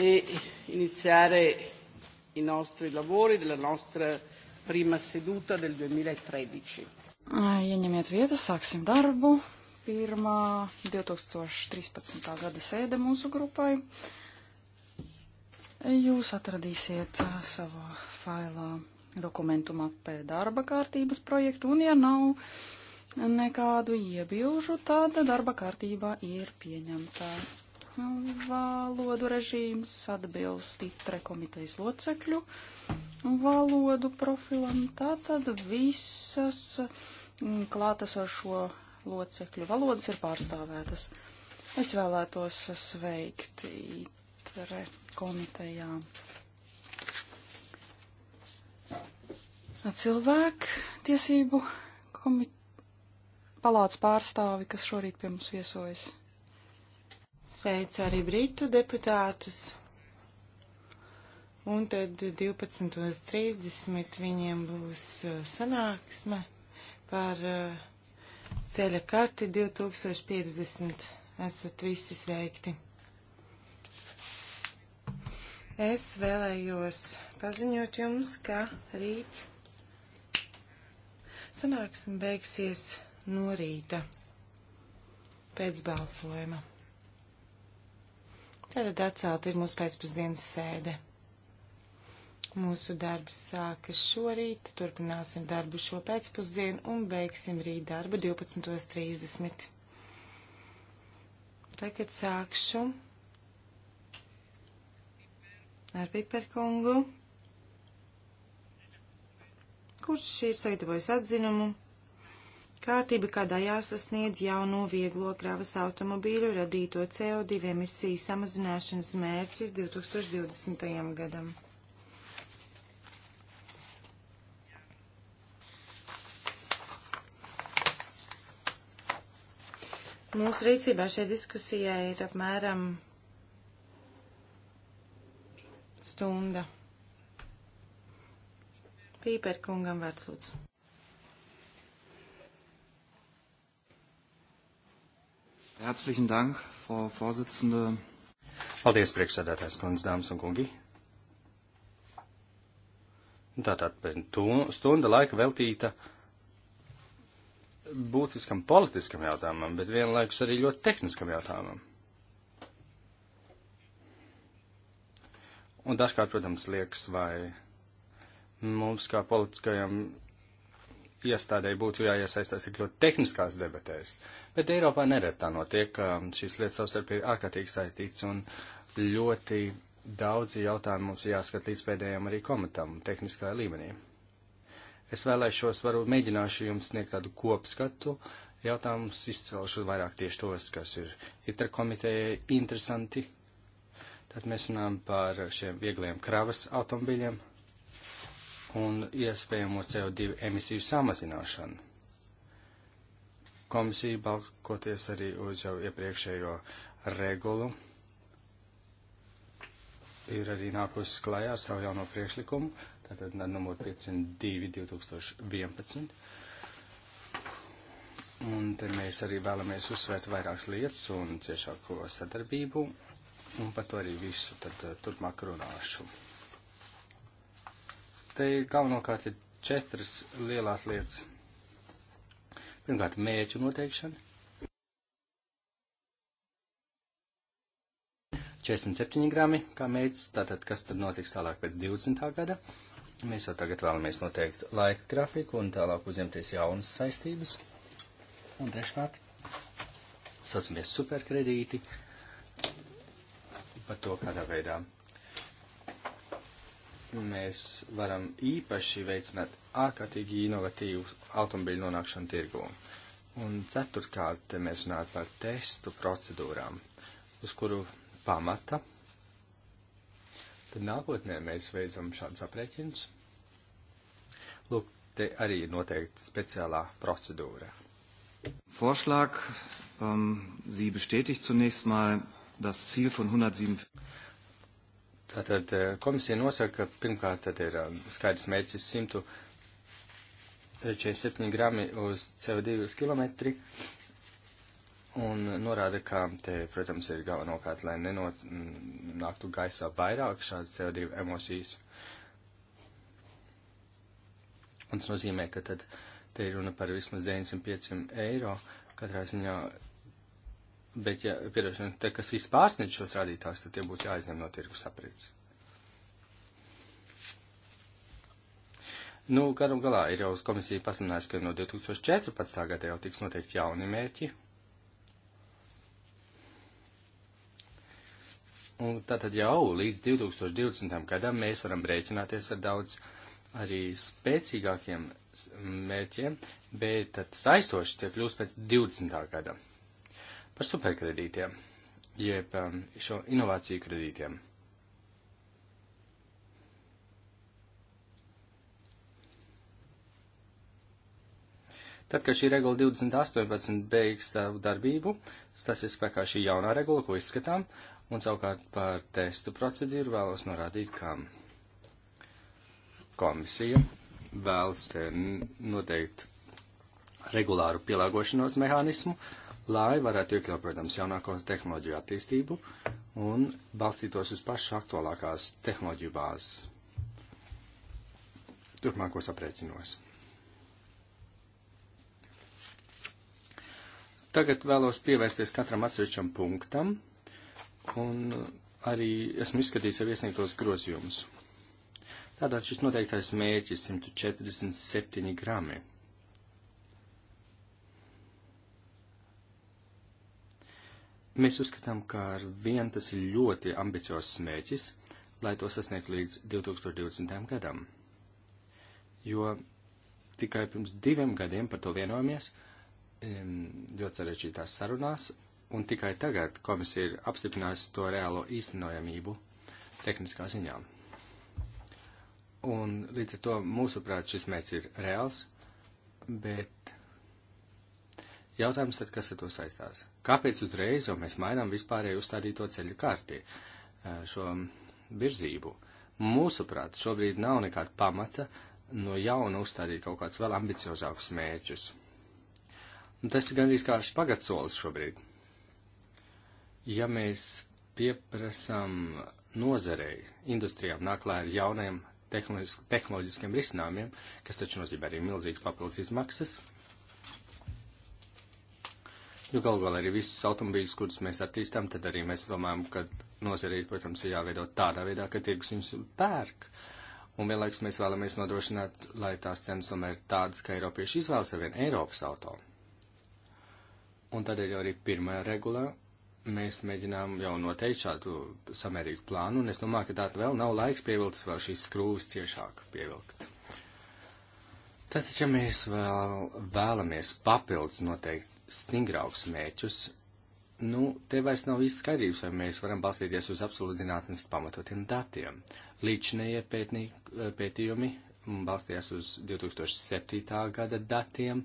e iniziare i nostri lavori della nostra prima seduta del 2013. Eh, ieņemiet vietas, sāksim darbu. Pirmā 2013. gada sēde mūsu grupai. Jūs atradīsiet eh, savā failā dokumentu mapē darba kārtības projektu, un ja nav nekādu iebilžu, tad darba kārtībā ir pieņemta valodu režīms atbilst itre komitejas locekļu valodu profilam. Tātad visas mm, klātesošo locekļu valodas ir pārstāvētas. Es vēlētos sveikt itre komitejā. Cilvēku tiesību komiteja palāca pārstāvi, kas šorīt pie mums viesojas. Sveicu arī britu deputātus. Un tad 12.30 viņiem būs uh, sanāksme par uh, ceļa karti 2050. Esat visi sveikti. Es vēlējos paziņot jums, ka rīt sanāksim beigsies no rīta pēc balsojuma. Tātad atcelt ir mūsu pēcpusdienas sēde. Mūsu darbs sākas šorīt, turpināsim darbu šo pēcpusdienu un beigsim rīt darbu 12.30. Tagad sākšu ar Piperkungu, kurš ir sagatavojis atzinumu Kārtība, kādā jāsasniedz jauno vieglo kravas automobīļu radīto CO2 emisiju samazināšanas mērķis 2020. gadam. Mūsu rīcībā šajā diskusijā ir apmēram stunda. Pīperkungam vērts lūdzu. Herzlichen Dank, Frau Vorsitzende. Paldies, priekšsēdētājs kundze, dāmas un kungi. Tātad stunda laika veltīta būtiskam politiskam jautājumam, bet vienlaikus arī ļoti tehniskam jautājumam. Un dažkārt, protams, liekas, vai mums kā politiskajam iestādēji būtu jāiesaistās tik ļoti tehniskās debatēs, bet Eiropā neretā notiek, ka šīs lietas savstarpēji ir ārkārtīgi saistīts un ļoti daudzi jautājumi mums jāskat līdz pēdējiem arī komitam tehniskajā līmenī. Es vēlēšos, varbūt mēģināšu jums sniegt tādu kopskatu, jautājumus izcelšu vairāk tieši tos, kas ir interkomitejai interesanti. Tad mēs runājam par šiem viegliem kravas automobiļiem, un iespējamo CO2 emisiju samazināšanu. Komisija balkoties arī uz jau iepriekšējo regulu ir arī nākusi klajā ar savu jauno priekšlikumu, tātad numur 502 2011. Un te mēs arī vēlamies uzsvērt vairākas lietas un ciešāko sadarbību, un par to arī visu tad eh, turpmāk runāšu te galvenokārt ir četras lielās lietas. Pirmkārt, mērķu noteikšana. 47 grami kā mērķis, tātad kas tad notiks tālāk pēc 20. gada. Mēs jau tagad vēlamies noteikt laika grafiku un tālāk uzņemties jaunas saistības. Un treškārt, saucamies superkredīti par to, kādā veidā mēs varam īpaši veicināt ārkārtīgi inovatīvu automobīļu nonākšanu tirgū. Un ceturtkārt, te mēs runājam par testu procedūrām, uz kuru pamata. Tad nākotnē mēs veicam šādus aprēķinus. Lūk, te arī ir noteikti speciālā procedūra. Vorschlag, um, Sie bestätigt zunächst mal das Ziel von 107. Tātad eh, komisija nosaka, ka pirmkārt tad ir eh, skaidrs mērķis 147 eh, grami uz CO2 uz kilometri un norāda, ka te, protams, ir galvenokārt, lai nenonāktu mm, gaisā vairāk šādas CO2 emocijas. Un tas nozīmē, ka tad te ir runa par vismaz 905 eiro katrā ziņā Bet, ja piedošana, te, kas viss pārsniedz šos rādītājus, tad tie būtu jāizņem no tirgus aprīts. Nu, garu galā ir jau komisija pasaminājusi, ka no 2014. gada jau tiks noteikti jauni mērķi. Un tātad jau līdz 2020. gadam mēs varam rēķināties ar daudz arī spēcīgākiem mērķiem, bet tad saistoši tie kļūst pēc 20. gadam par superkredītiem, jeb um, šo inovāciju kredītiem. Tad, kad šī regula 2018 beigs savu darbību, tas ir spēkā šī jaunā regula, ko izskatām, un savukārt par testu procedūru vēlos norādīt, ka komisija vēlas eh, noteikt regulāru pielāgošanos mehānismu, uh, lai varētu iekļaut, protams, jaunāko tehnoloģiju attīstību un balstītos uz pašu aktuālākās tehnoloģiju bāzes. Turpmākos aprēķinos. Tagad vēlos pievērsties katram atsevišķam punktam un arī esmu izskatījis jau iesniegtos grozījumus. Tātad šis noteiktais mērķis 147 grami. Mēs uzskatām, ka ar vien tas ir ļoti ambiciozs mērķis, lai to sasniegtu līdz 2020. gadam. Jo tikai pirms diviem gadiem par to vienojamies ļoti sarežģītās sarunās, un tikai tagad komisija ir apstiprinājusi to reālo īstenojamību tehniskā ziņā. Un līdz ar to, mūsuprāt, šis mērķis ir reāls, bet Jautājums tad, kas ar to saistās? Kāpēc uzreiz jau mēs mainām vispārēju uzstādīto ceļu kārti, eh, šo virzību? Mūsuprāt, šobrīd nav nekāda pamata no jauna uzstādīt kaut kādus vēl ambiciozākus mērķus. Un tas ir gandrīz kā špagatsolis šobrīd. Ja mēs pieprasām nozarei, industrijām nāklā ar jauniem tehnoloģiskiem risinājumiem, kas taču nozīmē arī milzīgas papildus izmaksas, Jo nu, galu galā arī visus automobīļus, kurus mēs attīstām, tad arī mēs domājam, ka nozarīt, protams, ir jāveido tādā veidā, ka tirgus viņus pērk. Un vienlaikus mēs vēlamies nodrošināt, lai tās cenas tomēr ir tādas, ka Eiropieši izvēlas ar vienu Eiropas auto. Un tādēļ arī pirmajā regulā mēs mēģinām jau noteikt šādu samērīgu plānu, un es domāju, ka tāda vēl nav laiks pievilktas vēl šīs skrūves ciešāk pievilkt. Tātad, ja mēs vēl vēlamies papildus noteikt stingrākus mērķus, nu, te vairs nav īsti skaidrības, vai mēs varam balstīties uz absolūti zinātniski pamatotiem datiem. Līdšanējie pētījumi balstījās uz 2007. gada datiem,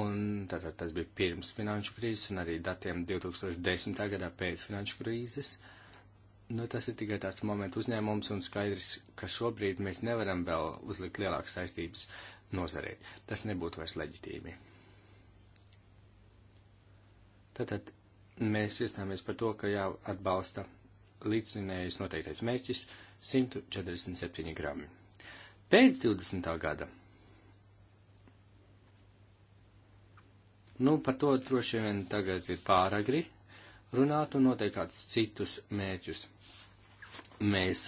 un tātad tas bija pirms finanšu krīzes, un arī datiem 2010. gadā pēc finanšu krīzes. Nu, tas ir tikai tāds moments uzņēmums, un skaidrs, ka šobrīd mēs nevaram vēl uzlikt lielākas saistības nozarei. Tas nebūtu vairs leģitīvi. Tātad mēs iestāmies par to, ka jāatbalsta līdzinējais noteiktais mērķis 147 grami. Pēc 20. gada. Nu, par to droši vien tagad ir pāragri runāt un noteikt kādus citus mērķus. Mēs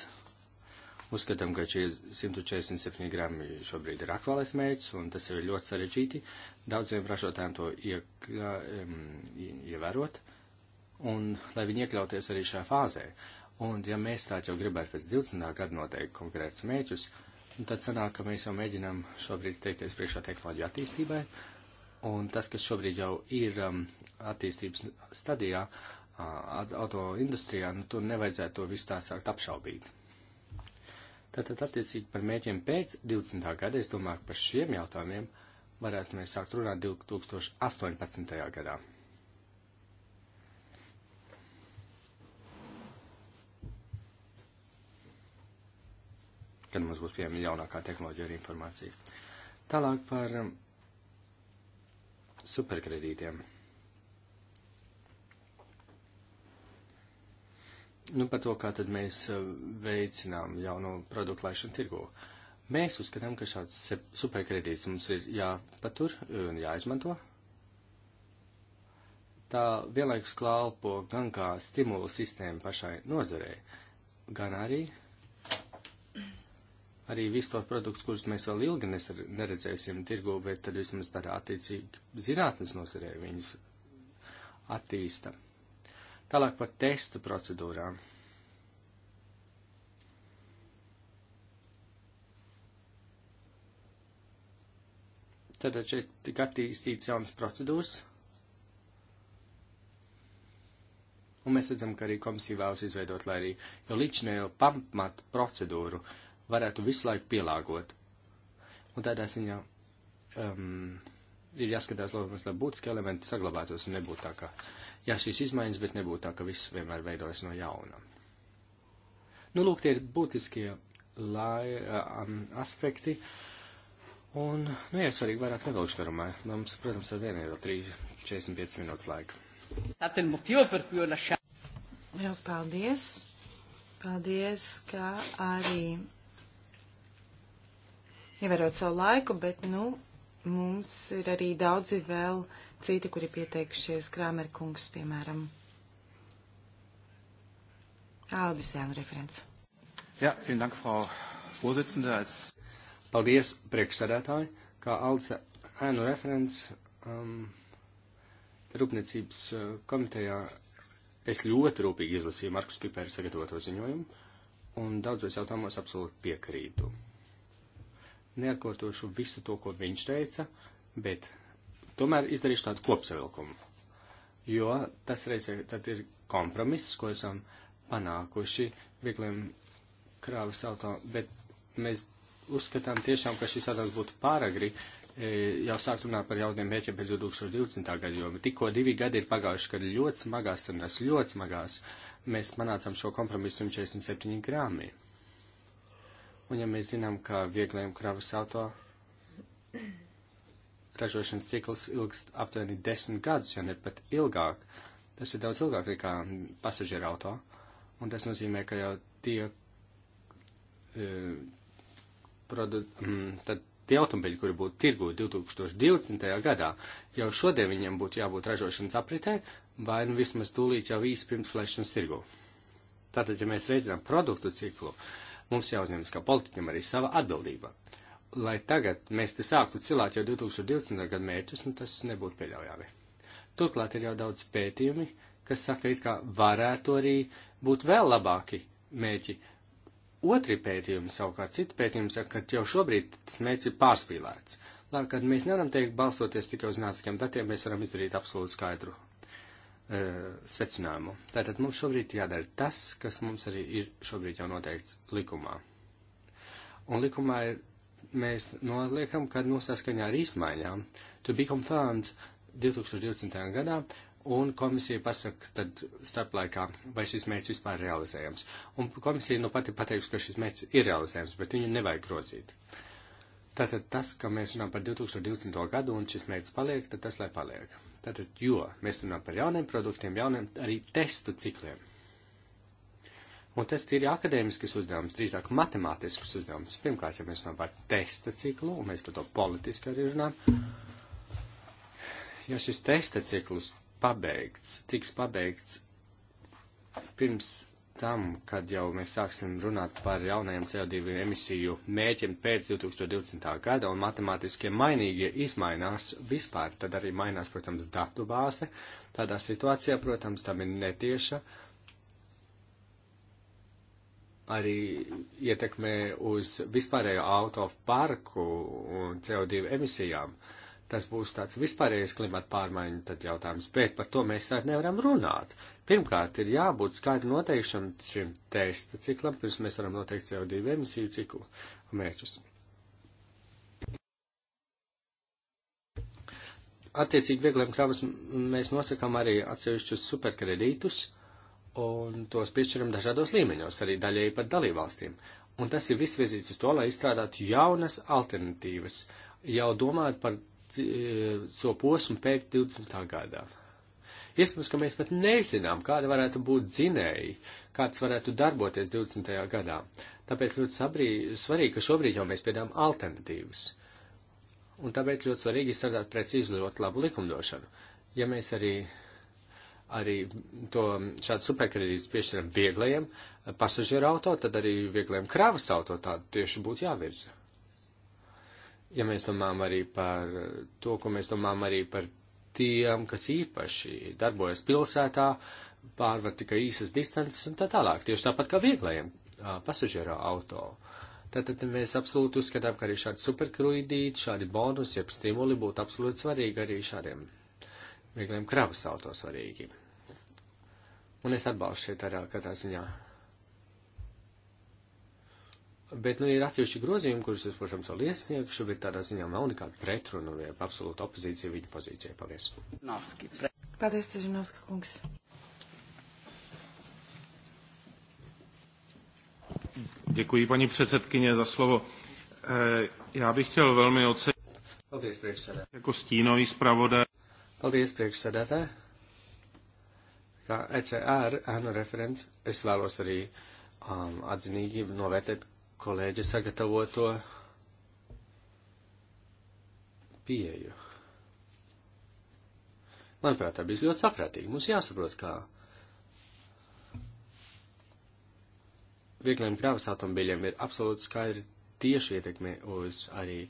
uzskatām, ka šie 147 grami šobrīd ir aktuālais mērķis, un tas ir ļoti sarežģīti, daudziem ražotājiem to iekļa, ievērot, un lai viņi iekļauties arī šajā fāzē. Un, ja mēs tā jau gribētu pēc 20. gada noteikt konkrētus mēķus, tad sanāk, ka mēs jau mēģinām šobrīd steigties priekšā tehnoloģiju attīstībai, un tas, kas šobrīd jau ir um, attīstības stadijā, uh, auto industrijā, nu, tur nevajadzētu to visu tā sākt apšaubīt. Tātad, attiecīgi par mēķiem pēc 20. gada, es domāju par šiem jautājumiem, uh, varētu mēs sākt runāt 2018. gadā. kad mums būs pieejama jaunākā tehnoloģija un informācija. Tālāk par um, superkredītiem. Nu, par to, kā tad mēs uh, veicinām jauno produktu laišanu tirgū. Uh, Mēs uzskatām, ka šāds superkredīts mums ir jāpatur un jāizmanto. Tā vienlaikus klālpo gan kā stimulu sistēma pašai nozarei, gan arī, arī visu to produktu, kurus mēs vēl ilgi neredzēsim tirgu, bet tad vismaz tādā attiecīgi zinātnes nozarei viņus attīsta. Tālāk par testu procedūrām. Tad šeit tika attīstīts jaunas procedūras. Un mēs redzam, ka arī komisija vēlas izveidot, lai arī jau līdzinējo pamatu procedūru varētu visu laiku pielāgot. Un tādā ziņā um, ir jāskatās, lopams, lai būtiski elementi saglabātos un nebūtu tā, ka, jā, šīs izmaiņas, bet nebūtu tā, ka viss vienmēr veidojas no jauna. Nu, lūk, tie ir būtiskie lai, um, aspekti, uh, Un, nu, jā, svarīgi vairāk nedaudz garumā. Nu, mums, protams, ar vienu ir vēl 3,45 minūtes laika. Tātad motīva, par ko la šā. Liels paldies! Paldies, ka arī ievērot savu laiku, bet, nu, mums ir arī daudzi vēl citi, kuri pieteikušies, Krāmerkungs, piemēram. Aldis Jānu referents. Jā, ja, vielen dank, Frau Vorsitzende. Als... Paldies, priekšsēdētāji, kā Alce ēnu referents um, Rūpniecības uh, komitejā. Es ļoti rūpīgi izlasīju Markus Pipēra sagatavoto ziņojumu, un daudzos jautājumos absolūti piekrītu. Neatkārtošu visu to, ko viņš teica, bet tomēr izdarīšu tādu kopsavilkumu, jo tas reiz ir, ir kompromiss, ko esam panākuši viegliem krāvas auto, bet mēs uzskatām tiešām, ka šis sadarbs būtu pāragri, e, jau sākt runāt par jauniem mērķiem pēc 2020. gada, jo tikko divi gadi ir pagājuši, kad ļoti smagās sarunās, ļoti smagās, mēs panācām šo kompromisu 147 grāmī. Un ja mēs zinām, ka vieglajiem kravas auto ražošanas cikls ilgst aptuveni 10 gadus, ja ne pat ilgāk, tas ir daudz ilgāk nekā pasažieru auto, un tas nozīmē, ka jau tie e, produ, mm, tad tie automobiļi, kuri būtu tirgu 2020. gadā, jau šodien viņiem būtu jābūt ražošanas apritē vai nu vismaz tūlīt jau īsi pirms laišanas tirgu. Tātad, ja mēs veicinām produktu ciklu, mums jāuzņemas kā politiķiem arī sava atbildība. Lai tagad mēs te sāktu cilāt jau 2020. gadu mērķus, nu tas nebūtu pieļaujami. Turklāt ir jau daudz pētījumi, kas saka, it kā varētu arī būt vēl labāki mērķi, Otri pētījumi savukārt, citi pētījumi saka, ka jau šobrīd tas mērķis ir pārspīlēts. Lai, kad mēs nevaram teikt, balstoties tikai uz nāciskiem datiem, mēs varam izdarīt absolūti skaidru e, secinājumu. Tātad mums šobrīd jādara tas, kas mums arī ir šobrīd jau noteikts likumā. Un likumā ir, mēs noliekam, ka nosaskaņā ar izmaiņām to be confirmed 2020. gadā Un komisija pasaka, tad starplaikā, vai šis mērķis vispār ir realizējams. Un komisija nu pati pateiks, ka šis mērķis ir realizējams, bet viņu nevajag grozīt. Tātad tas, ka mēs runājam par 2020. gadu un šis mērķis paliek, tad tas lai paliek. Tātad, jo mēs runājam par jauniem produktiem, jauniem arī testu cikliem. Un tas ir akadēmisks uzdevums, drīzāk matemātisks uzdevums. Pirmkārt, ja mēs runājam par testa ciklu, un mēs par to politiski arī runājam, ja šis testa cikls pabeigts, tiks pabeigts pirms tam, kad jau mēs sāksim runāt par jaunajiem CO2 emisiju mēķiem pēc 2020. gada un matemātiskie mainīgie izmainās vispār, tad arī mainās, protams, datu bāze. Tādā situācijā, protams, tam ir netieša arī ietekmē uz vispārējo auto parku un CO2 emisijām. Uh, Tas būs tāds vispārējais klimata pārmaiņu tad jautājums, bet par to mēs sāk nevaram runāt. Pirmkārt, ir jābūt skaidri noteikšam šim testa ciklam, pirms mēs varam noteikt CO2 emisiju ciklu mērķus. Attiecīgi viegliem kravas mēs nosakām arī atsevišķus superkredītus un tos piešķiram dažādos līmeņos, arī daļēji pat dalībvalstīm. Un tas ir viss virzīts uz to, lai izstrādātu jaunas alternatīvas, jau domājot par Eh, so posmu pēc 20. gadā. Iespējams, ka mēs pat nezinām, kāda varētu būt dzinēji, kāds varētu darboties 20. gadā. Tāpēc ļoti sabrī, svarīgi, ka šobrīd jau mēs piedām alternatīvas. Un tāpēc ļoti svarīgi izstrādāt precīzi ļoti labu likumdošanu. Ja mēs arī, arī to šādu superkredītus piešķiram vieglajiem eh, pasažieru auto, tad arī vieglajiem kravas auto tādu tieši būtu jāvirza ja mēs domājam arī par to, ko mēs domājam arī par tiem, kas īpaši darbojas pilsētā, pārvar tikai īsas distances un tā tālāk, tieši tāpat kā vieglajiem pasažieru auto. Tātad mēs absolūti uzskatām, ka arī šādi superkruidīti, šādi bonus, jeb stimuli būtu absolūti svarīgi arī šādiem viegliem kravas auto svarīgi. Un es atbalstu šeit arī katrā ziņā Bet, nu, ir atsevišķi grozījumi, kurus es, protams, vēl iesniegšu, bet tādā ziņā nav nekāda pretruna vai absolūta opozīcija viņa pozīcijai. Paldies. Novski. Paldies, Težinovska kungs. Děkuji, paní předsedkyně, za slovo. E, já bych chtěl velmi ocenit jako stínový zpravodaj. Paldies, priekšsēdētāji. Kā ECR, ANO referents, es vēlos arī um, atzinīgi novērtēt kolēģi sagatavoto pieeju. Manuprāt, tā bija ļoti saprātīga. Mums jāsaprot, kā viegliem kravas automobiļiem ir absolūti skaidri tieši ietekme uz arī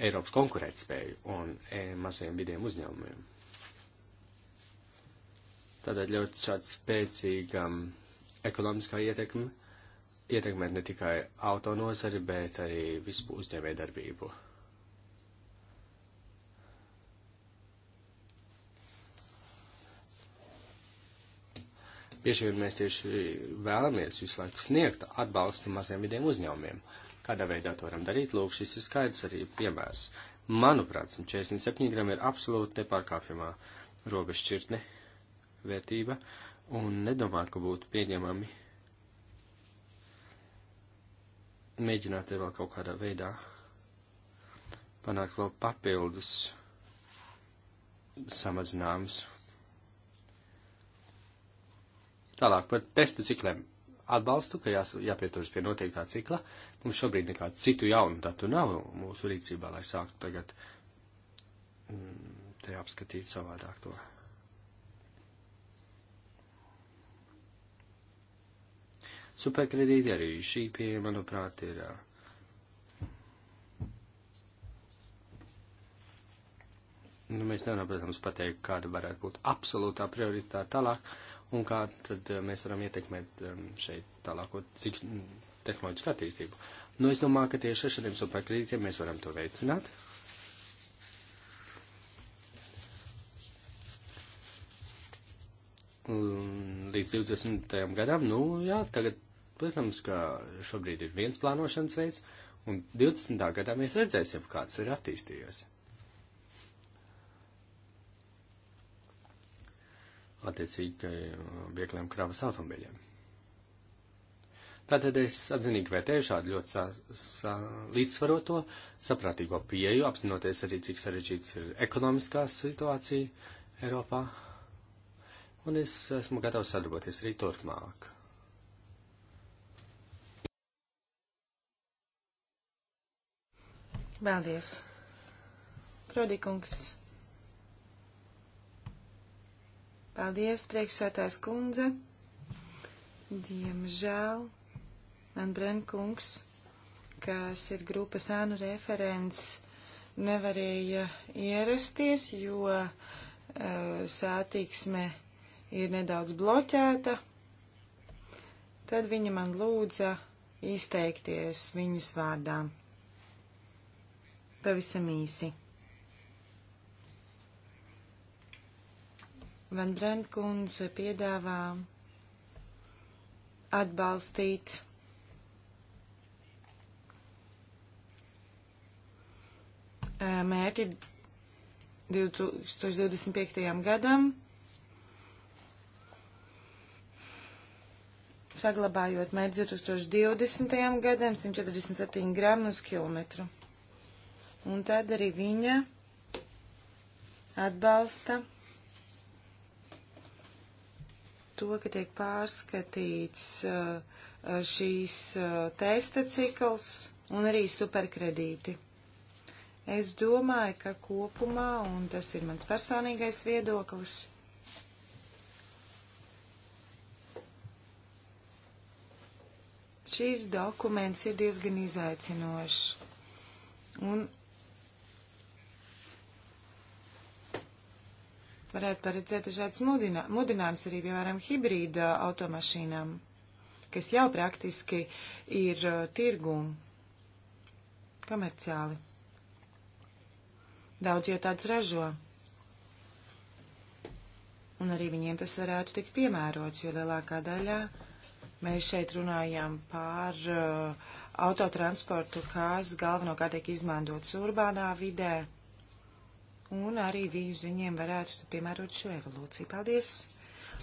Eiropas konkurētspēju un e maziem vidiem uzņēmumiem. Tādēļ ļoti šāds spēcīgam um, ekonomiskā ietekme ietekmēt ne tikai auto nozari, bet arī visu uzņēmē darbību. Bieži vien mēs tieši vēlamies visu laiku sniegt atbalstu maziem vidiem uzņēmumiem. Kādā veidā to varam darīt? Lūk, šis ir skaidrs arī piemērs. Manuprāt, 47 grami ir absolūti nepārkāpjamā robežšķirtne vērtība, un nedomāju, ka būtu pieņemami mēģināt vēl kaut kādā veidā panākt vēl papildus samazinājums. Tālāk par testu cikliem. Atbalstu, ka jās, jāpieturas pie noteiktā cikla. Mums šobrīd nekādu citu jaunu datu nav mūsu rīcībā, lai sāktu tagad mm, te apskatīt savādāk to. Superkredīti arī šī pieeja, manuprāt, ir. Nu, mēs nevaram, protams, pateikt, kāda varētu būt absolūtā prioritāte tālāk, un kā tad mēs varam ietekmēt šeit tālāko cik, tehnoloģisku attīstību. Nu, es domāju, ka tieši ar šādiem superkredītiem mēs varam to veicināt. līdz 20. gadam, nu jā, tagad Protams, ka šobrīd ir viens plānošanas veids, un 20. gadā mēs redzēsim, kāds ir attīstījies. Attiecīgi eh, viegliem kravas automobiļiem. Tātad es apzinīgi vērtēju šādu ļoti sa, sa, līdzsvaroto, saprātīgo pieeju, apzinoties arī, cik sarežģīts ir ekonomiskā situācija Eiropā. Un es esmu gatavs sadarboties arī turpmāk. Bēdies. Prodikungs. Paldies, priekšsētājs kundze. Diemžēl man Brenkungs, kas ir grupas ēnu referents, nevarēja ierasties, jo uh, sātīksme ir nedaudz bloķēta. Tad viņa man lūdza izteikties viņas vārdām. Pavisam īsi. Van Brentkundze piedāvā atbalstīt mērķi 2025. gadam, saglabājot mērķi 2020. gadam 147 gramus kilometru. Un tad arī viņa atbalsta to, ka tiek pārskatīts uh, uh, šīs uh, testa cikls un arī superkredīti. Es domāju, ka kopumā, un tas ir mans personīgais viedoklis, šīs dokuments ir diezgan izaicinošs. Un varētu paredzēt dažādas mudinā, mudinājumus arī, piemēram, hibrīda automašīnām, kas jau praktiski ir uh, tirgūm komerciāli. Daudz jau tāds ražo. Un arī viņiem tas varētu tikt piemērots, jo lielākā daļā mēs šeit runājām par uh, autotransportu, kas galvenokārt tiek izmantots urbānā vidē un arī vīzu viņiem varētu piemērot šo evolūciju. Paldies!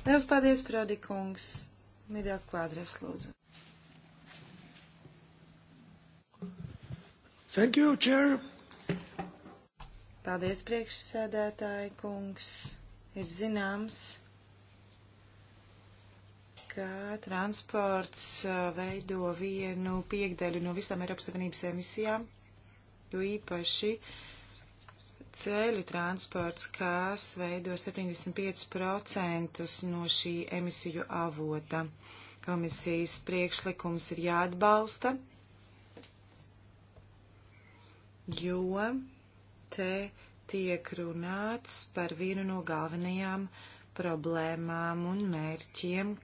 Liels paldies, Prodikungs! Nedēļ kvadrēs, lūdzu. Thank you, Chair. Paldies, priekšsēdētāji kungs. Ir zināms, ka transports uh, veido vienu piekdaļu no visām Eiropas Savienības emisijām, jo īpaši uh, ceļu transports, kas veido 75% no šī emisiju avota. Komisijas priekšlikums ir jāatbalsta, jo te tiek runāts par vienu no galvenajām problēmām un mērķiem,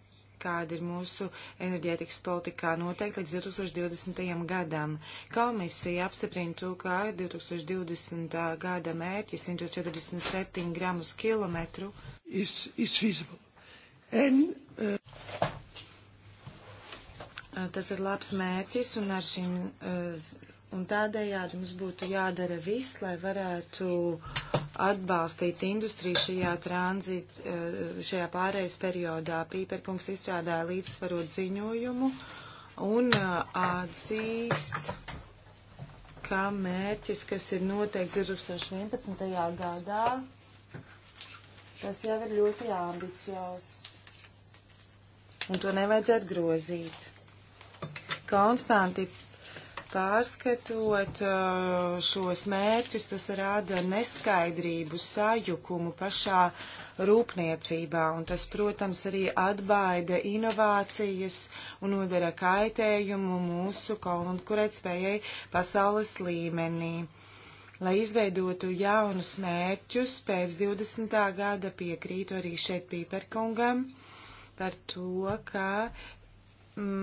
kāda ir mūsu enerģētikas politikā noteikti līdz 2020. gadam. Komisija apstiprina to, ka 2020. gada mērķi 147 gramus kilometru. Is, is feasible. And, uh... Tas ir labs mērķis, un ar šīm uh, Un tādējādi mums būtu jādara viss, lai varētu atbalstīt industriju šajā tranzit, eh, šajā pārējais periodā. Pīperkungs izstrādāja līdzsvarot ziņojumu un eh, atzīst, ka mērķis, kas ir noteikts 2011. gadā, tas jau ir ļoti ambiciozs. Un to nevajadzētu grozīt. Konstanti Pārskatot uh, šos mērķus, tas rada neskaidrību, sajukumu pašā rūpniecībā, un tas, protams, arī atbaida inovācijas un nodara kaitējumu mūsu konkurētspējai pasaules līmenī. Lai izveidotu jaunus mērķus, pēc 20. gada piekrītu arī šeit Pīperkungam par to, ka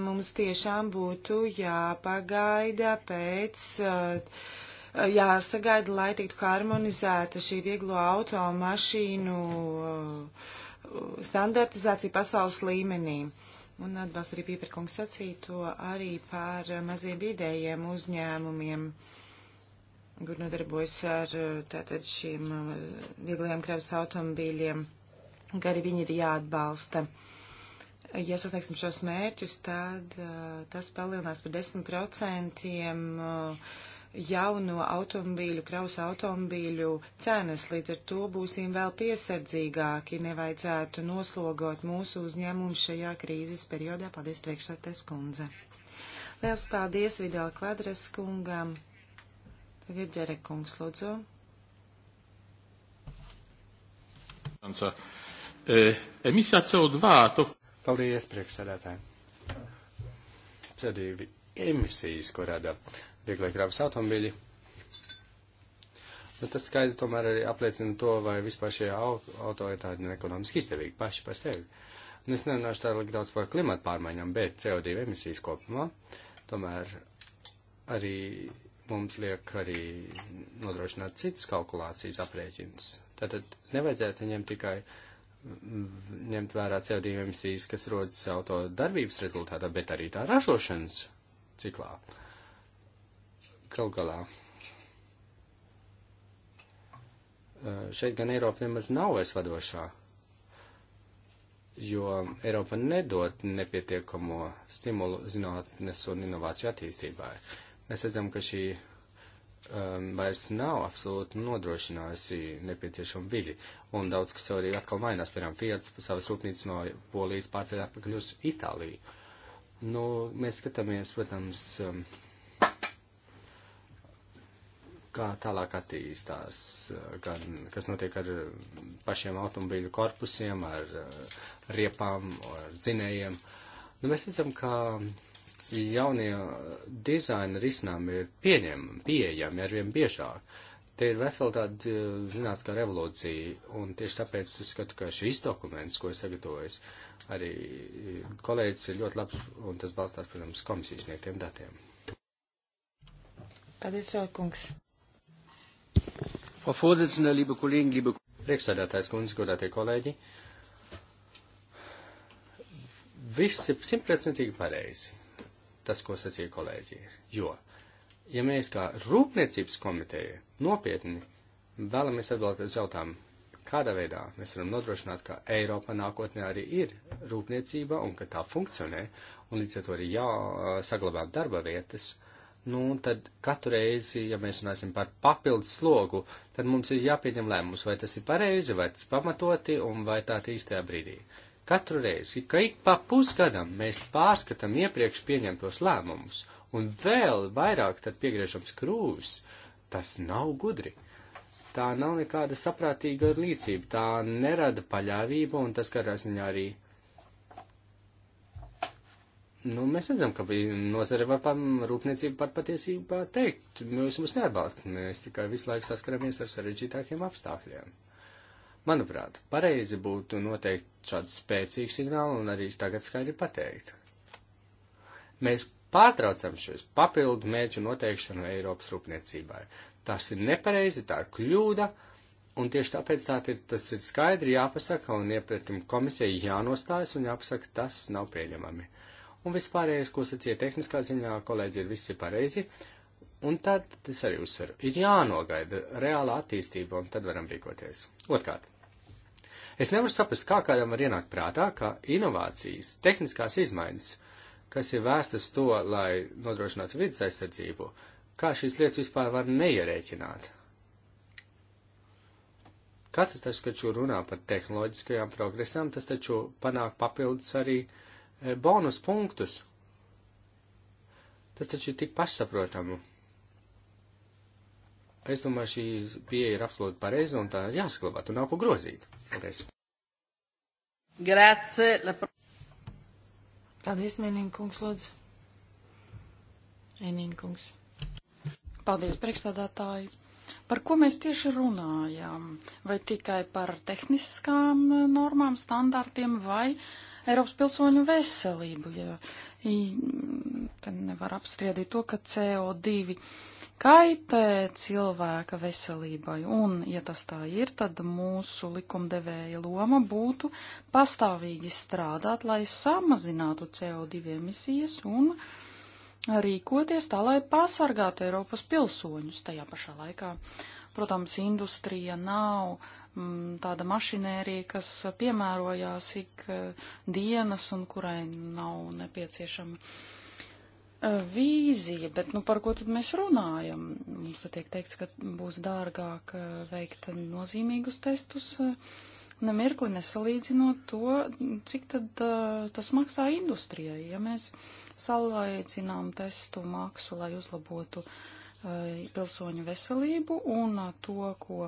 mums tiešām būtu jāpagaida pēc. Uh, jāsagaida, lai tiktu harmonizēta šī vieglo automašīnu uh, standartizācija pasaules līmenī. Un atbalsts arī piepirkums sacīto arī par maziem vidējiem uzņēmumiem, kur nodarbojas ar uh, tātad šiem uh, vieglajiem kravas automobīļiem, kā arī viņi ir jāatbalsta. Ja sasniegsim šos mērķus, tad uh, tas palielinās par 10% uh, eh, jauno automobīļu, kraus automobīļu cenas. Līdz ar to būsim vēl piesardzīgāki. Nevajadzētu noslogot mūsu uzņēmumu šajā krīzes periodā. Paldies, priekšsētājs kundze. Liels paldies Vidāla kvadras kungam. Tagad Džerekungs, lūdzu. E, emisija CO2 to Paldies, priekšsēdētāji. CO2 emisijas, ko rada vieglai krāvas automobīļi. Bet nu, tas skaidri tomēr arī apliecina to, vai vispār šie auto ir tādi nu, ekonomiski izdevīgi paši par sevi. Un nu, es nerunāšu tālāk daudz par klimatu pārmaiņām, bet CO2 emisijas kopumā tomēr arī mums liek arī nodrošināt citas kalkulācijas aprēķinas. Tātad nevajadzētu ņemt tikai uh, ņemt vērā CO2 emisijas, kas rodas auto darbības rezultātā, bet arī tā ražošanas ciklā. Galu galā. Šeit gan Eiropa nemaz nav vairs vadošā, jo Eiropa nedod nepietiekamo stimulu zinātnes un inovāciju attīstībai. Mēs redzam, ka šī um, vairs nav absolūti nodrošinājusi nepieciešamu vidi. Un daudz, kas arī atkal mainās, piemēram, Fiats savas rūpnīcas no Polijas pārceļ atpakaļ uz Itāliju. Nu, mēs skatāmies, protams, um, kā tālāk attīstās, uh, gan, kas notiek ar um, pašiem automobīļu korpusiem, ar, ar uh, riepām, ar dzinējiem. Nu, mēs redzam, ka jaunie dizaina risinājumi ir pieņemami, pieejami arvien biežāk. Te ir vesela tāda eh, zinātniskā revolūcija, un tieši tāpēc es skatu, ka šis dokuments, ko es sagatavojis, arī kolēģis ir ļoti labs, un tas balstās, protams, komisijas sniegtiem datiem. Paldies, Rēkungs. Frau Vorsitzende, liebe Kollegen, liebe Priekšsēdētājs kundze, godātie kolēģi. Viss ir simtprocentīgi pareizi tas, ko sacīja kolēģi. Jo, ja mēs kā rūpniecības komiteja nopietni vēlamies atbildēt uz jautājumu, kādā veidā mēs varam nodrošināt, ka Eiropa nākotnē arī ir rūpniecība un ka tā funkcionē, un līdz ar to arī jāsaglabā darba vietas, nu, tad katru reizi, ja mēs runāsim par papildus slogu, tad mums ir jāpieņem lēmums, vai tas ir pareizi, vai tas pamatoti, un vai tā ir īstajā brīdī. Uh, Katru reizi, ka ik pa pusgadam mēs pārskatām iepriekš pieņemtos lēmumus un vēl vairāk tad piegriežam skrūvis, tas nav gudri. Tā nav nekāda saprātīga līdzība, tā nerada paļāvību un tas kādā ziņā arī. Nu, mēs redzam, ka nozare var pam, rūpniecību par patiesībā teikt. Jūs mūs neatbalstat, mēs tikai visu laiku saskaramies ar sarežģītākiem apstākļiem. Manuprāt, pareizi būtu noteikt šādu spēcīgu signālu un arī tagad skaidri pateikt. Mēs pārtraucam šos papildu mērķu noteikšanu Eiropas rūpniecībai. Tas ir nepareizi, tā ir kļūda, un tieši tāpēc tā ir, tas ir skaidri jāpasaka, un iepratim komisijai jānostājas un jāpasaka, tas nav pieņemami. Un vispārējais, ko sacīja tehniskā ziņā, kolēģi ir visi pareizi, Un tad es arī uzsveru, ir jānogaida reāla attīstība, un tad varam rīkoties. Otkārt, es nevaru saprast, kā kādam var ienākt prātā, ka inovācijas, tehniskās izmaiņas, kas ir vēstas to, lai nodrošinātu vidas aizsardzību, kā šīs lietas vispār var neierēķināt. Katrs taču, kad šo runā par tehnoloģiskajām progresām, tas taču panāk papildus arī eh, bonus punktus. Tas taču ir tik pašsaprotamu Es domāju, šī pieeja ir absolūti pareiza un tā jāsaglabā, tur nav ko grozīt. Paldies. Grāce. Paldies, Mēnīna kungs, lūdzu. Mēnīna kungs. Paldies, priekšstādātāji. Par ko mēs tieši runājām? Vai tikai par tehniskām normām, standartiem vai Eiropas pilsoņu veselību? Ja, ja, nevar apstriedīt to, ka CO2 kaitē cilvēka veselībai, un, ja tas tā ir, tad mūsu likumdevēja loma būtu pastāvīgi strādāt, lai samazinātu CO2 emisijas un rīkoties tā, lai pasargātu Eiropas pilsoņus tajā pašā laikā. Protams, industrija nav m, mm, tāda mašinērija, kas piemērojās ik eh, dienas un kurai nav nepieciešama Eh, vīzija, bet nu, par ko tad mēs runājam? Mums tiek teikts, ka būs dārgāk eh, veikt nozīmīgus testus, eh, nemirkli nesalīdzinot to, cik tad uh, tas maksā industrijai. Ja mēs salīdzinām testu maksu, lai uzlabotu uh, pilsoņu veselību un uh, to, ko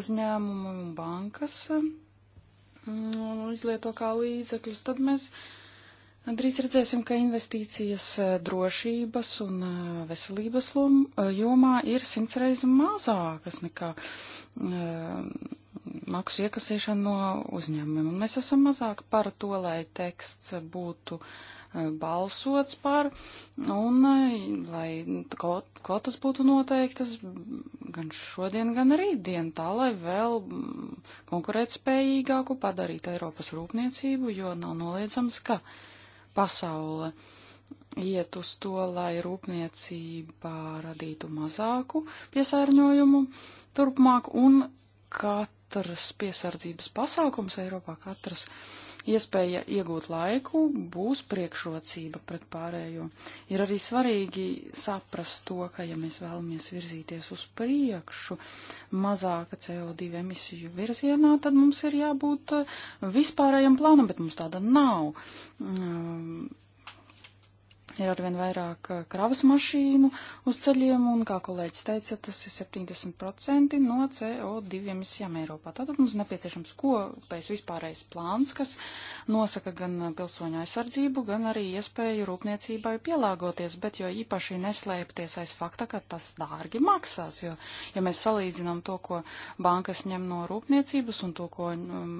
uzņēmumi un bankas mm, izlieto kā līdzekļus, tad mēs Drīz redzēsim, ka investīcijas e, drošības un e, veselības e, jomā ir simts reizes mazākas nekā maksu iekasēšana no uzņēmumiem. Un mēs esam mazāk par to, lai teksts būtu balsots par un lai kvotas būtu noteiktas gan šodien, gan rītdien, tā lai vēl mm, konkurētspējīgāku padarītu Eiropas rūpniecību, jo nav noliedzams, ka. Uh, pasaule iet uz to, lai rūpniecībā radītu mazāku piesārņojumu turpmāk, un katrs piesardzības pasākums Eiropā, katrs uh, iespēja iegūt laiku būs priekšrocība pret pārējo. Ir arī svarīgi saprast to, ka ja mēs vēlamies virzīties uz priekšu mazāka CO2 emisiju virzienā, tad mums ir jābūt eh, vispārējam plānam, bet mums tāda nav. Um, ir arvien vairāk eh, kravas mašīnu uz ceļiem, un, kā kolēģis teica, tas ir 70% no CO2 emisijām Eiropā. Tātad mums nepieciešams kopējs vispārējais plāns, kas nosaka gan pilsoņu aizsardzību, gan arī iespēju rūpniecībai pielāgoties, bet jo īpaši neslēpties aiz fakta, ka tas dārgi maksās, jo, ja mēs salīdzinām to, ko bankas ņem no rūpniecības un to, ko. Um,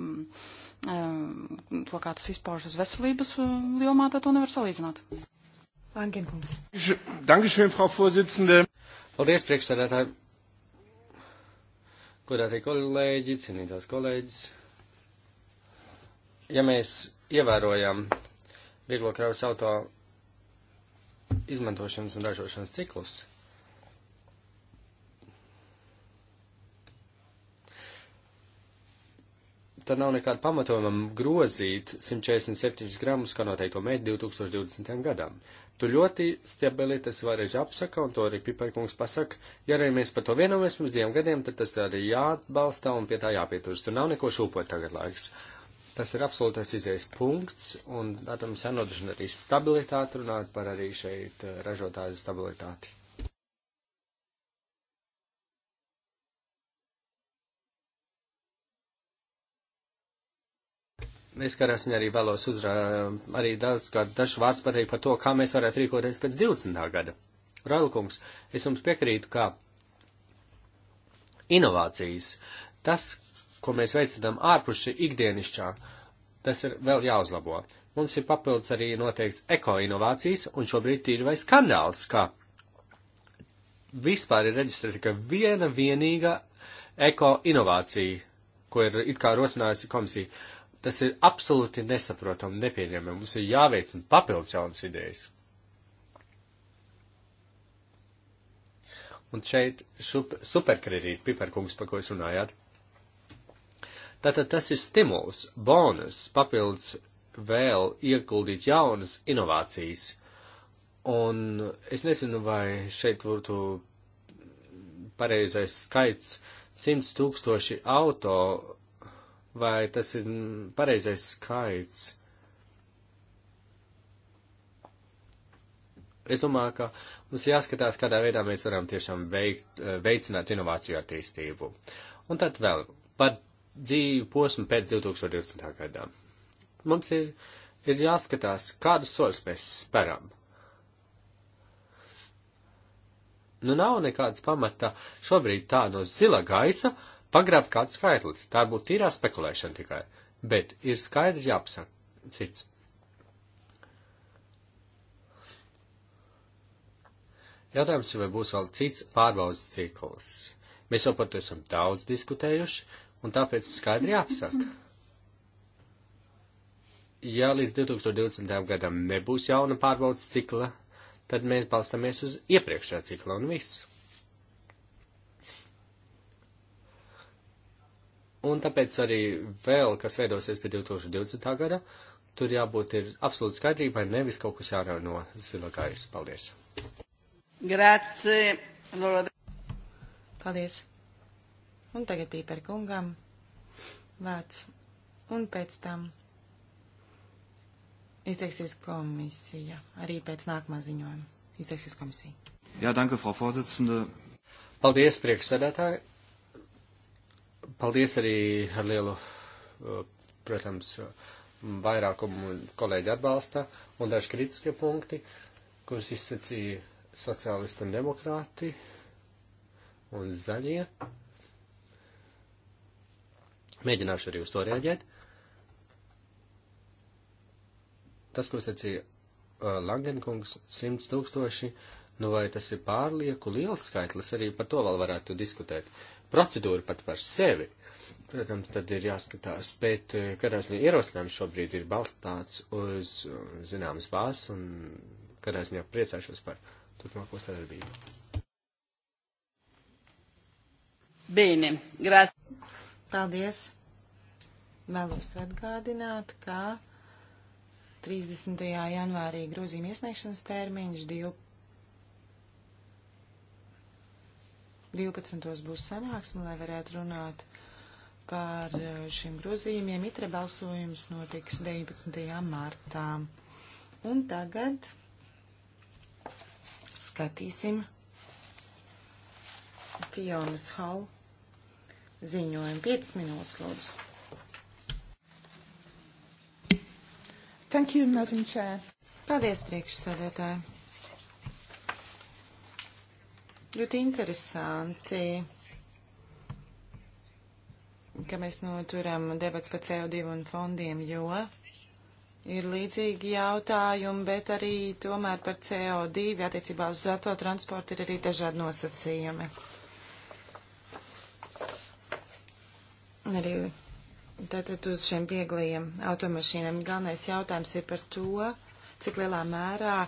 um, to, kā tas izpaužas veselības jomā, um, tad to nevar salīdzināt. Langenkungs. Dankeschön, Frau Vorsitzende. Paldies, priekšsēdētāji. Godātie kolēģi, cienītās kolēģis. Ja mēs ievērojam vieglo kravas auto izmantošanas un ražošanas ciklus, tad nav nekāda pamatojuma grozīt 147 gramus, kā noteikto mērķi 2020. gadam. Tur ļoti stabili tas vēlreiz apsaka, un to arī Piperkungs pasaka, ja arī mēs par to vienojamies pirms diviem gadiem, tad tas arī jāatbalsta un pie tā jāpieturas. Tur nav neko šūpot tagad laiks. Tas ir absolūtais izējas punkts, un, protams, jānodrošina arī stabilitāti, runāt par arī šeit eh, ražotāju stabilitāti. es karāsņi arī vēlos uzrā, arī daudz, kā dažu vārds pateikt par to, kā mēs varētu rīkoties pēc 20. gada. Railkungs, es jums piekrītu, ka inovācijas, tas, ko mēs veicinām ārpus šī ikdienišķā, tas ir vēl jāuzlabo. Mums ir papildus arī noteikts ekoinovācijas, un šobrīd ir vai skandāls, ka vispār ir reģistrēta tikai viena vienīga ekoinovācija, ko ir it kā rosinājusi komisija tas ir absolūti nesaprotami, nepieņemami. Mums ir jāveicina papildus jaunas idejas. Un šeit superkredīti, piperkungs, par ko jūs runājāt. Tātad tas ir stimuls, bonus, papildus vēl ieguldīt jaunas inovācijas. Un es nezinu, vai šeit būtu pareizais skaits 100 tūkstoši auto vai tas ir pareizais skaits. Es domāju, ka mums jāskatās, kādā veidā mēs varam tiešām veikt, eh, veicināt inovāciju attīstību. Un tad vēl par dzīvi posmu pēc 2020. gadā. Mums ir, ir jāskatās, kādus soļus mēs speram. Nu nav nekādas pamata šobrīd tā no zila gaisa, uh, pagrabt kādu skaitli. Tā būtu tīrā spekulēšana tikai. Bet ir skaidrs jāpasaka cits. Jautājums ir, vai būs vēl cits pārbaudas cikls. Mēs jau par to esam daudz diskutējuši, un tāpēc skaidri jāpasaka. Ja līdz 2020. gadam nebūs jauna pārbaudas cikla, tad mēs balstamies uz iepriekšējā cikla un viss. Un tāpēc arī vēl, kas veidosies pie 2020. gada, tur jābūt ir absolūti skaidrībai, nevis kaut kas jārauj no zila gaisa. Paldies! Grazie! Paldies! Un tagad bija par kungam vārds. Un pēc tam izteiksies komisija, arī pēc nākamā ziņojuma. Izteiksies komisija. Jā, danke, Frau Vorsitzende. Paldies, priekšsēdētāji. Paldies arī ar lielu, protams, vairākumu kolēģi atbalsta un daži kritiskie punkti, kurus izsacīja sociālisti un demokrāti un zaļie. Mēģināšu arī uz to reaģēt. Tas, ko sacīja Langenkungs, 100 tūkstoši, nu vai tas ir pārlieku liels skaitlis, arī par to vēl varētu diskutēt. Procedūra pat par sevi Protams, tad ir jāskatās, bet eh, kādās viņa ierosinājums šobrīd ir balstāts uz um, zināmas bāzes un kādās viņa priecāšos par turpmāko sadarbību. Bīni, grāt. Paldies. Vēlos atgādināt, ka 30. janvārī grozījuma iesniegšanas termiņš 12. būs sanāksme, lai varētu runāt par eh, šiem grozījumiem. Itre balsojums notiks 19. martā. Un tagad skatīsim Fionas Hall ziņojumu. 5 minūtes, lūdzu. Thank you, Madam Chair. Paldies, priekšsēdētāji. Ļoti interesanti ka mēs noturam debats par CO2 un fondiem, jo ir līdzīgi jautājumi, bet arī tomēr par CO2 attiecībā uz zato transportu ir arī dažādi nosacījumi. Arī tātad uz šiem vieglajiem automašīnām galvenais jautājums ir par to, cik lielā mērā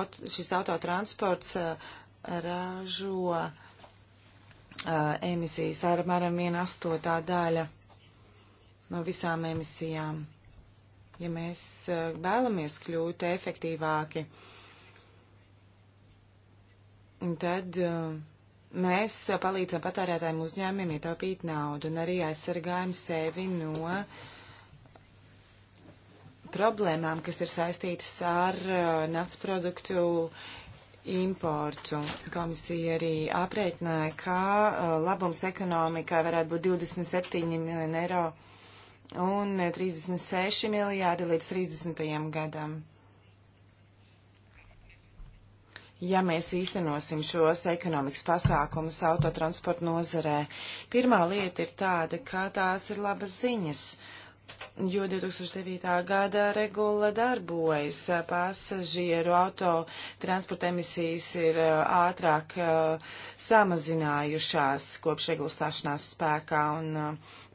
aut šis autotransports uh, ražo uh, Uh, emisijas. Tā ir apmēram 1,8 daļa no visām emisijām. Ja mēs uh, vēlamies kļūt efektīvāki, tad uh, mēs palīdzam patērētājiem uzņēmumiem ietaupīt naudu un arī aizsargājam sevi no problēmām, kas ir saistītas ar naftas produktu uh, importu. Komisija arī aprēķināja, ka uh, labums ekonomikai varētu būt 27 miljoni eiro un 36 miljārdi līdz 30. gadam. Ja mēs īstenosim šos ekonomikas pasākumus autotransporta nozarē, pirmā lieta ir tāda, ka tās ir labas ziņas. Uh, jo 2009. gada regula darbojas. Pasažieru auto transporta emisijas ir ātrāk samazinājušās kopš regulas stāšanās spēkā, un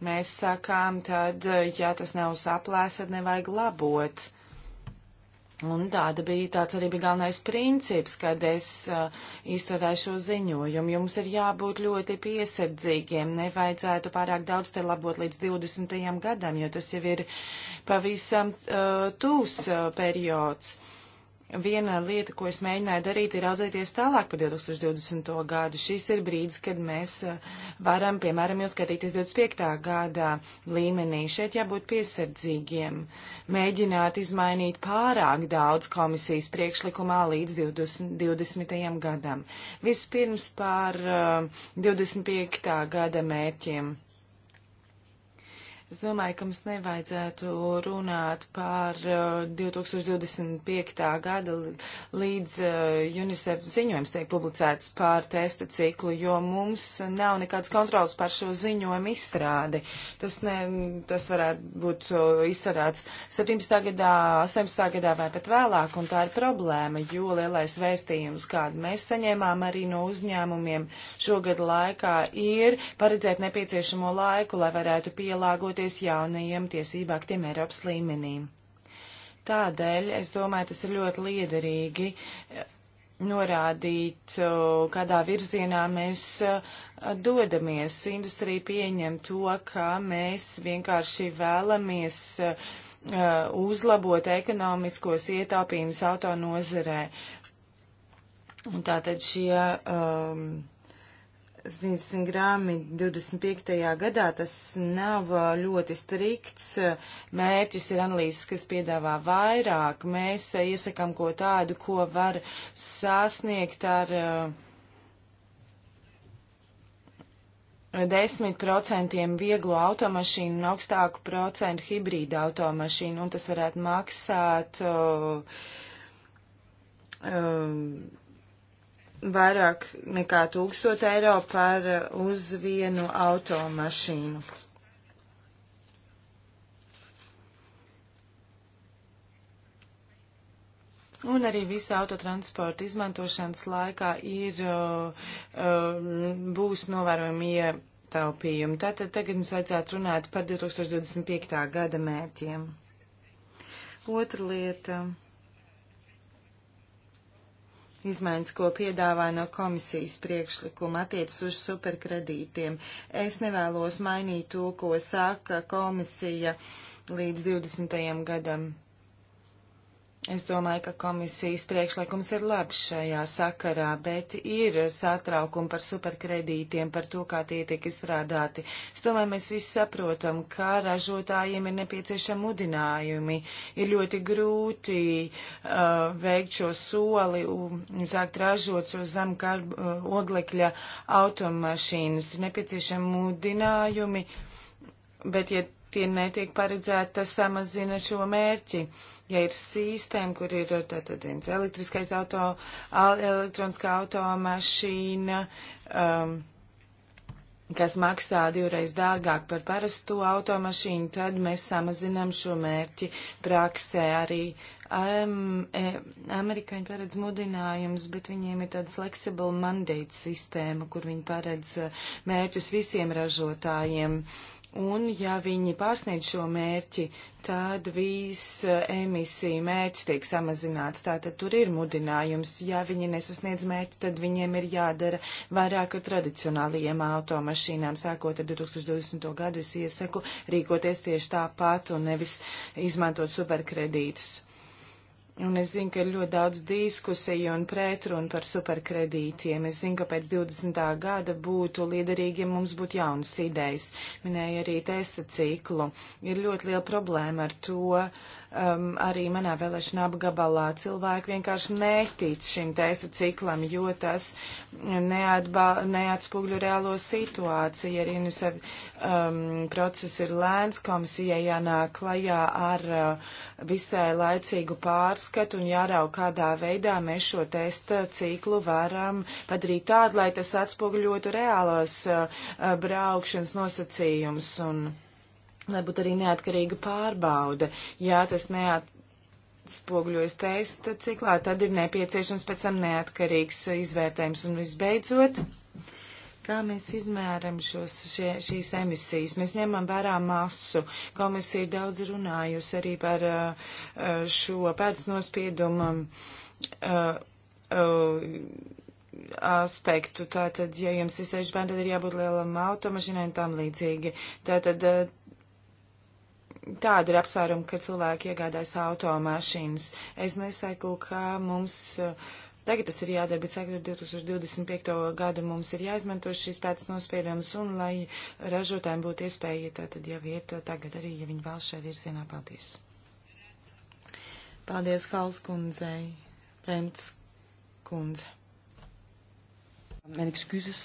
mēs sākām tad, ja tas nav saplēs, tad nevajag labot. Un tāda bija, tāds arī bija galvenais princips, kad es uh, izstrādāju šo ziņojumu. Jums ir jābūt ļoti piesardzīgiem, nevajadzētu pārāk daudz te labot līdz 20. gadam, jo tas jau ir pavisam uh, tūs uh, periods. Uh, Viena lieta, ko es mēģināju darīt, ir audzēties tālāk par 2020. gadu. Šis ir brīdis, kad mēs eh, varam, piemēram, jau skatīties 25. gadā līmenī. Šeit jābūt piesardzīgiem, mēģināt izmainīt pārāk daudz komisijas priekšlikumā līdz 20, 20. gadam. Vispirms par uh, eh, 25. gada mērķiem. Es domāju, ka mums nevajadzētu runāt par 2025. Eh, gada līdz eh, UNICEF ziņojums tiek publicēts par testa ciklu, jo mums nav nekāds kontrols par šo ziņojumu izstrādi. Tas, ne, tas varētu būt eh, izstrādāts 17. gadā, 18. gadā vai pat vēlāk, un tā ir problēma, jo lielais vēstījums, kādu mēs saņēmām arī no uzņēmumiem šogad laikā, ir paredzēt nepieciešamo laiku, lai varētu pielāgot pielāgoties jaunajiem tiesību aktiem Eiropas līmenī. Tādēļ es domāju, tas ir ļoti liederīgi eh, norādīt, eh, kādā virzienā mēs eh, dodamies. Industrija pieņem to, ka mēs vienkārši vēlamies uzlabot ekonomiskos ietaupījumus autonozerē. Un tātad šie um, 70 grāmi 25. gadā tas nav ļoti strikts mērķis, ir analīzes, kas piedāvā vairāk. Mēs iesakām ko tādu, ko var sasniegt ar 10% vieglo automašīnu un augstāku procentu hibrīda automašīnu, un tas varētu maksāt. Uh, um, vairāk nekā 1000 eiro par uh, uz vienu automašīnu. Un arī visa autotransporta izmantošanas laikā ir, uh, uh, būs novērojami ietaupījumi. Tātad tagad mums vajadzētu runāt par 2025. gada mērķiem. Otra lieta. Izmaiņas, ko piedāvā no komisijas priekšlikuma, attiecas uz superkredītiem. Es nevēlos mainīt to, ko saka komisija līdz 20. gadam. Es domāju, ka komisijas priekšlikums ir labs šajā sakarā, bet ir satraukumi par superkredītiem, par to, kā tie tiek izstrādāti. Es domāju, mēs visi saprotam, ka ražotājiem ir nepieciešami mudinājumi. Ir ļoti grūti uh, veikt šo soli un sākt ražot šo zem karb, uh, oglekļa automašīnas. Ir nepieciešami mudinājumi, bet ja tie netiek paredzēti, tas samazina šo mērķi. Uh, ja ir sistēma, kur ir uh, tātad elektriskais auto, elektroniskā automašīna, um, kas maksā divreiz dārgāk par parasto automašīnu, tad mēs samazinām šo mērķi praksē. Arī um, e, amerikāņi paredz mudinājums, bet viņiem ir tāda flexible mandate sistēma, kur viņi paredz uh, mērķus visiem ražotājiem. Uh, Un, ja viņi pārsniedz šo mērķi, tad viss eh, emisiju mērķis tiek samazināts. Tātad tur ir mudinājums. Ja viņi nesasniedz mērķi, tad viņiem ir jādara vairāk ar tradicionālajiem automašīnām. Sākot ar 2020. gadu, es iesaku rīkoties tieši tāpat un nevis izmantot superkredītus. Un es zinu, ka ir ļoti daudz diskusiju un pretrunu par superkredītiem. Es zinu, ka pēc 20. gada būtu liederīgi, ja mums būtu jaunas idejas. Minēja arī testa ciklu. Ir ļoti liela problēma ar to, um, arī manā vēlēšana apgabalā cilvēki vienkārši netic šim teistu ciklam, jo tas neatspūgļu reālo situāciju. Arī nu sev um, process ir lēns, komisijai jānāk klajā ar uh, visai laicīgu pārskatu un jārau, kādā veidā mēs šo testa ciklu varam padarīt tādu, lai tas atspūgļotu reālos uh, braukšanas nosacījumus. Un, lai būtu arī neatkarīga pārbauda. Jā, tas neatspoguļojas testa ciklā, tad ir nepieciešams pēc tam neatkarīgs izvērtējums. Un visbeidzot, kā mēs izmēram šos, šie, šīs emisijas? Mēs ņemam vērā masu. Komisija daudz runājusi arī par uh, uh, šo pēcnospiedumu uh, aspektu. Tātad, ja jums ir sešu bērni, tad ir jābūt lielam automašīnai un tam līdzīgi. Tātad tāda ir apsvēruma, ka cilvēki iegādājas automašīnas. Es nesaku, ka mums eh, tagad tas ir jādara, bet sākot 2025. gadu mums ir jāizmanto šis tāds nospiedums un lai ražotājiem būtu iespēja tātad jau iet tagad arī, ja viņi vēl šajā virzienā. Paldies! Paldies, Hals kundzei, Prents kundze. Mijn excuses.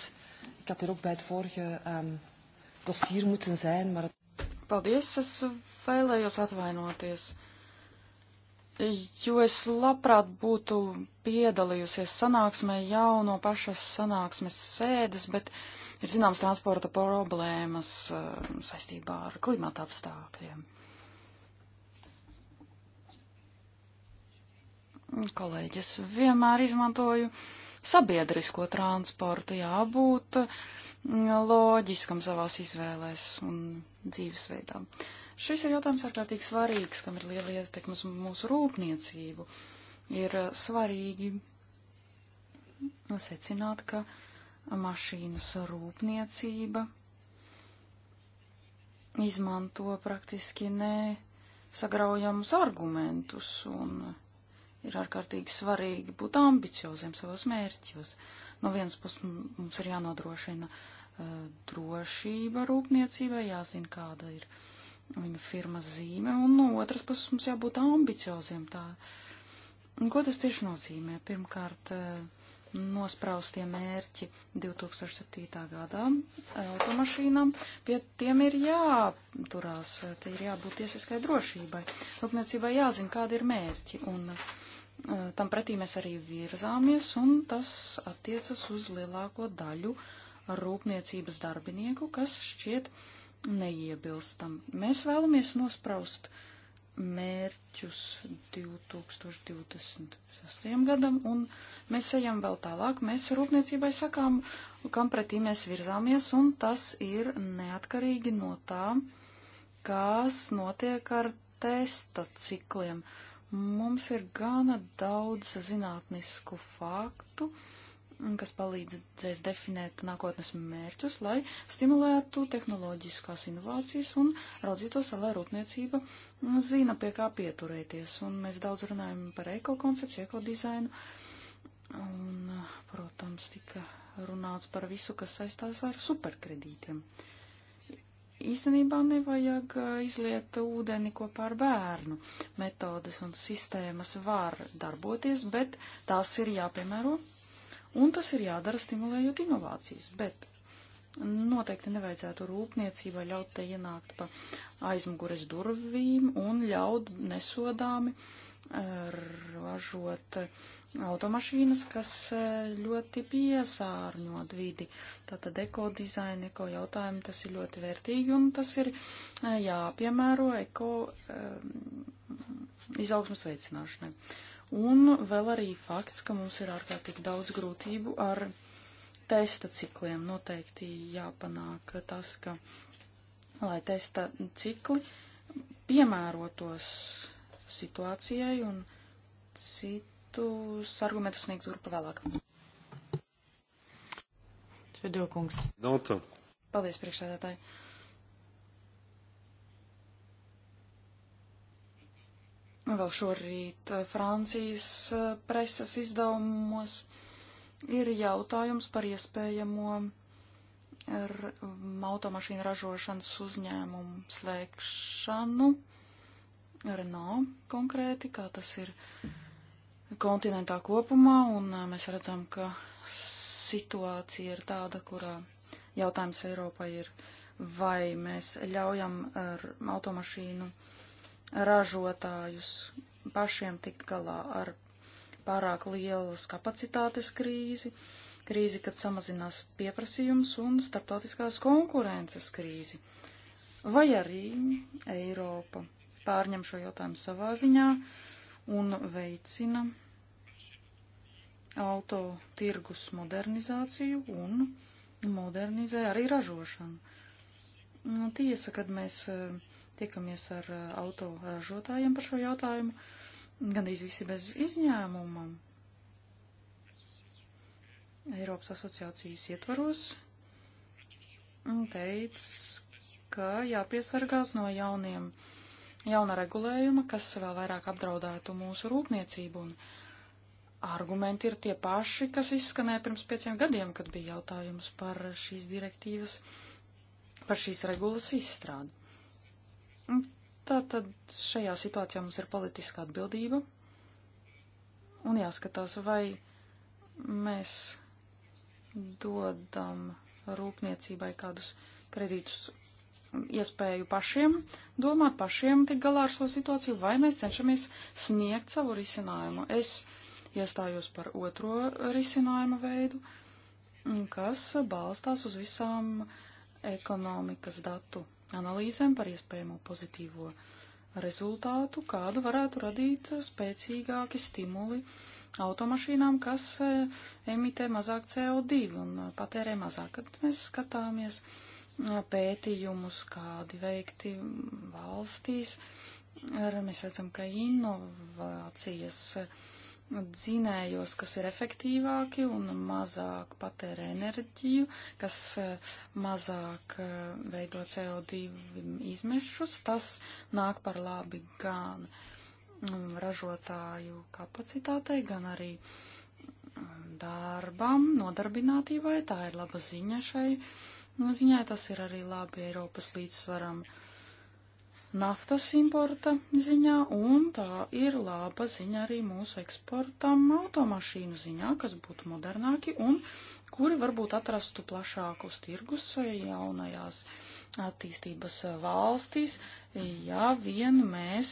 Ik had er ook bij het vorige um, dossier moeten zijn, maar het... Paldies, es vēlējos atvainoties, jo es labprāt būtu piedalījusies sanāksmē jau no pašas sanāksmes sēdes, bet ir zināms transporta problēmas eh, saistībā ar klimata apstākļiem. Kolēģis vienmēr izmantoju sabiedrisko transportu, jābūt mm, loģiskam savās izvēlēs un dzīvesveidām. Šis ir jautājums ārkārtīgi svarīgs, kam ir liela ietekme uz mūsu rūpniecību. Ir eh, svarīgi secināt, ka mašīnas rūpniecība izmanto praktiski nesagraujamus argumentus un ir ārkārtīgi svarīgi būt ambicioziem savos mērķos. No vienas puses mums ir jānodrošina Uh, drošība rūpniecībai, jāzina, kāda ir viņa firmas zīme, un no otras puses mums jābūt ambicioziem tā. Un ko tas tieši nozīmē? Pirmkārt, uh, nospraustie mērķi 2007. gadā automašīnām, pie tiem ir jāturās, te ir jābūt tiesiskai drošībai. Rūpniecībai jāzina, kādi ir mērķi, un uh, tam pretī mēs arī virzāmies, un tas attiecas uz lielāko daļu uh, rūpniecības darbinieku, kas šķiet neiebilstam. Mēs vēlamies nospraust mērķus 2026. gadam, un mēs ejam vēl tālāk. Mēs rūpniecībai sakām, kam pretī mēs virzāmies, un tas ir neatkarīgi no tā, kas notiek ar testa cikliem. Mums ir gana daudz zinātnisku faktu, uh, kas palīdzēs definēt nākotnes mērķus, lai stimulētu tehnoloģiskās inovācijas un raudzītos, lai rūpniecība zina, pie kā pieturēties. Un mēs daudz runājam par ekokoncepciju, ekodizainu. Un, protams, tika runāts par visu, kas saistās ar superkredītiem. Īstenībā nevajag uh, izliet ūdeni kopā ar bērnu. Metodes un sistēmas var darboties, bet tās ir jāpiemēro un tas ir jādara stimulējot inovācijas, bet noteikti nevajadzētu rūpniecībai ļaut te ienākt pa aizmugures durvīm un ļaut nesodāmi eh, ražot eh, automašīnas, kas eh, ļoti piesārņot vidi. Tātad eko dizaina, eko jautājumi, tas ir ļoti vērtīgi un tas ir jāpiemēro eko um, izaugsmas veicināšanai. Uh, Un vēl arī fakts, ka mums ir ārkārtīgi daudz grūtību ar testa cikliem. Noteikti jāpanāk tas, ka lai testa cikli piemērotos situācijai un citus argumentus sniegs grupa vēlāk. Čedokungs. Paldies, priekšsēdētāji. vēl šorīt eh, Francijas eh, preses izdevumos ir jautājums par iespējamo automašīnu ražošanas uzņēmumu slēgšanu Renault konkrēti, kā tas ir kontinentā kopumā, un eh, mēs redzam, ka situācija ir tāda, kurā jautājums Eiropai ir, vai mēs ļaujam ar automašīnu uh, ražotājus pašiem tikt galā ar pārāk lielas kapacitātes krīzi, krīzi, kad samazinās pieprasījums un starptautiskās konkurences krīzi. Vai arī Eiropa pārņem šo jautājumu savā ziņā un veicina auto tirgus modernizāciju un modernizē arī ražošanu. Nu, tiesa, kad mēs uh, Tikamies ar eh, auto ražotājiem par šo jautājumu. Gandrīz visi bez izņēmumam. Eiropas asociācijas ietvaros teica, ka jāpiesargās no jauniem, jauna regulējuma, kas vēl vairāk apdraudētu mūsu rūpniecību. Un argumenti ir tie paši, kas izskanēja pirms pieciem gadiem, kad bija jautājums par šīs direktīvas, par šīs regulas izstrādi. Tātad šajā situācijā mums ir politiska atbildība un jāskatās, vai mēs dodam rūpniecībai kādus kredītus iespēju pašiem domāt, pašiem tik galā ar šo situāciju, vai mēs cenšamies sniegt savu risinājumu. Es iestājos par otro risinājuma veidu, kas balstās uz visām ekonomikas datu analīzēm par iespējamo pozitīvo rezultātu, kādu varētu radīt spēcīgāki stimuli automašīnām, kas e, emitē mazāk CO2 un e, patērē mazāk. Kad mēs skatāmies e, pētījumus, kādi veikti valstīs, mēs redzam, ka inovācijas dzinējos, kas ir efektīvāki un mazāk patērē enerģiju, kas eh, mazāk eh, veido CO2 izmešus, tas nāk par labi gan mm, ražotāju kapacitātei, gan arī mm, darbam, nodarbinātībai. Tā ir laba ziņa šai ziņai. Tas ir arī labi Eiropas līdzsvaram. Uh, naftas importa ziņā, un tā ir laba ziņa arī mūsu eksportam automašīnu ziņā, kas būtu modernāki un kuri varbūt atrastu plašākus tirgus jaunajās attīstības valstīs, ja vien mēs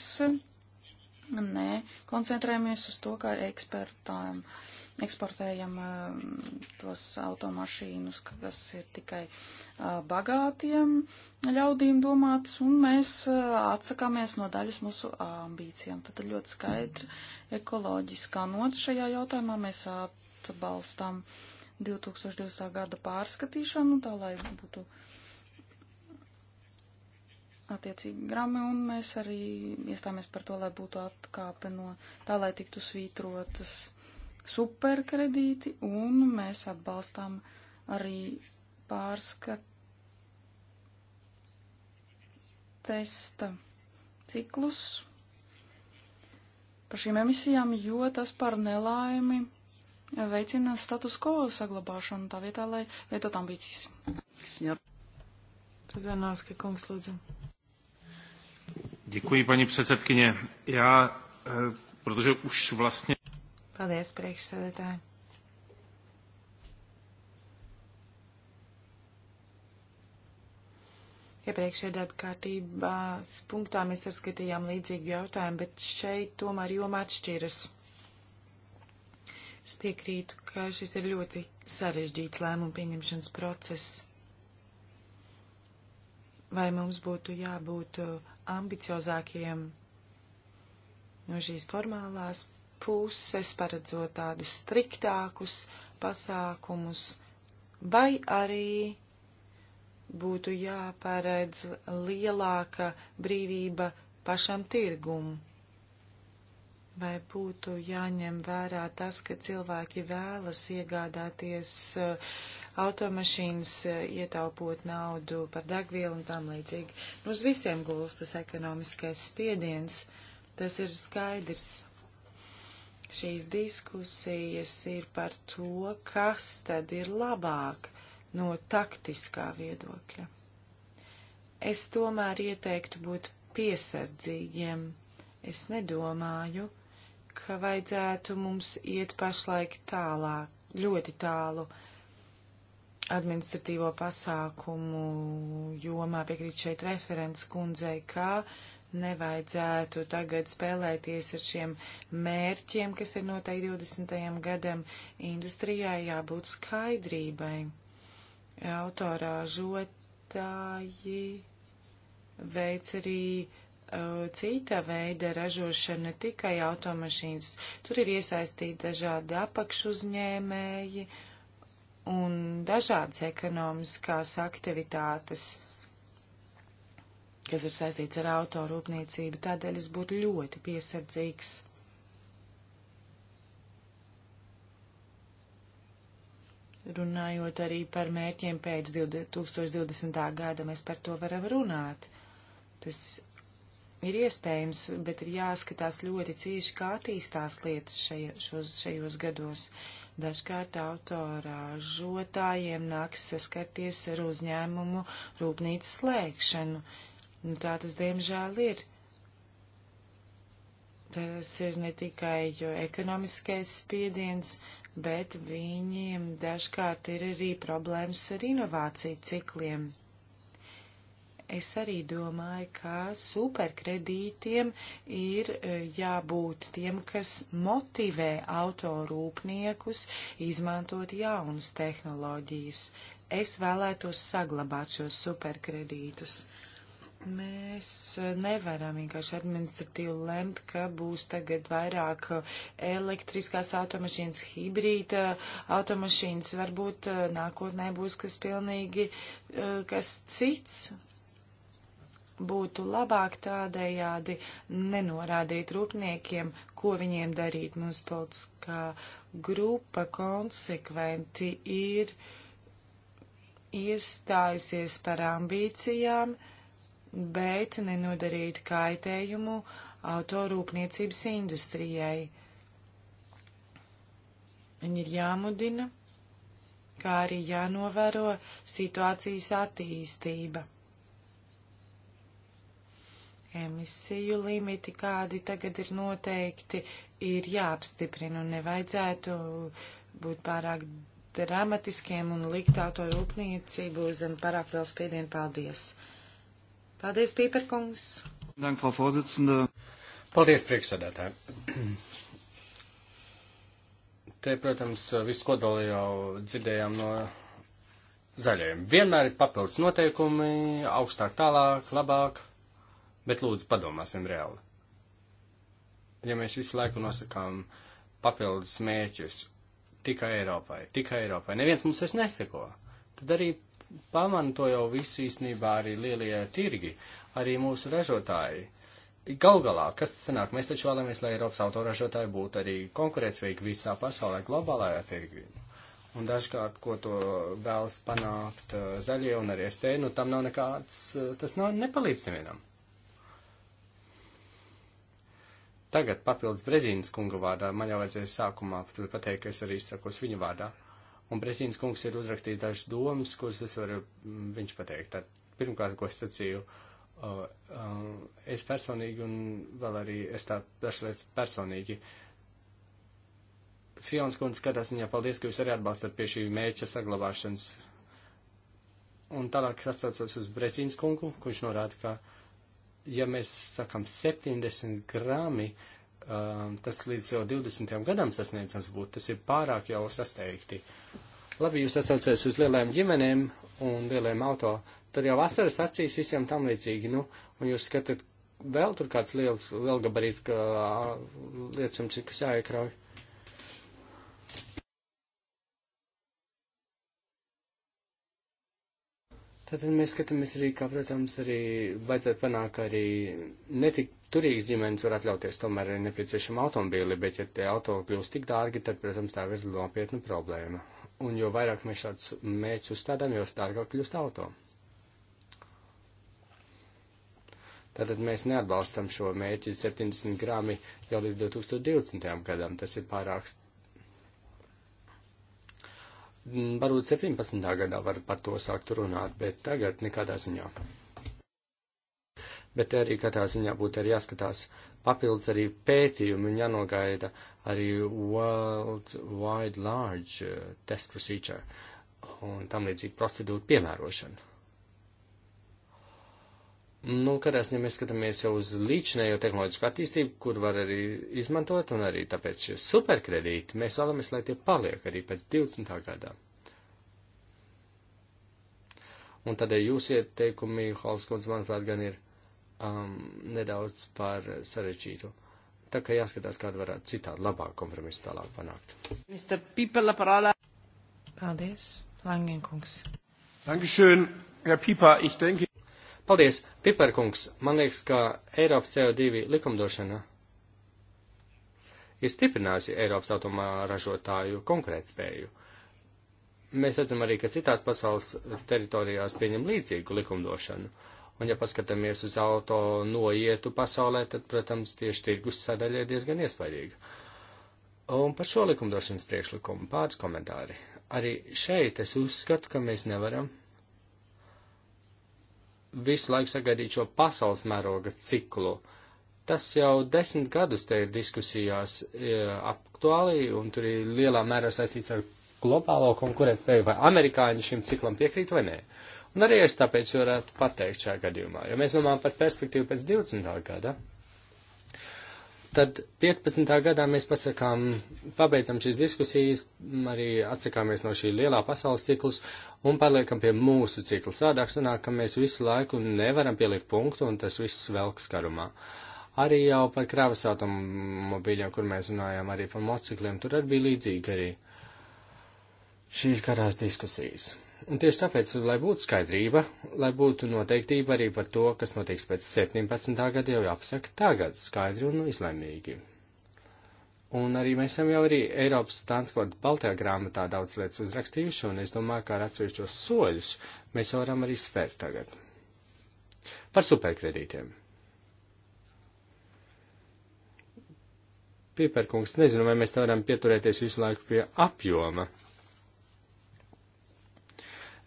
nekoncentrējamies uz to, kā ekspertām. Uh, eksportējam eh, tos automašīnus, kas ir tikai eh, bagātiem ļaudīm domātas, un mēs eh, atsakāmies no daļas mūsu ambīcijām. Tad ļoti skaidra ekoloģiskā nots šajā jautājumā mēs atbalstām 2020. gada pārskatīšanu, tā lai būtu attiecīgi grami, un mēs arī iestāmies par to, lai būtu atkāpe no tā, lai tiktu svītrotas superkredīti, un mēs atbalstām arī pārskat testa ciklus par šīm emisijām, jo tas par nelaimi veicina status quo saglabāšanu tā vietā, lai veidot ambīcijas. Tazanāska kungs, lūdzu. Děkuji, paní předsedkyně. Já, eh, protože už vlastně... Paldies, priekšsēdētāji. Iepriekšējā ja darba kārtībās punktā mēs arī skatījām līdzīgu jautājumu, bet šeit tomēr joma atšķiras. Es piekrītu, ka šis ir ļoti sarežģīts lēmumu pieņemšanas process. Vai mums būtu jābūt uh, ambiciozākiem no šīs formālās puses, paredzot tādus striktākus pasākumus, vai arī būtu jāparedz lielāka brīvība pašam tirgumu. Vai būtu jāņem vērā tas, ka cilvēki vēlas iegādāties uh, automašīnas, uh, ietaupot naudu par degvielu un tam līdzīgi. Uz visiem gulstas ekonomiskais spiediens, tas ir skaidrs. Šīs diskusijas ir par to, kas tad ir labāk no taktiskā viedokļa. Es tomēr ieteiktu būt piesardzīgiem. Es nedomāju, ka vajadzētu mums iet pašlaik tālāk, ļoti tālu administratīvo pasākumu jomā piekrīt šeit referents kundzei, kā nevajadzētu tagad spēlēties ar šiem mērķiem, kas ir noteikti 20. gadam. Industrijai jābūt skaidrībai. Autorāžotāji veic arī uh, cita veida ražošana, ne tikai automašīnas. Tur ir iesaistīti dažādi apakšuzņēmēji un dažādas ekonomiskās aktivitātes. Uh, kas ir saistīts ar autorūpniecību, tādēļ es būtu ļoti piesardzīgs. Runājot arī par mērķiem pēc 2020. gada, mēs par to varam runāt. Tas ir iespējams, bet ir jāskatās ļoti cieši, kā attīstās lietas šajos, šajos, šajos gados. Dažkārt autorāžotājiem nāks saskarties ar uzņēmumu rūpnīcas slēgšanu. Uh, Nu, tā tas diemžēl ir. Tas ir ne tikai ekonomiskais spiediens, bet viņiem dažkārt ir arī problēmas ar inovāciju cikliem. Es arī domāju, ka superkredītiem ir e, jābūt tiem, kas motivē autorūpniekus izmantot jaunas tehnoloģijas. Es vēlētos saglabāt šos superkredītus. Uh, Mēs eh, nevaram vienkārši administratīvi lemt, ka būs tagad vairāk eh, elektriskās automašīnas, hibrīda automašīnas. Varbūt eh, nākotnē būs kas pilnīgi kas cits. Būtu labāk tādējādi nenorādīt rūpniekiem, ko viņiem darīt. Mums politiskā grupa konsekventi ir iestājusies par ambīcijām. Uh, bet nenodarīt kaitējumu autorūpniecības industrijai. Viņi ir jāmudina, kā arī jānovēro situācijas attīstība. Emisiju limiti, kādi tagad ir noteikti, ir jāapstiprina un nevajadzētu būt pārāk dramatiskiem un likt autorūpniecību zem pārāk liels spiedienu. Paldies! Paldies, Pīperkungs. Paldies, priekšsēdētāji. Te, protams, visu kodoli jau dzirdējām no zaļajiem. Vienmēr ir papildus noteikumi, augstāk, tālāk, labāk, bet lūdzu padomāsim reāli. Ja mēs visu laiku nosakām papildus mērķus tikai Eiropai, tikai Eiropai, neviens mums vairs neseko, tad arī pamana to jau visu īstenībā arī lielie tirgi, arī mūsu ražotāji. Gal galā, kas tas sanāk? Mēs taču vēlamies, lai Eiropas autoražotāji būtu arī konkurētspējīgi visā pasaulē, globālajā tirgī. Un dažkārt, ko to vēlas panākt uh, zaļie un arī ST, nu tam nav nekāds, uh, tas nav nepalīdz nevienam. Tagad papildus Brezīnas kunga vārdā, man jau vajadzēja sākumā pateikt, ka es arī sakos viņa vārdā. Uh, Un Presīns kungs ir uzrakstījis dažas domas, kuras es varu mm, viņš pateikt. Tad, pirmkārt, ko es sacīju, uh, uh, es personīgi un vēl arī es tā dažas lietas personīgi. Fions kundze skatās viņā, paldies, ka jūs arī atbalstat pie šī mērķa saglabāšanas. Un tālāk atsaucos uz Brezīns kungu, kurš norāda, ka, ja mēs sakam 70 grami, uh, um, tas līdz jau 20. gadam sasniedzams būtu, tas ir pārāk jau sasteigti. Labi, jūs atsaucies uz lielajām ģimenēm un lielajiem auto, tad jau vasaras acīs visiem tam līdzīgi, nu, un jūs skatāt vēl tur kāds liels, lielgabarīts, ka liecams, kas jāiekrauj. Tātad mēs skatāmies arī, kā, protams, arī vajadzētu panākt, ka arī netik turīgs ģimenes var atļauties tomēr arī nepieciešama automobīli, bet ja tie auto kļūst tik dārgi, tad, protams, tā ir nopietna problēma. Un jo vairāk mēs šādus mērķus uzstādām, jo dārgāk kļūst auto. Tātad mēs neatbalstam šo mērķi 70 grami jau līdz 2020. gadam. Tas ir pārāk Mm, varbūt 17. gadā var par to sākt runāt, bet tagad nekādā ziņā. Bet arī katrā ziņā būtu arī jāskatās papildus arī pētījumi un jānogaida arī World Wide Large uh, Test Procedure un tam līdzīgi procedūru piemērošana. Nu, kādā ziņā mēs skatāmies jau uz līdzinējo tehnoloģisku attīstību, kur var arī izmantot, un arī tāpēc šie superkredīti mēs vēlamies, lai tie paliek arī pēc 20. gadā. Un tādēļ jūs ieteikumi, Holskundze, manuprāt, gan ir um, nedaudz par sarežģītu. Tā kā jāskatās, kāda varētu citādi labāk kompromisu tālāk panākt. Mr. Pipela parola. Paldies, Langenkungs. Dankeschön, Herr Pipa, ich denke. Paldies, Piperkungs. Man liekas, ka Eiropas CO2 likumdošana ir stiprinājusi Eiropas automāražotāju konkurētspēju. Mēs redzam arī, ka citās pasaules teritorijās pieņem līdzīgu likumdošanu. Un, ja paskatāmies uz auto noietu pasaulē, tad, protams, tieši tirgus sadaļa ir diezgan iespaidīga. Un par šo likumdošanas priekšlikumu pāris komentāri. Arī šeit es uzskatu, ka mēs nevaram visu laiku sagaidīt šo pasaules mēroga ciklu. Tas jau desmit gadus te ir diskusijās e, aktuāli, un tur ir lielā mērā saistīts ar globālo konkurētspēju, vai amerikāņi šim ciklam piekrīt vai nē. Un arī es tāpēc varētu pateikt šajā gadījumā, jo mēs domājam par perspektīvu pēc 20. gada. Tad 15. gadā mēs pasakām, pabeidzam šīs diskusijas, arī atsakāmies no šī lielā pasaules ciklus un paliekam pie mūsu cikla. Sādāk sanāk, ka mēs visu laiku nevaram pielikt punktu un tas viss velks karumā. Arī jau par krāvas automobīļiem, kur mēs runājām arī par motocikliem, tur arī bija līdzīgi arī šīs garās diskusijas. Un tieši tāpēc, lai būtu skaidrība, lai būtu noteiktība arī par to, kas notiks pēc 17. gada, jau jāpasaka tagad skaidri un izlēmīgi. Un arī mēs esam jau arī Eiropas transporta baltajā grāmatā daudz lietas uzrakstījuši, un es domāju, ka ar atsevišķos soļus mēs varam arī spērt tagad. Par superkredītiem. Pieperkungs, nezinu, vai mēs te varam pieturēties visu laiku pie apjoma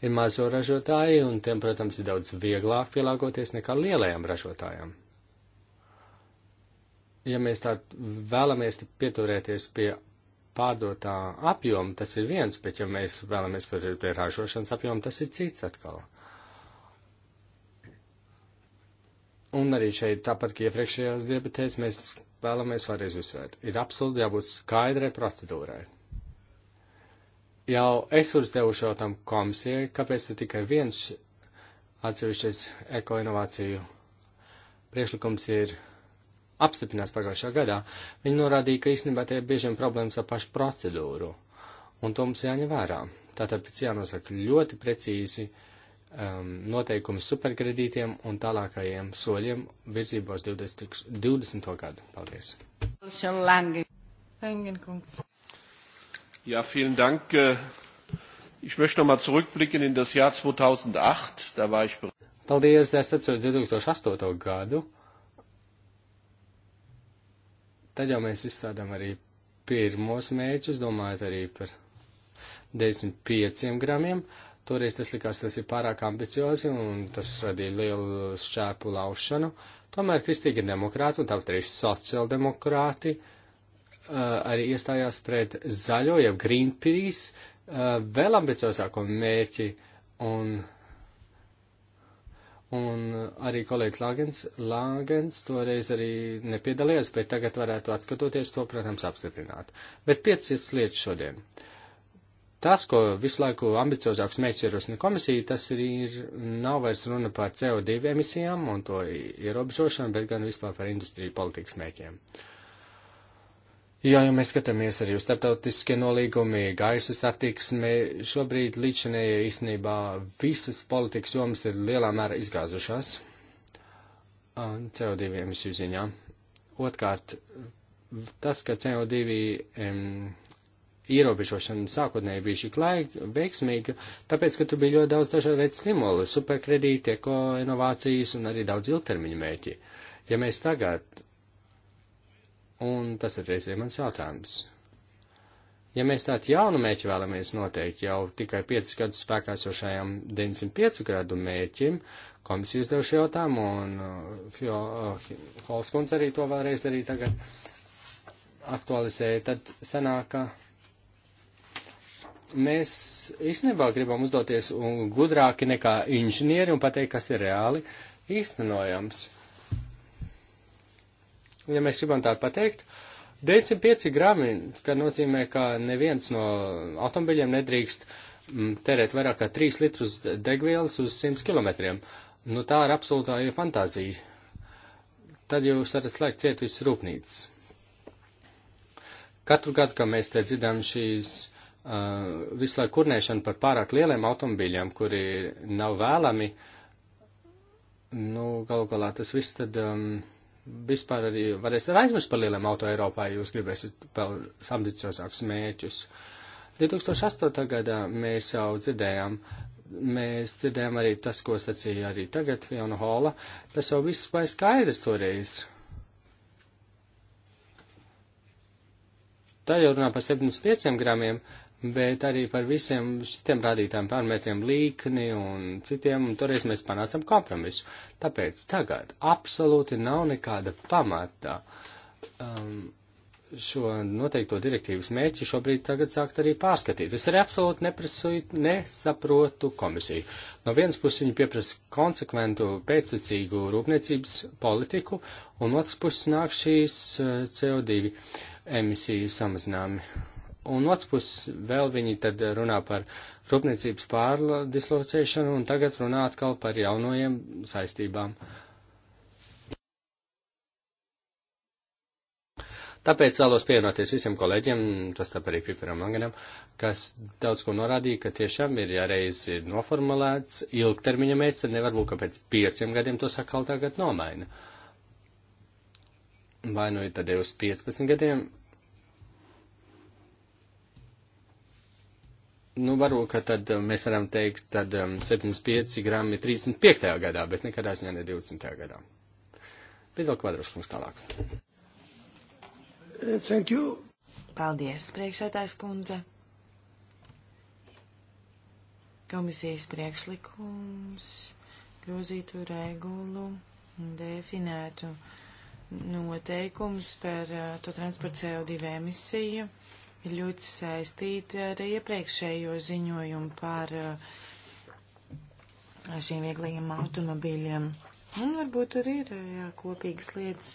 ir mazo ražotāji, un tiem, protams, ir daudz vieglāk pielāgoties nekā lielajām ražotājām. Ja mēs tā vēlamies pieturēties pie pārdotā apjoma, tas ir viens, bet ja mēs vēlamies pieturēties pie ražošanas apjoma, tas ir cits atkal. Un arī šeit, tāpat kā iepriekšējās debatēs, mēs vēlamies vēlreiz uzsvērt. Ir absolūti jābūt skaidrai procedūrai, jau es uzdevu šo tam komisijai, kāpēc te tikai viens atsevišķais ekoinovāciju priešlikums ir apstiprināts pagājušā gadā. Viņi norādīja, ka īstenībā tie ir biežiem problēmas ar pašu procedūru, un to mums jāņem vērā. Tātad pēc jānosaka ļoti precīzi um, noteikumi superkredītiem un tālākajiem soļiem virzībos 20. 20. gadu. Paldies! Langen kungs. Ja, vielen Dank. Äh, ich möchte nochmal zurückblicken in das Jahr 2008. Da war ich. Paldies, es atceros 2008. gadu. Tad jau mēs izstādām arī pirmos mēģus, domājot arī par 95 gramiem. Toreiz tas likās, tas ir pārāk ambiciozi un tas radīja lielu šķēpu laušanu. Tomēr kristīgi demokrāti un tāpat arī sociāldemokrāti uh, Eh, arī iestājās pret zaļo, jeb Greenpeace eh, vēl ambiciozāko mērķi, un, un arī kolēģis Lāgens, Lāgens toreiz arī nepiedalījās, bet tagad varētu atskatoties to, protams, apstiprināt. Bet piecas lietas šodien. Tas, ko visu laiku ambiciozāks mērķis ir uzsni komisija, tas ir, ir, nav vairs runa par CO2 emisijām un to ierobežošanu, bet gan vispār par industriju politikas mērķiem. Uh, Jo, ja mēs skatāmies arī uz starptautiskie nolīgumi, gaisa satiksme, šobrīd līdšanēja īstenībā visas politikas jomas ir lielā mērā izgāzušās CO2 emisiju ziņā. Otkārt, tas, ka CO2 um, ierobežošana sākotnēji bija šī klaiga, veiksmīga, tāpēc, ka tur bija ļoti daudz dažādu veidu stimulu, superkredīti, eko inovācijas un arī daudz ilgtermiņa mēķi. Ja mēs tagad Un tas ir reizē mans jautājums. Ja mēs tādu jaunu mērķi vēlamies noteikt jau tikai 5 gadus spēkā esošajam 905 gradu mērķim, komisija uzdev šo jautājumu, un uh, uh, Holskunds arī to vēlreiz arī tagad aktualizēja, tad sanāk, ka mēs īstenībā gribam uzdoties gudrāki nekā inženieri un pateikt, kas ir reāli īstenojams ja mēs gribam tādu pateikt, 95 grami, ka nozīmē, ka neviens no automobiļiem nedrīkst mm, tērēt vairāk kā 3 litrus degvielas uz 100 km. Nu tā ir absolūtā fantāzija. Tad jūs varat slēgt ciet visas rūpnīcas. Katru gadu, kad mēs te dzirdam šīs uh, visu laiku kurnēšanu par pārāk lieliem automobīļiem, kuri nav vēlami, nu, galu galā tas viss tad. Um, vispār arī varēsiet aizmirst par lieliem auto Eiropā, ja jūs gribēsiet vēl ambiciozākus mēķus. 2008. gadā mēs jau dzirdējām, mēs dzirdējām arī tas, ko sacīja arī tagad Fiona Hola, tas jau viss vai skaidrs toreiz. Tā jau runā par 75 gramiem, bet arī par visiem šitiem rādītājiem parametriem līkni un citiem, un toreiz mēs panācam kompromisu. Tāpēc tagad absolūti nav nekāda pamata um, šo noteikto direktīvas mērķi šobrīd tagad sākt arī pārskatīt. Es arī absolūti neprasuju, nesaprotu komisiju. No vienas puses viņi pieprasa konsekventu, pēclicīgu rūpniecības politiku, un otrs puses nāk šīs uh, CO2 emisiju samazinājumi Un otrs puses vēl viņi tad runā par rūpniecības pārdislocēšanu un tagad runā atkal par jaunojiem saistībām. Tāpēc vēlos pievienoties visiem kolēģiem, tas tāpēc arī Piperam Langenam, kas daudz ko norādīja, ka tiešām ir jāreiz ir noformulēts ilgtermiņa mērķis, tad nevar būt, ka pēc pieciem gadiem to sakal tagad nomaina. Vai nu ir tad jau uz 15 gadiem, nu, varbūt, ka tad um, mēs varam teikt, tad um, 75 grammi 35. gadā, bet nekādā ziņā ne 20. gadā. Bet vēl kvadrus mums tālāk. Eh, thank you. Paldies, priekšētājs kundze. Komisijas priekšlikums grozītu regulu un definētu noteikums par uh, to transporta CO2 emisiju. Uh, ir ļoti saistīti ar iepriekšējo ziņojumu par uh, šiem vieglajiem automobīļiem. Un varbūt tur ir uh, jā, kopīgas lietas,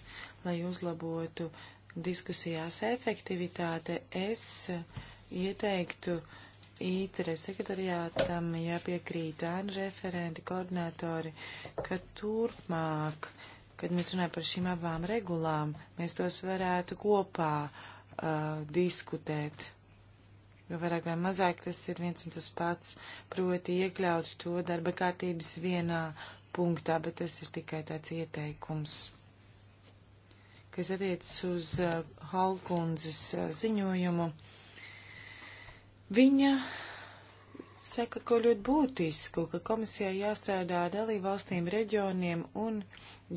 lai uzlabotu diskusijās efektivitāte. Es uh, ieteiktu ITRE sekretariātam jāpiekrīt ānu referenti, koordinatori, ka turpmāk, kad mēs runājam par šīm abām regulām, mēs tos varētu kopā uh, uh, diskutēt. Jo vairāk vai mazāk tas ir viens un tas pats, proti iekļaut to darba kārtības vienā punktā, bet tas ir tikai tāds ieteikums. Kas attiecas uz uh, Halkundzes uh, ziņojumu, viņa saka, ko ļoti būtisku, ka komisijai jāstrādā dalībvalstīm, reģioniem un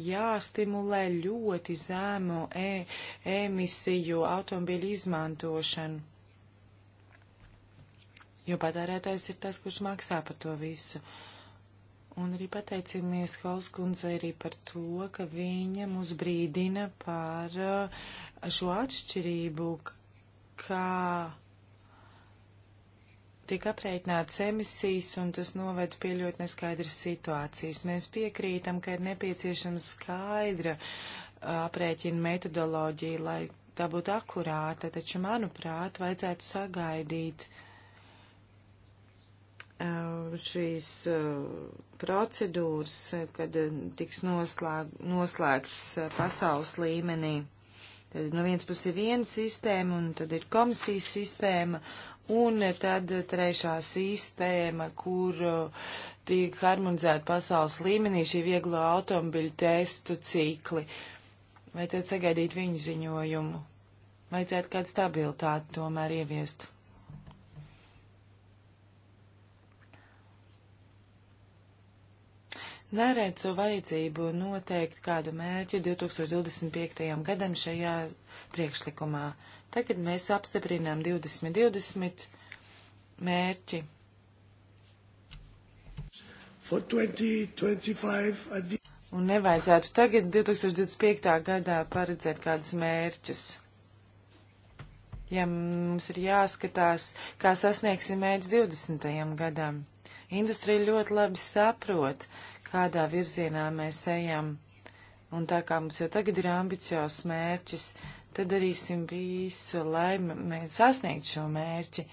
jāstimulē ļoti zēmu e emisiju automobīļu izmantošanu. Jo patērētājs ir tas, kurš maksā par to visu. Un arī pateicamies Holskundze arī par to, ka viņa mūs brīdina par uh, šo atšķirību, kā tika apreitināts emisijas, un tas noved pie ļoti neskaidras situācijas. Mēs piekrītam, ka ir nepieciešama skaidra uh, aprēķina metodoloģija, lai tā būtu akurāta, taču, manuprāt, vajadzētu sagaidīt uh, šīs uh, procedūras, kad tiks noslēg, noslēgts pasaules līmenī. Tad no nu, viens puses ir viena sistēma, un tad ir komisijas sistēma, Un tad trešā sistēma, kur uh, tiek harmonizēta pasaules līmenī šī vieglo automobiļu testu cikli. Vajadzētu sagaidīt viņu ziņojumu. Vajadzētu kādu stabilitāti tomēr ieviest. Neredzu vajadzību noteikt kādu mērķi 2025. gadam šajā priekšlikumā. Uh, Tagad mēs apstiprinām 2020 mērķi. 20, Un nevajadzētu tagad 2025. gadā paredzēt kādus mērķus. Ja mums ir jāskatās, kā sasniegsim mērķus 20. gadam. Industrija ļoti labi saprot, kādā virzienā mēs ejam. Un tā kā mums jau tagad ir ambiciozs mērķis, uh, tad darīsim visu, lai mēs sasniegtu šo mērķi.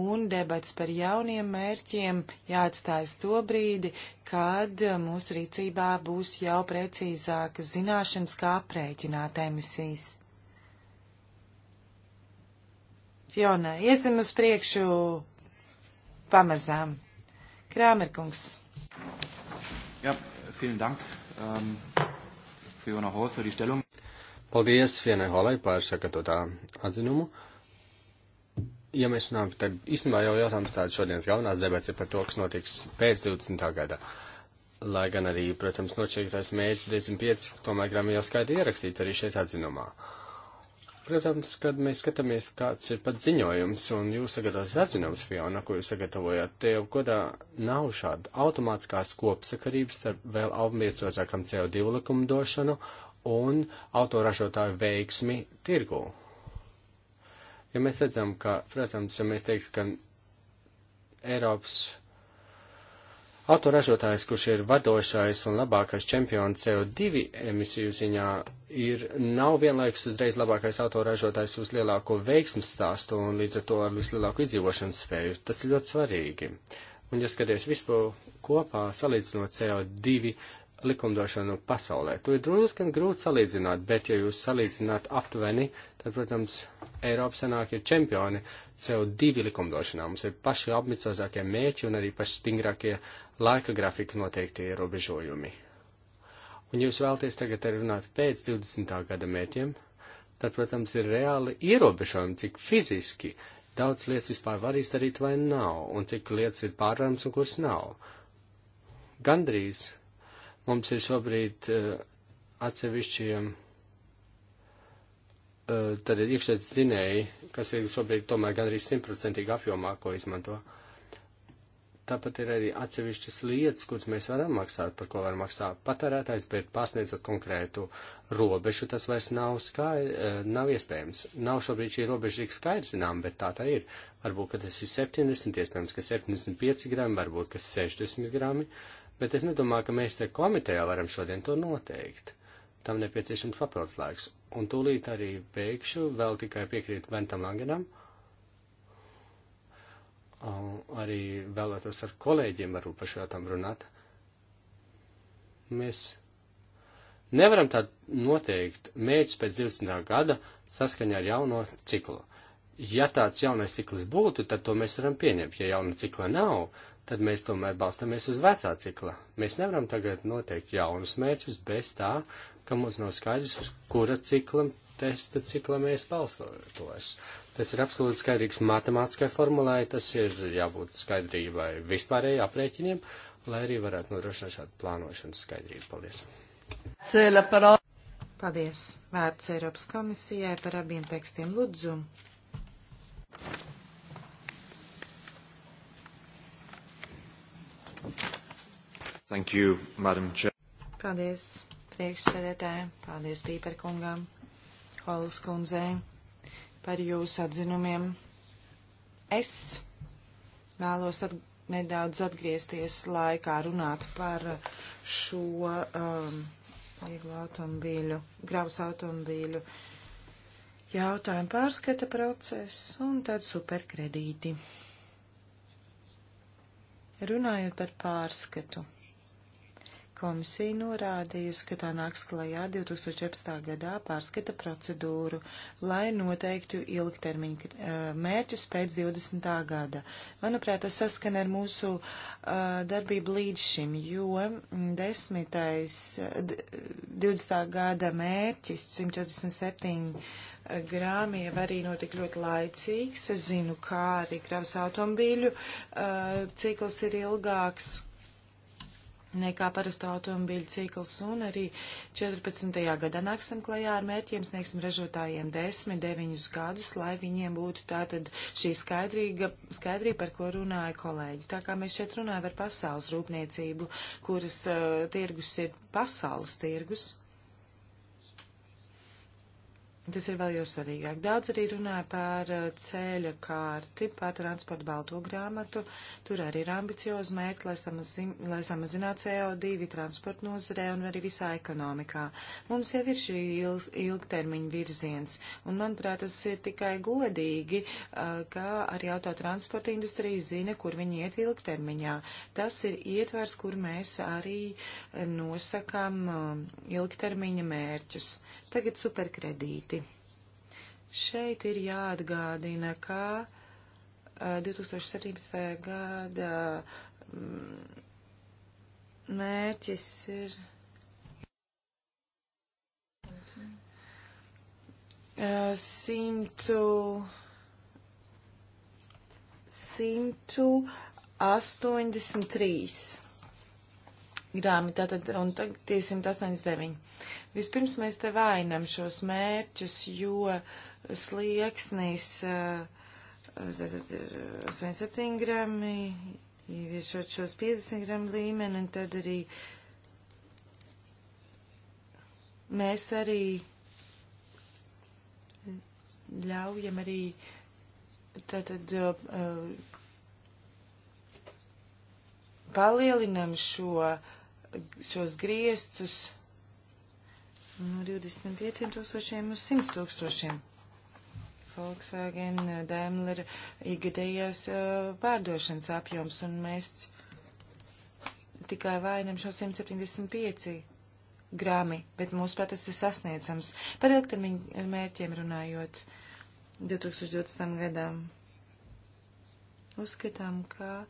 Un debats par jauniem mērķiem jāatstājas to brīdi, kad mūsu rīcībā būs jau precīzākas zināšanas, kā aprēķināt emisijas. Fiona, iesim uz priekšu pamazām. Krāmerkungs. Jā, ja, vielen dank um, Fiona Hall für die Stellung. Paldies Fienai Holai par sagatavotā atzinumu. Ja mēs runājam, tad īstenībā jau jautājums tāds šodienas galvenās debats ir par to, kas notiks pēc 20. gada. Lai gan arī, protams, nošķirtais mērķis 25, tomēr grāmatā jau skaidri ierakstīt arī šeit atzinumā. Protams, kad mēs skatāmies, kāds ir pat ziņojums, un jūs sagatavojat atzinums, Fiona, ko jūs sagatavojat, te jau kodā nav šāda automātiskās kopsakarības ar vēl augmiecozākam CO2 likumdošanu un autoražotāju veiksmi tirgū. Ja mēs redzam, ka, protams, ja mēs teiksim, ka Eiropas autoražotājs, kurš ir vadošais un labākais čempions CO2 emisiju ziņā, ir nav vienlaikus uzreiz labākais autoražotājs uz lielāko veiksmes stāstu un līdz ar to ar vislielāku izdzīvošanas spēju. Tas ir ļoti svarīgi. Un, ja skaties vispār kopā, salīdzinot CO2 likumdošanu pasaulē. To ir druskan grūti salīdzināt, bet ja jūs salīdzināt aptuveni, tad, protams, Eiropa sanāk ir čempioni CO2 likumdošanā. Mums ir paši ambiciozākie mēķi un arī paši stingrākie laika grafika noteikti ierobežojumi. Un jūs vēlties tagad arī runāt pēc 20. gada mēķiem, tad, protams, ir reāli ierobežojumi, cik fiziski daudz lietas vispār var izdarīt vai nav, un cik lietas ir pārvarams un kuras nav. Gandrīz Mums ir šobrīd eh, atsevišķiem eh, tad ir iekšēts zinēji, kas ir šobrīd tomēr gan arī simtprocentīgi apjomā, ko izmanto. Tāpat ir arī atsevišķas lietas, kuras mēs varam maksāt, par ko var maksāt patērētājs, bet pārsniedzot konkrētu robežu, tas vairs nav, skai, eh, nav iespējams. Nav šobrīd šī robeža tik skaidrs zinām, bet tā tā ir. Varbūt, ka tas ir 70, iespējams, ka 75 grami, varbūt, ka 60 grami. Uh, bet es nedomāju, ka mēs te komitejā varam šodien to noteikt. Tam nepieciešams papildus laiks. Un tūlīt arī beigšu, vēl tikai piekrīt Ventam Langenam. Arī vēlētos ar kolēģiem varbūt par šo tam runāt. Mēs nevaram tādu noteikt mērķus pēc 20. gada saskaņā ar jauno ciklu. Ja tāds jaunais cikls būtu, tad to mēs varam pieņemt. Ja jauna cikla nav, tad mēs tomēr balstamies uz vecā cikla. Mēs nevaram tagad noteikt jaunus mērķus bez tā, ka mums nav skaidrs, uz kura cikla, testa cikla mēs balstoties. Tas ir absolūti skaidrīgs matemātiskai formulai, tas ir jābūt skaidrībai vispārēji aprēķiniem, lai arī varētu nodrošināt šādu plānošanas skaidrību. Paldies! Paldies! Vērts Eiropas komisijai par abiem tekstiem lūdzu. Thank you, Madam Chair. Paldies priekšsēdētājiem, paldies Pīperkungam, Holas kundzei par jūsu atzinumiem. Es vēlos at nedaudz atgriezties laikā runāt par šo um, vieglo automobīļu, gravas automobīļu jautājumu pārskata procesu un tad superkredīti. Runājot par pārskatu. Komisija norādījusi, ka tā nāks klajā 2014. gadā pārskata procedūru, lai noteiktu ilgtermiņa eh, mērķus pēc 20. gada. Manuprāt, tas saskan ar mūsu eh, darbību līdz šim, jo 10. Mm, 20. Eh, gada mērķis 147 grāmi jau arī notika ļoti laicīgs. Es zinu, kā arī kravas automobīļu cikls ir ilgāks nekā parasto automobīļu cikls, un arī 14. gadā nāksim klajā ar mērķiem, sniegsim ražotājiem 10, 9 gadus, lai viņiem būtu tātad šī skaidrīga, skaidrība, par ko runāja kolēģi. Tā kā mēs šeit runājam par pasaules rūpniecību, kuras uh, tirgus ir pasaules tirgus. Tas ir vēl jau svarīgāk. Daudz arī runāja par uh, ceļa kārti, par transportu balto grāmatu. Tur arī ir ambiciozi mērķi, lai, samazin, lai samazinātu CO2 transportu nozarē un arī visā ekonomikā. Mums jau ir šī ilg, ilgtermiņa virziens, un manuprāt, tas ir tikai godīgi, uh, ka arī autotransporta industrija zina, kur viņi iet ilgtermiņā. Tas ir ietvers, kur mēs arī uh, nosakam um, ilgtermiņa mērķus. Tagad superkredīti. Šeit ir jāatgādina, ka 2017. Eh, gada mm, mērķis ir. Eh, simtu, simtu 83 grāmi, tātad, un tagad tie 189. Vispirms mēs te vainam šos mērķus, jo slieksnis uh, eh, 87 eh, grami, ieviešot šos 50 gramu līmeni, un tad arī mēs arī ļaujam arī tātad uh, palielinam šo, šos griestus no 25 tūkstošiem uz 100 tūkstošiem. Volkswagen, Daimler ikgadējās uh, pārdošanas apjoms un mēs tikai vainam šo 175 grami, bet mūsuprāt tas ir sasniedzams. Par ilgtermiņa mērķiem runājot 2020. gadam. Uzskatām, ka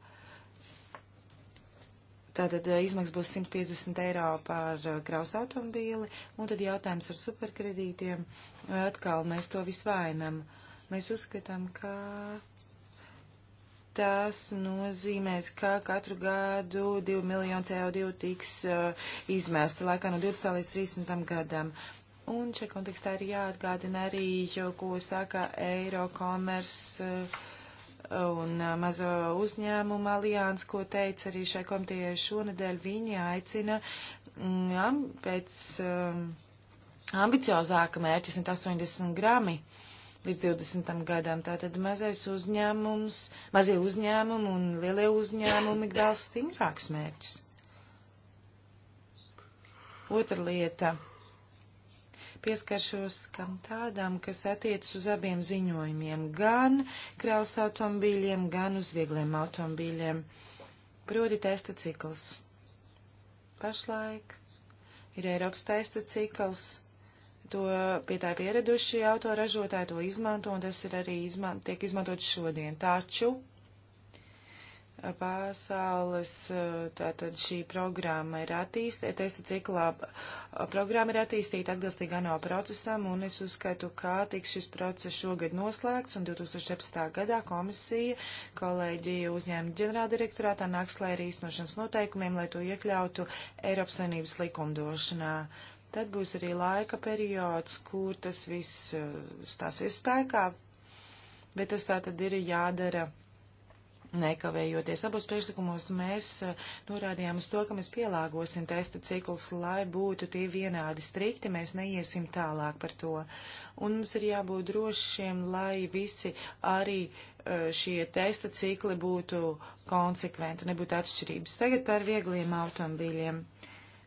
Tātad izmaksas būs 150 eiro par kraus automobīli, un tad jautājums ar superkredītiem. Atkal mēs to visu vainam. Mēs uzskatām, ka tas nozīmēs, ka katru gadu 2 miljonu CO2 tiks uh, izmēsta laikā no 20 līdz 30 gadam. Un šajā kontekstā ir jāatgādina arī, jo, ko saka Eiro komers. Uh, un uh, mazo uzņēmumu alians, ko teica arī šai komitejai šonadēļ, viņi aicina mm, pēc um, ambiciozāka mērķa 180 grami līdz 20. gadam. Tātad mazais uzņēmums, mazie uzņēmumi un lielie uzņēmumi vēl stingrākus mērķus. Otra lieta Pieskaršos kam tādām, kas attiecas uz abiem ziņojumiem - gan kraus automobīļiem, gan uz viegliem automobīļiem. Proti testa cikls. Pašlaik ir Eiropas testa cikls. To pie tā pieraduši autoražotāji to izmanto, un tas ir arī izman tiek izmantot šodien. Taču pasaules eh, tātad šī programma ir attīstīta, testa ciklā eh, programma ir attīstīta atbilstīgi ANO procesam, un es uzskaitu, kā tiks šis process šogad noslēgts, un 2017. gadā komisija kolēģija uzņēma ģenerāldirektorātā nāks lai ar īstenošanas noteikumiem, lai to iekļautu Eiropas Savienības likumdošanā. Tad būs arī laika periods, kur tas viss eh, stāsies spēkā, bet tas tā tad ir jādara Nekavējoties abos priekšlikumos, mēs eh, norādījām uz to, ka mēs pielāgosim testa ciklus, lai būtu tie vienādi strikti, mēs neiesim tālāk par to. Un mums ir jābūt drošiem, lai visi arī eh, šie testa cikli būtu konsekventi, nebūtu atšķirības. Tagad par viegliem automobīļiem.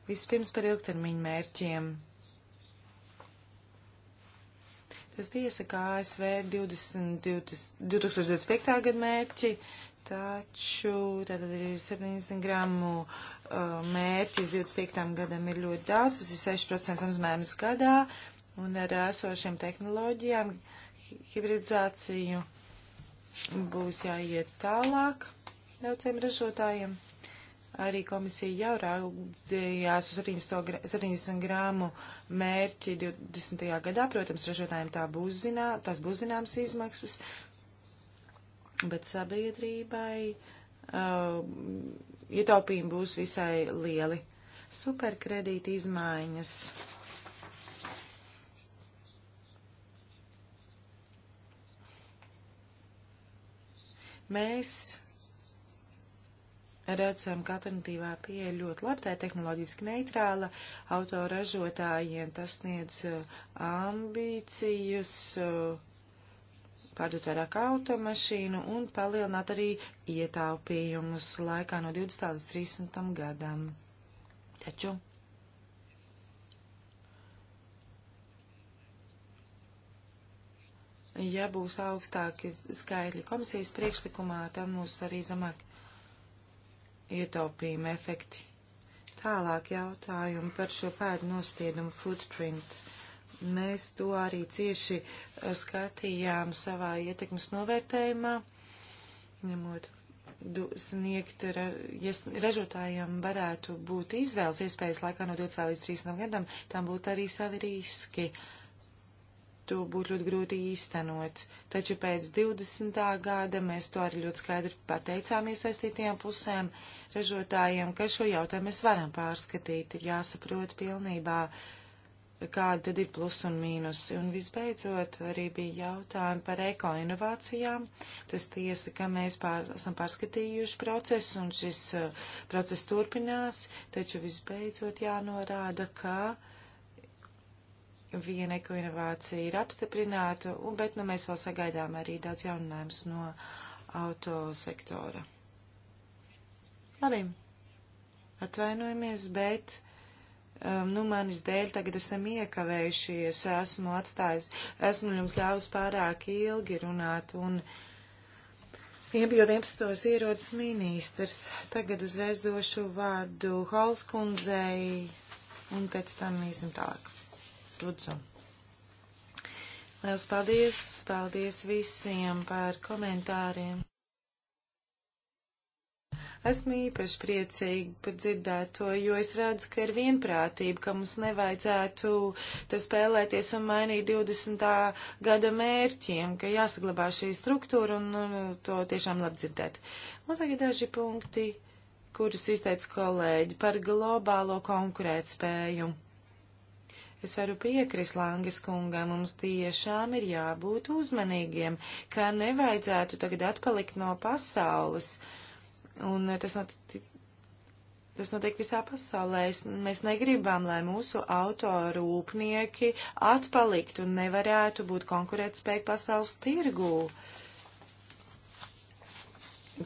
Vispirms par ilgtermiņu mērķiem. Tas bija iesaka ASV 20, 20, 2025. gada mērķi, taču tātad ir 70 gramu uh, mērķis 25. gadam ir ļoti daudz, tas ir 6% samazinājums gadā, un ar esošiem tehnoloģijām hibridizāciju būs jāiet tālāk daudziem ražotājiem. Arī komisija jau raudzījās uz 70 grāmu mērķi 20. gadā. Protams, ražotājiem tā būs zinā, tās būs zināmas izmaksas, bet sabiedrībai uh, ietaupījumi būs visai lieli. Superkredīti izmaiņas. Mēs redzam, ka alternatīvā pieeja ļoti labi, tā ir tehnoloģiski neitrāla autoražotājiem, tas sniedz uh, ambīcijas uh, pārdot vairāk automašīnu un palielināt arī ietaupījumus laikā no 20. līdz 30. gadam. Taču ja būs augstāki skaitļi komisijas priekšlikumā, tad būs arī zemāk ietaupījuma efekti. Tālāk jautājumi par šo pēdu nospiedumu footprint. Mēs to arī cieši eh, skatījām savā ietekmes novērtējumā, ņemot sniegt ra, ja ražotājiem varētu būt izvēles iespējas laikā no 20 līdz 30 gadam, tam būtu arī savi riski. Uh, to būtu ļoti grūti īstenot. Taču pēc 20. gada mēs to arī ļoti skaidri pateicām iesaistītajām pusēm, ražotājiem, ka šo jautājumu mēs varam pārskatīt, ir jāsaprot pilnībā, kāda tad ir plus un mīnus. Un visbeidzot, arī bija jautājumi par ekoinovācijām. Tas tiesa, ka mēs pār, esam pārskatījuši procesu, un šis uh, process turpinās, taču visbeidzot jānorāda, ka. Uh, viena ekoinovācija ir apstiprināta, un, bet nu, mēs vēl sagaidām arī daudz jauninājumus no autosektora. Labi, atvainojamies, bet um, nu, manis dēļ tagad esam iekavējušies, esmu atstājis, esmu jums ļāvis pārāk ilgi runāt, un bija 11. ierodas ministrs. Tagad uzreiz došu vārdu Halskundzei, un pēc tam īsim tālāk. Lūdzu. Lielas paldies, paldies visiem par komentāriem. Esmu īpaši priecīgi par dzirdēto, jo es redzu, ka ir vienprātība, ka mums nevajadzētu te spēlēties un mainīt 20. gada mērķiem, ka jāsaglabā šī struktūra un, un uh, to tiešām labi dzirdēt. Un tagad daži punkti, kurus izteica kolēģi par globālo konkurētspēju. spēju Es varu piekrist Langas kungam, mums tiešām ir jābūt uzmanīgiem, kā nevajadzētu tagad atpalikt no pasaules. Un eh, tas, not, tas notiek visā pasaulē. Es, mēs negribam, lai mūsu autorūpnieki atpaliktu un nevarētu būt konkurētspēja pasaules tirgū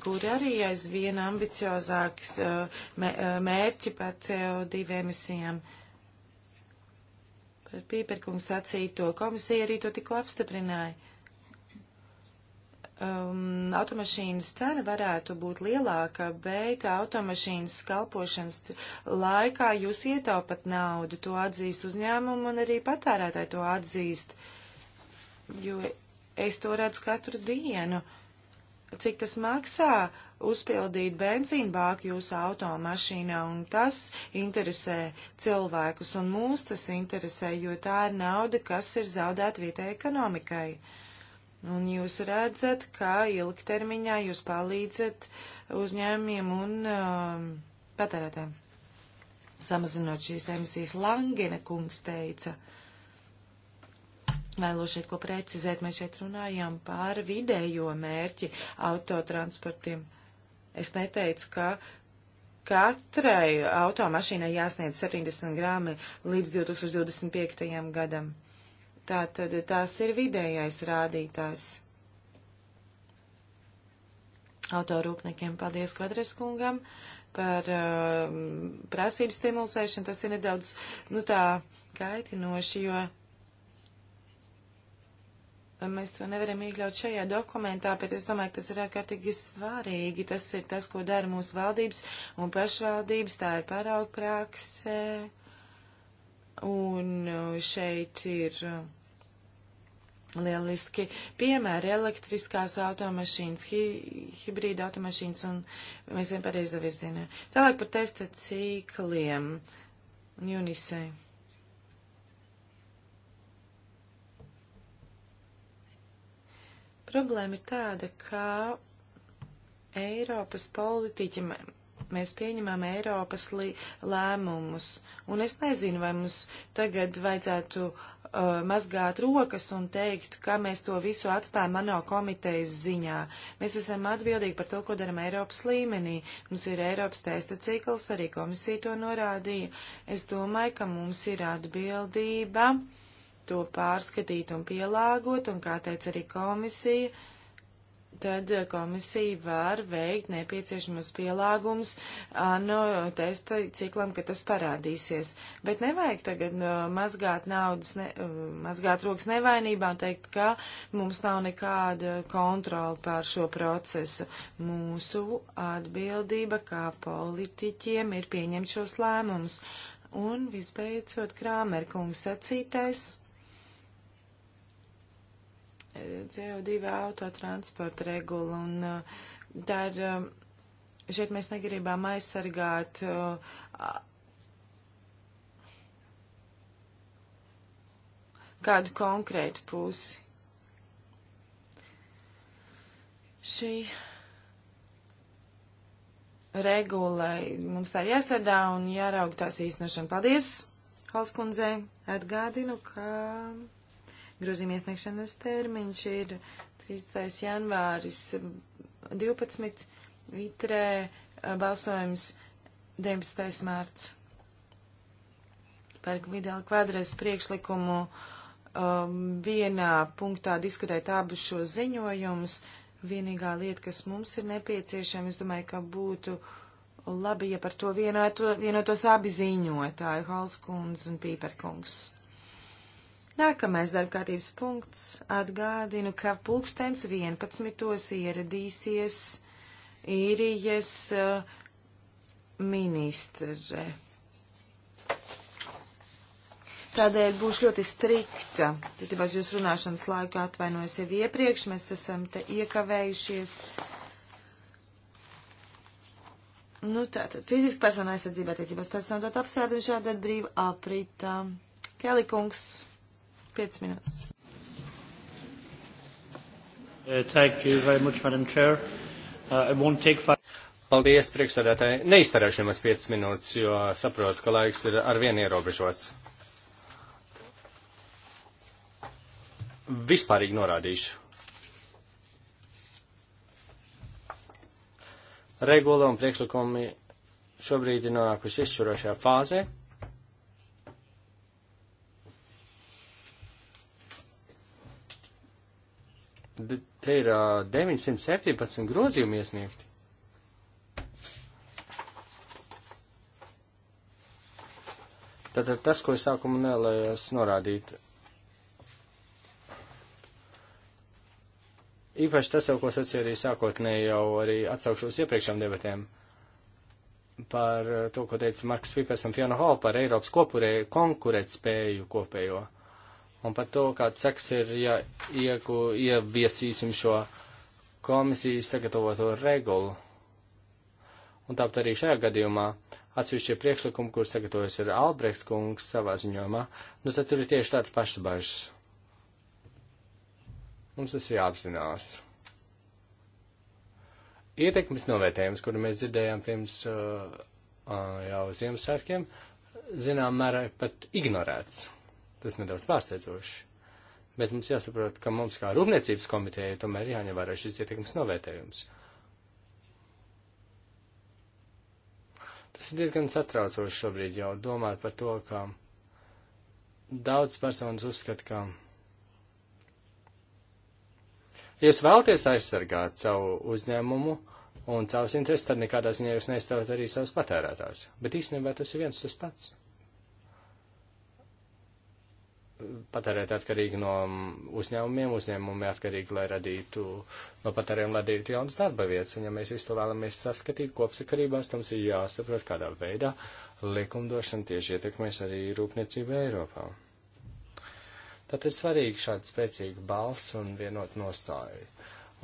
kur arī aizvien ambiciozāks eh, eh, mērķi par CO2 emisijām. Uh, Par Pīperkungs sacīto komisija arī to tikko apstiprināja. Um, automašīnas cena varētu būt lielāka, bet automašīnas kalpošanas laikā jūs ietaupat naudu. To atzīst uzņēmumu un arī patērētāji to atzīst. Jo es to redzu katru dienu. Uh, cik tas maksā uzpildīt benzīnu bāku jūsu automašīnā, un tas interesē cilvēkus, un mūs tas interesē, jo tā ir nauda, kas ir zaudēta vietai ekonomikai. Un jūs redzat, ka ilgtermiņā jūs palīdzat uzņēmiem un um, patērētēm. Samazinot šīs emisijas, Langene kungs teica. Uh, Vēlos šeit ko precizēt. Mēs šeit runājām par vidējo mērķi autotransportiem. Es neteicu, ka katrai automašīnai jāsniedz 70 grāmi līdz 2025. gadam. Tātad tās ir vidējais rādītājs. Autorūpniekiem paldies kvadres kungam par uh, um, prasības stimulēšanu. Tas ir nedaudz, nu tā, kaitinoši, jo Mēs to nevaram iekļaut šajā dokumentā, bet es domāju, ka tas ir ārkārtīgi svarīgi. Tas ir tas, ko dara mūsu valdības un pašvaldības, tā ir parauga prakse. Un uh, šeit ir uh, lieliski piemēri elektriskās automašīnas, hi hibrīda automašīnas, un mēs vien pareizi virzienā. Tālāk par testa cikliem. Junisei. Problēma ir tāda, ka Eiropas politiķi mēs pieņemam Eiropas lēmumus, un es nezinu, vai mums tagad vajadzētu uh, mazgāt rokas un teikt, ka mēs to visu atstājam ANO komitejas ziņā. Mēs esam atbildīgi par to, ko daram Eiropas līmenī. Mums ir Eiropas testa cikls, arī komisija to norādīja. Es domāju, ka mums ir atbildība. Uh, to pārskatīt un pielāgot, un kā teica arī komisija, tad komisija var veikt nepieciešamos pielāgumus no testa ciklam, kad tas parādīsies. Bet nevajag tagad uh, mazgāt naudas, ne, uh, mazgāt rokas nevainībā un teikt, ka mums nav nekāda kontrola pār šo procesu. Mūsu atbildība kā politiķiem ir pieņemt šos lēmumus. Un visbeidzot, Krāmerkungs sacītais CO2 autotransporta regula, un uh, tā ir, um, šeit mēs negribam aizsargāt uh, kādu konkrētu pusi. Šī regulai mums tā jāsadā un jāraug tās īstenošana. Paldies, Halskundzei. Atgādinu, ka Grozījuma iesniegšanas termiņš ir 30. janvāris 12. Vitrē balsojums 19. mārts. Par Vidāla kvadrēs priekšlikumu um, vienā punktā diskutēt abus šos ziņojumus. Vienīgā lieta, kas mums ir nepieciešama, es domāju, ka būtu labi, ja par to vienotos abi ziņotāji, Halskundz un Pīperkungs. Nākamais darbkārtības punkts atgādinu, ka pulkstens 11. ieradīsies īrijas uh, ministre. Tādēļ būšu ļoti strikta. Tad, ja jūs runāšanas laiku atvainojos jau iepriekš, mēs esam te iekavējušies. Nu, tātad fiziski personu aizsardzība attiecībās personu datu apstrādi un šādi brīva aprītā. Kelikungs. 5 minūtes. Uh, uh Paldies, priekšsēdētāji. Neiztarēšu jums 5 minūtes, jo saprotu, ka laiks ir arvien ierobežots. Vispārīgi norādīšu. Regula un priekšlikumi šobrīd ir nonākuši izšķirošajā fāzē. Te ir 917 grozījumi iesniegti. Tātad tas, ko es sākumā nelējos norādīt. Īpaši tas jau, ko sacīja arī sākotnēji jau arī atsaukšos iepriekšām debatēm par to, ko teica Marks Vipers un Fiona Hall par Eiropas kopurē konkurēt spēju kopējo un par to, kāds seks ir, ja ieku, ieviesīsim šo komisijas sagatavoto regulu. Un tāpat arī šajā gadījumā atsevišķie priekšlikumi, kur sagatavojas ir Albrecht kungs savā ziņojumā, nu tad tur ir tieši tāds pašs bažas. Mums tas ir jāapzinās. Ietekmes novērtējums, kuru mēs dzirdējām pirms uh, uh, jau Ziemassvētkiem, zinām mērā pat ignorēts. Tas nedaudz pārsteidzoši. Bet mums jāsaprot, ka mums kā rūpniecības komiteja tomēr jāņem vērā šis ietekmes novērtējums. Tas ir diezgan satraucoši šobrīd jau domāt par to, ka daudz personas uzskata, ka, ja jūs vēlaties aizsargāt savu uzņēmumu un savus intereses, tad nekādā ziņā jūs neizstāvat arī savus patērētājus. Bet īstenībā tas ir viens tas pats patērēt atkarīgi no mm, uzņēmumiem, uzņēmumi atkarīgi, lai radītu no patēriem, radītu jaunas darba vietas. Un ja mēs visu to vēlamies saskatīt kopsakarībās, tam ir jāsaprot, kādā veidā likumdošana tieši ietekmēs arī rūpniecību Eiropā. Tad ir svarīgi šāda spēcīga balss un vienot nostāju.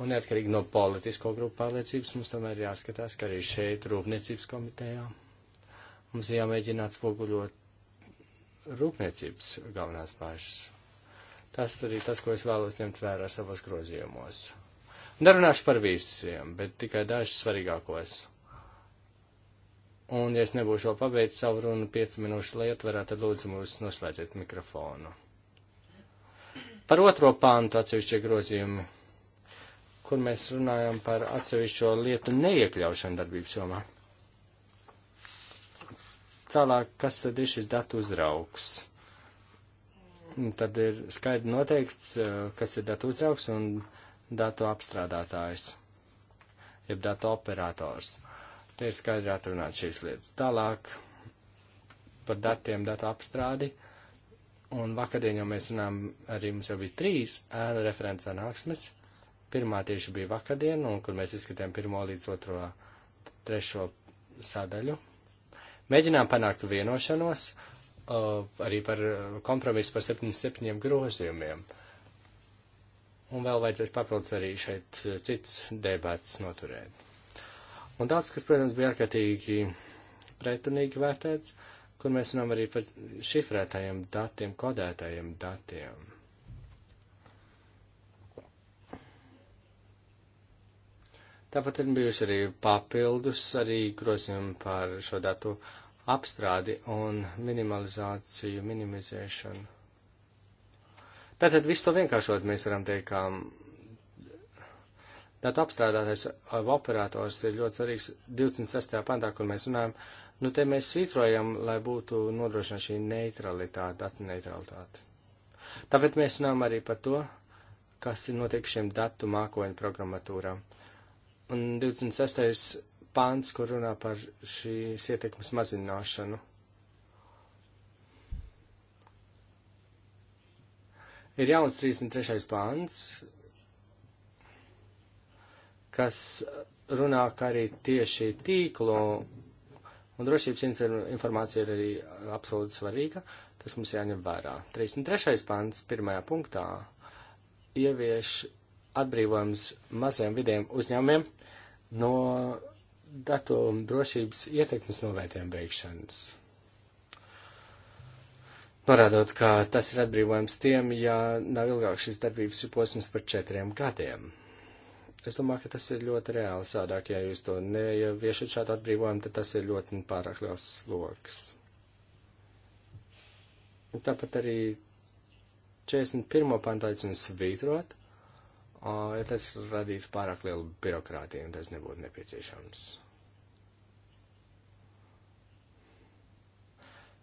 Un neatkarīgi no politisko grupu pārliecības mums tomēr jāskatās, ka arī šeit rūpniecības komitejā mums jāmēģina atspoguļot rūpniecības galvenās bažas. Tas arī tas, ko es vēlos ņemt vērā savos grozījumos. Nerunāšu par visiem, bet tikai dažus svarīgākos. Un, ja es nebūšu vēl pabeidz savu runu 5 minūšu lietvarā, tad lūdzu mūs noslēdziet mikrofonu. Par otro pāntu atsevišķie grozījumi, kur mēs runājam par atsevišķo lietu neiekļaušanu darbības jomā. Tālāk, kas tad ir šis datu uzraugs? Tad ir skaidri noteikts, eh, kas ir datu uzraugs un datu apstrādātājs, jeb datu operators. Te ir skaidri atrunāt šīs lietas. Tālāk par datiem, datu apstrādi. Un vakardien jau mēs runājām, arī mums jau bija trīs ēnu referents sanāksmes. Pirmā tieši bija vakardien, un kur mēs izskatījām pirmo līdz otro, trešo sadaļu Mēģinām panākt vienošanos uh, arī par uh, kompromisu par 77 grozījumiem. Un vēl vajadzēs papildus arī šeit uh, cits debats noturēt. Un daudz, kas, protams, bija ārkārtīgi pretrunīgi vērtēts, kur mēs runājam arī par šifrētajiem datiem, kodētajiem datiem. Tāpat ir bijuši arī papildus arī grozījumi par šo datu apstrādi un minimalizāciju, minimizēšanu. Tātad visu to vienkāršot mēs varam teikt, ka mm, datu apstrādātais operators ir ļoti svarīgs 26. pantā, kur mēs runājam, nu te mēs svītrojam, lai būtu nodrošināta šī neutralitāte, datu neutralitāte. Tāpēc mēs runājam arī par to, kas ir notiek šiem datu mākoņu programmatūram. Un 26 pants, kur runā par šīs ietekmes mazināšanu. Ir jauns 33. pāns, kas runā, ka arī tieši tīklu un drošības informācija ir arī absolūti svarīga. Tas mums jāņem vērā. 33. pāns, pirmajā punktā, ievieš atbrīvojums maziem vidiem uzņēmumiem no datu drošības ietekmes novērtējumu veikšanas. Norādot, ka tas ir atbrīvojums tiem, ja nav ilgāk šīs darbības ir posms par četriem gadiem. Es domāju, ka tas ir ļoti reāli sādāk, ja jūs to neieviešat ja šādu atbrīvojumu, tad tas ir ļoti pārāk liels sloks. Tāpat arī 41. pantā aicinu svītrot, ja tas radītu pārāk lielu birokrātiju, un tas nebūtu nepieciešams.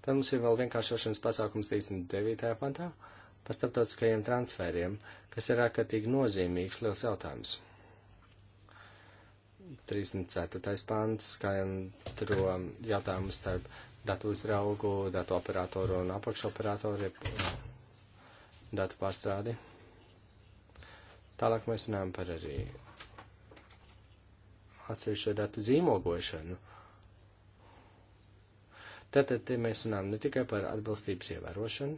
Tad mums ir vēl vienkāršošanas pasākums 39. pantā par starptautiskajiem transferiem, kas ir ārkārtīgi nozīmīgs liels jautājums. 34. pants, kā jau jautājumu starp datu uzraugu, datu operatoru un apakšoperatoru, nu, datu pārstrādi. Tālāk mēs runājam par arī atsevišķo datu zīmogošanu Tātad te mēs runājam ne tikai par atbilstības ievērošanu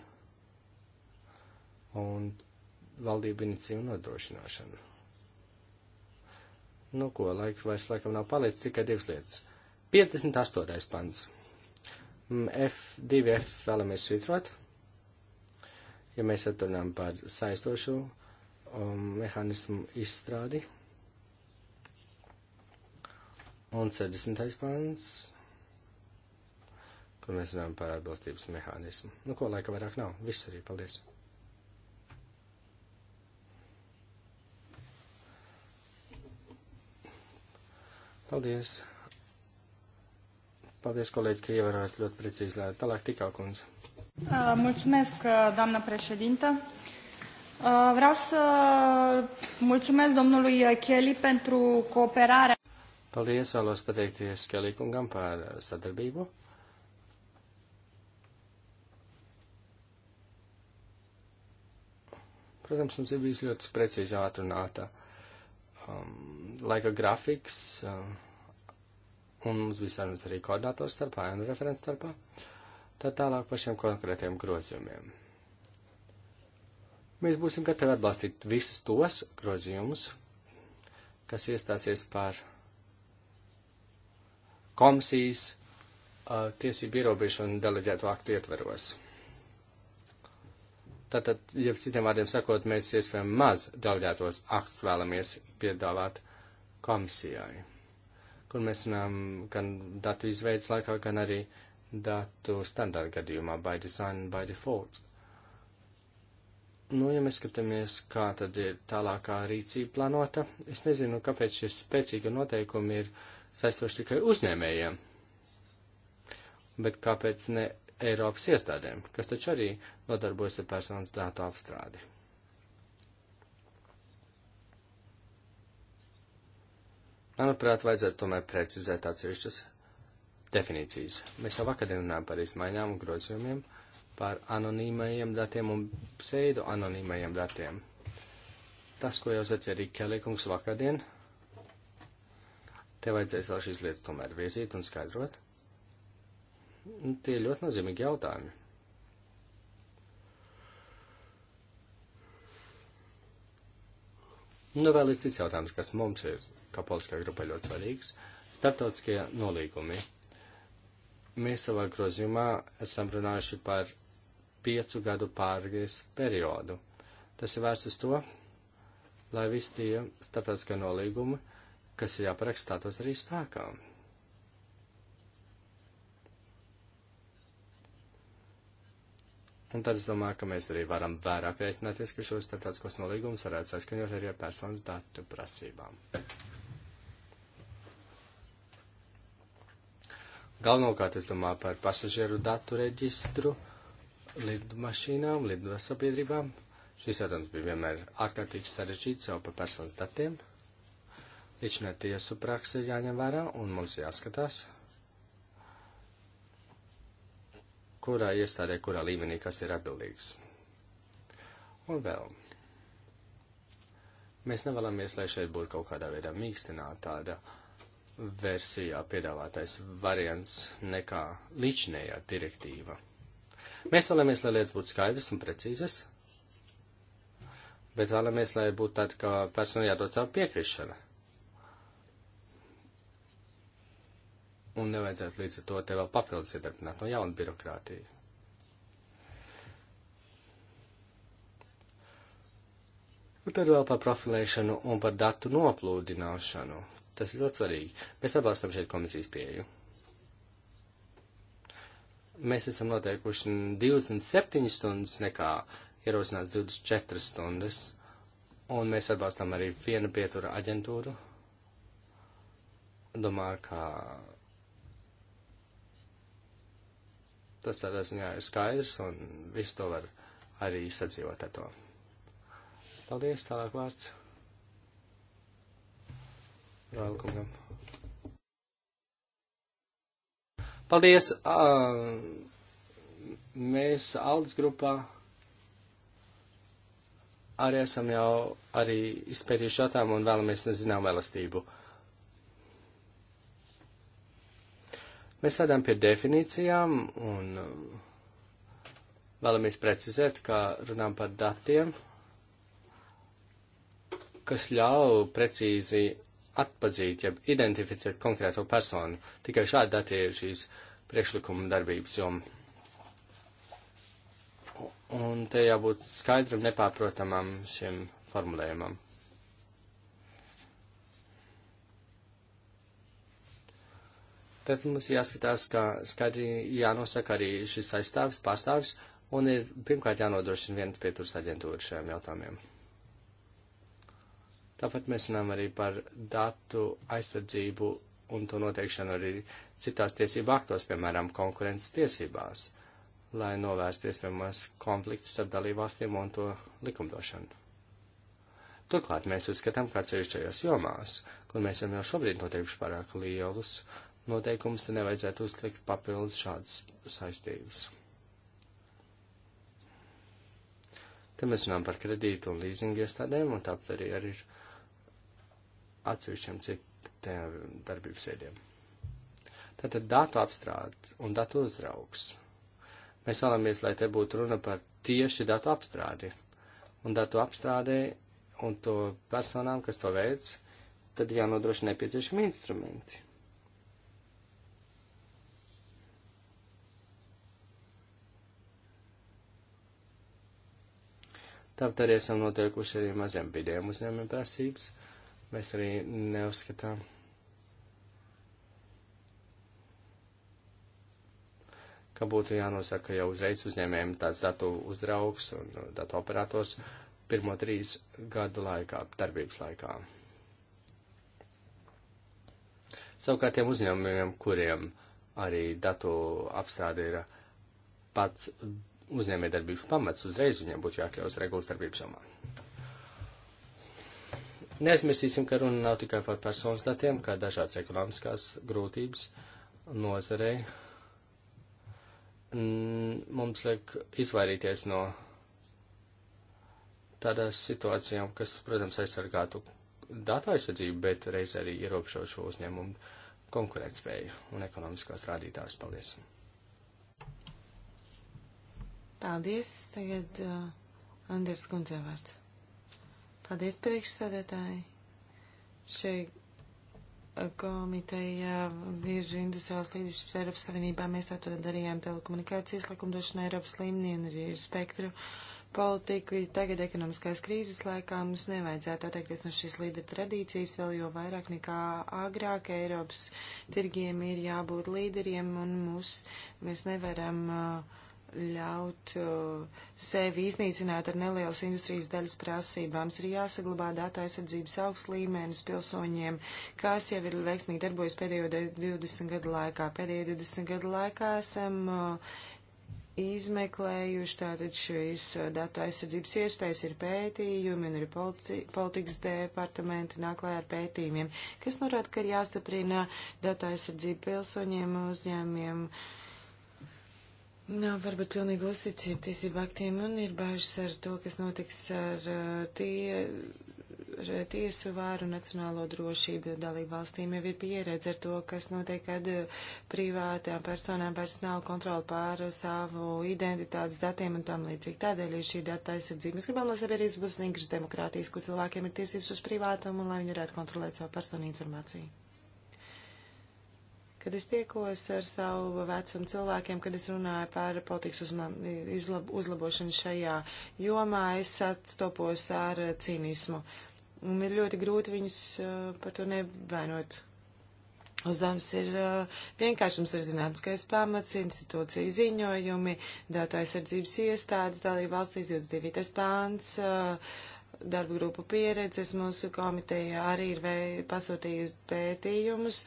un valdību iniciju nodrošināšanu. Nu ko, laiks vairs laikam nav palicis, tikai divas lietas. 58. pants. Mm, F2, F vēlamies svitrot. Ja mēs atrunājam par saistošu um, mehānismu izstrādi. Un 70. pants kur mēs runājam par atbilstības mehānismu. Nu, ko laika vairāk nav. Viss arī, paldies. Paldies. Paldies, colegi, că ievărăt lot precis la Talactica Cunz. Uh, mulțumesc, uh, doamnă președintă. Uh, vreau să mulțumesc domnului Kelly pentru cooperarea. Paldies, vēlos pateikties Kelly kungam par sadarbību. Protams, mums ir bijis ļoti precīzi atrunāta um, laika grafiks, um, un mums bija sarunas arī koordinātors starpā un referents starpā. Tad tālāk par šiem konkrētiem grozījumiem. Mēs būsim gatavi atbalstīt visus tos grozījumus, kas iestāsies par komisijas uh, tiesību ierobežošanu deleģētu aktu ietveros. Tātad, ja citiem vārdiem sakot, mēs iespējami maz delģētos aktus vēlamies piedāvāt komisijai, kur mēs runājam gan datu izveids laikā, gan arī datu standarta gadījumā by design, by default. Nu, ja mēs skatāmies, kā tad ir tālākā rīcība plānota, es nezinu, kāpēc šie spēcīgi noteikumi ir saistoši tikai uzņēmējiem, bet kāpēc ne Eiropas iestādēm, kas taču arī nodarbojas ar personas datu apstrādi. Manuprāt, vajadzētu tomēr precizēt atsevišķas definīcijas. Mēs jau vakar runājām par izmaiņām un grozījumiem, par anonīmajiem datiem un pseido anonīmajiem datiem. Tas, ko jau sacīja arī Kelīkungs vakardien, te vajadzēs vēl šīs lietas tomēr virzīt un skaidrot. Tie ir ļoti nozīmīgi jautājumi. Nu, vēl ir cits jautājums, kas mums ir, kā politiskā grupa, ļoti svarīgs - starptautiskie nolīgumi. Mēs savā grozījumā esam runājuši par piecu gadu pārgais periodu. Tas ir vērsts uz to, lai visi tie starptautiskie nolīgumi, kas ir jāparakstā, tos arī spēkām. Un tad es domāju, ka mēs arī varam vairāk rēķināties, ka šos starptautiskos nolīgumus varētu saskaņot arī ar personas datu prasībām. Galvenokārt es domāju par pasažieru datu reģistru, lidmašīnām, lidmašīnām sabiedrībām. Šis jautājums bija vienmēr ārkārtīgi sarežģīts jau par personas datiem. Līdz šim tiesu praksa ir jāņem vērā un mums jāskatās, kurā iestādē, kurā līmenī kas ir atbildīgs. Un vēl. Mēs nevēlamies, lai šeit būtu kaut kādā veidā mīkstināta tāda versijā piedāvātais variants nekā līdšanējā direktīva. Mēs vēlamies, lai lietas būtu skaidras un precīzas, bet vēlamies, lai būtu tāda, ka personai jādod savu piekrišanu. un nevajadzētu līdz ar to te vēl papildus iedarbināt no jauna birokrātiju. Un tad vēl par profilēšanu un par datu noplūdināšanu. Tas ir ļoti svarīgi. Mēs atbalstam šeit komisijas pieju. Mēs esam noteikuši 27 stundas nekā ierosināts 24 stundas, un mēs atbalstam arī vienu pietura aģentūru. Domāju, ka Tas tādā ziņā ir skaidrs un viss to var arī sadzīvot ar to. Paldies, tālāk vārds. Rālkungam. Paldies! Uh, mēs Aldis grupā arī esam jau arī izpētījuši jautājumu un vēlamies nezinām elastību. Uh, Mēs strādājam pie definīcijām un uh, vēlamies precizēt, kā runām par datiem, kas ļauj precīzi atpazīt, jeb ja identificēt konkrēto personu. Tikai šādi dati ir šīs priekšlikuma darbības joma. Un te jābūt skaidram, nepārprotamam šim formulējumam. tad mums jāskatās, ka skaidri jānosaka arī šis aizstāvis, pastāvis, un ir pirmkārt jānodrošina viens pieturas aģentūra šajiem jautājumiem. Tāpat mēs runājam arī par datu aizsardzību un to noteikšanu arī citās tiesību aktos, piemēram, konkurences tiesībās, lai novērstu iespējamās konfliktus starp dalībvalstīm un to likumdošanu. Turklāt mēs uzskatām, ka atsevišķajās jomās, kur mēs esam jau šobrīd noteikuši pārāk lielus noteikumus, tad nevajadzētu uzlikt papildus šādas saistības. Te mēs runājam par kredītu un līzingu iestādēm, un tāpat arī, arī ir atsevišķiem citiem darbības veidiem. Tātad datu apstrāde un datu uzraugs. Mēs vēlamies, lai te būtu runa par tieši datu apstrādi. Un datu apstrādē un to personām, kas to veids, tad jānodrošina nepieciešami instrumenti. Tāpat arī esam noteikuši arī maziem vidiem uzņēmumiem prasības. Mēs arī neuzskatām. ka būtu jānosaka jau uzreiz uzņēmējiem tāds datu uzraugs un datu operators pirmo trīs gadu laikā, darbības laikā. Savukārt tiem uzņēmumiem, kuriem arī datu apstrāde ir pats uzņēmējdarbības pamats, uzreiz viņam būtu jākļaus regulas darbības jomā. Neaizmirsīsim, ka runa nav tikai par personas datiem, kā dažādas ekonomiskās grūtības nozarei. Mums liek izvairīties no tādās situācijām, kas, protams, aizsargātu datu aizsardzību, bet reiz arī ierobežošu uzņēmumu konkurētspēju un ekonomiskos rādītājus. Paldies! Paldies. Tagad uh, Anders kundze vārds. Paldies, priekšsēdētāji. Šeit uh, komiteja viržu industriālās līderības Eiropas Savienībā. Mēs tā to darījām telekomunikācijas likumdošana Eiropas līmenī un arī spektru politiku. Tagad ekonomiskās krīzes laikā mums nevajadzētu atteikties no šīs līdera tradīcijas vēl jo vairāk nekā agrāk. Eiropas tirgiem ir jābūt līderiem un mūs, mēs nevaram uh, ļaut uh, sevi iznīcināt ar nelielas industrijas daļas prasībām. Mums ir jāsaglabā datu aizsardzības augsts līmenis pilsoņiem, kas jau ir veiksmīgi darbojas pēdējo 20 gadu laikā. Pēdējo 20 gadu laikā esam uh, izmeklējuši tātad šīs uh, datu aizsardzības iespējas, ir pētījumi un ir politi politikas departamenti nāklē ar pētījumiem, kas norāda, ka ir jāstaprina datu aizsardzība pilsoņiem, uzņēmiem. Uh, Nav varbūt pilnīgi uzticība tiesību aktiem un ir bažas ar to, kas notiks ar uh, tie, ar tiesu vāru nacionālo drošību. Dalību valstīm jau ir pieredze ar to, kas notiek, kad uh, privātām personām vairs nav kontroli pār savu identitātes datiem un tam līdzīgi. Tādēļ ir šī data aizsardzība. Mēs gribam, lai sabiedrības būtu stingras demokrātijas, kur cilvēkiem ir tiesības uz privātumu un lai viņi varētu kontrolēt savu personu informāciju. Kad es tiekos ar savu vecumu cilvēkiem, kad es runāju par politikas uzman, izlab, uzlabošanu šajā jomā, es atstopos ar cīnismu. Un ir ļoti grūti viņus eh, par to nevainot. Uzdevums ir eh, vienkārši mums ir zinātniskais pamats, institūcija ziņojumi, datu aizsardzības iestādes, dalība valstīs 29. pāns, eh, darba grupu pieredzes. Mūsu komiteja arī ir pasūtījusi pētījumus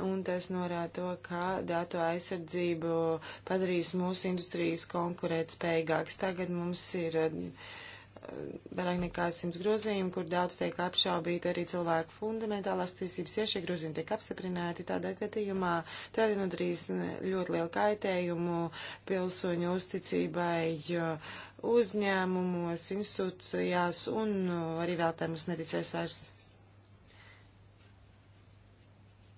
un tas norāda to, kā datu aizsardzību padarīs mūsu industrijas konkurētspējīgāks. Tagad mums ir eh, vairāk nekā simts grozījumu, kur daudz tiek apšaubīta arī cilvēku fundamentālās tiesības. Ja šie grozījumi tiek apstiprināti tādā gadījumā, tad nodarīs ļoti lielu kaitējumu pilsoņu uzticībai eh, uzņēmumos, institūcijās un eh, arī vēl tā mums neticēs vairs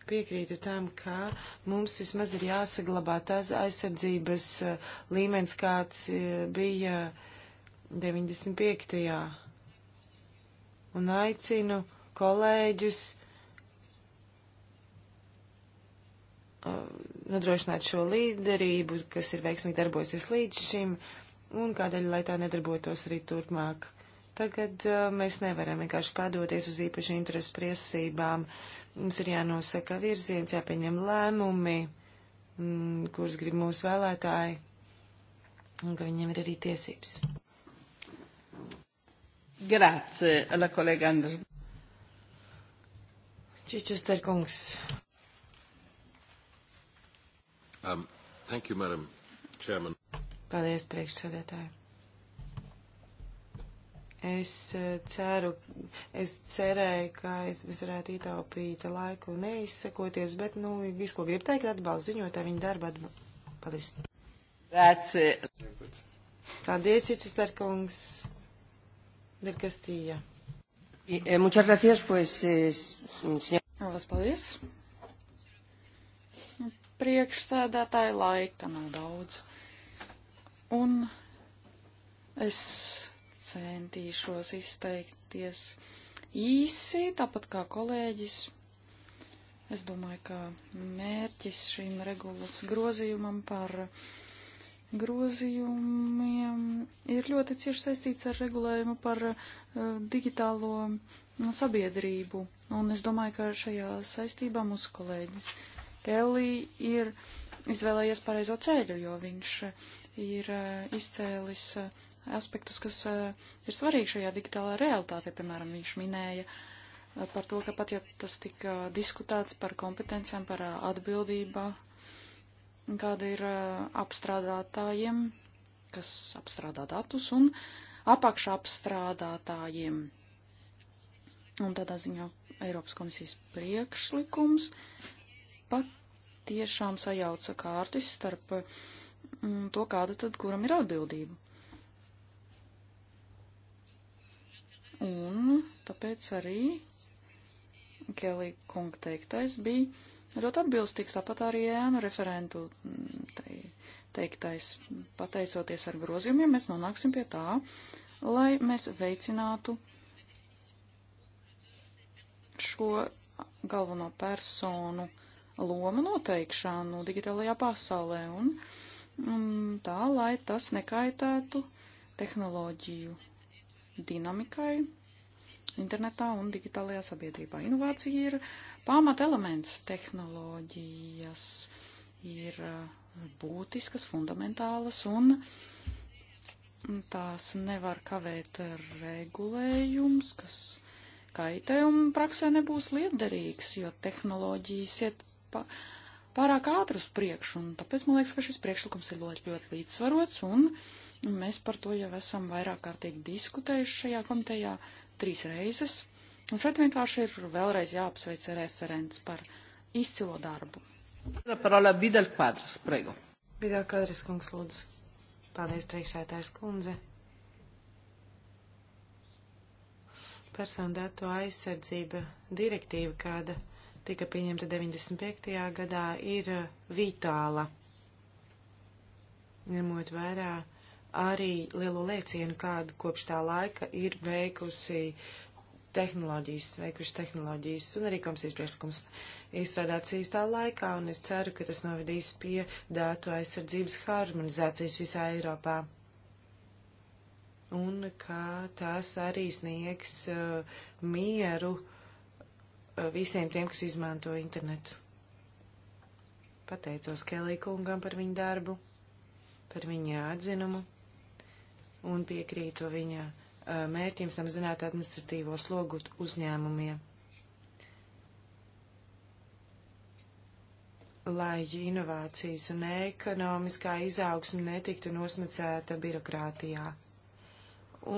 piekrītu tam, ka mums vismaz ir jāsaglabā tās aizsardzības eh, līmenis, kāds eh, bija 95. Un aicinu kolēģus eh, nodrošināt šo līderību, kas ir veiksmīgi darbojusies līdz šim, un kādēļ, lai tā nedarbotos arī turpmāk. Tagad uh, mēs nevaram vienkārši padoties uz īpaši interesu prasībām. Uh, Mums ir jānosaka virziens, jāpieņem lēmumi, mm, kurus grib mūsu vēlētāji, un ka viņiem ir arī tiesības. Grazie, alla kolēga Andrs. Čičester kungs. Um, thank you, madam chairman. Paldies, priekšsēdētāji. Es eh, ceru, es cerēju, ka es varētu ietaupīt laiku neizsakoties, bet, nu, visu, ko gribu teikt, atbalstu ziņotāju viņa darba atbalstu. Paldies, Čičester kungs. Dirkastījā. Muchas gracias, pues, señor. Lielas paldies. Nu, Priekšsēdētāja laika nav daudz. Un es centīšos izteikties īsi, tāpat kā kolēģis. Es domāju, ka mērķis šīm regulas grozījumam par grozījumiem ir ļoti cieši saistīts ar regulējumu par uh, digitālo sabiedrību. Un es domāju, ka šajā saistībā mūsu kolēģis Kelly ir izvēlējies pareizo ceļu, jo viņš ir uh, izcēlis uh, aspektus, kas eh, ir svarīgi šajā digitālā realitātē. Piemēram, viņš minēja eh, par to, ka pat ja tas tika diskutēts par kompetencijām, par eh, atbildību, kāda ir apstrādātājiem, kas apstrādā datus, un apakšā apstrādātājiem. Un tādā ziņā Eiropas komisijas priekšlikums pat tiešām sajauca kārtis starp mm, to, kāda tad kuram ir atbildība. Un tāpēc arī Kelī kunga teiktais bija ļoti atbilstīgs, tāpat arī ēnu referentu mm, te, teiktais, pateicoties ar grozījumiem, mēs nonāksim pie tā, lai mēs veicinātu šo galveno personu lomu noteikšanu digitālajā pasaulē un, un mm, tā, lai tas nekaitētu tehnoloģiju dinamikai internetā un digitālajā sabiedrībā. Inovācija ir pamata elements, tehnoloģijas ir uh, būtiskas, fundamentālas un tās nevar kavēt regulējums, kas kaitējumu praksē nebūs liederīgs, jo tehnoloģijas iet pa, pārāk ātri uz priekšu, un tāpēc man liekas, ka šis priekšlikums ir ļoti, ļoti līdzsvarots un Mēs par to jau esam vairāk kārtīgi diskutējuši šajā komitejā trīs reizes. Un šeit vienkārši ir vēlreiz jāapsveic referents par izcilo darbu. Parola Vidal Kvadras, prego. Vidal Kvadras kungs lūdzu. Paldies priekšētājs kundze. Personu datu aizsardzība direktīva, kāda tika pieņemta 95. gadā, ir vitāla. Ņemot vērā arī lielo lēcienu, kādu kopš tā laika ir veikusi tehnoloģijas, veikušas tehnoloģijas un arī komisijas priekšlikums izstrādāts īstā laikā, un es ceru, ka tas novedīs pie dātu aizsardzības harmonizācijas visā Eiropā. Un kā tās arī sniegs uh, mieru uh, visiem tiem, kas izmanto internetu. Pateicos Kelī kungam par viņu darbu, par viņa atzinumu un piekrītu viņa mērķim samazināt administratīvo slogu uzņēmumiem. Lai inovācijas un ekonomiskā izaugsme netiktu nosmacēta birokrātijā.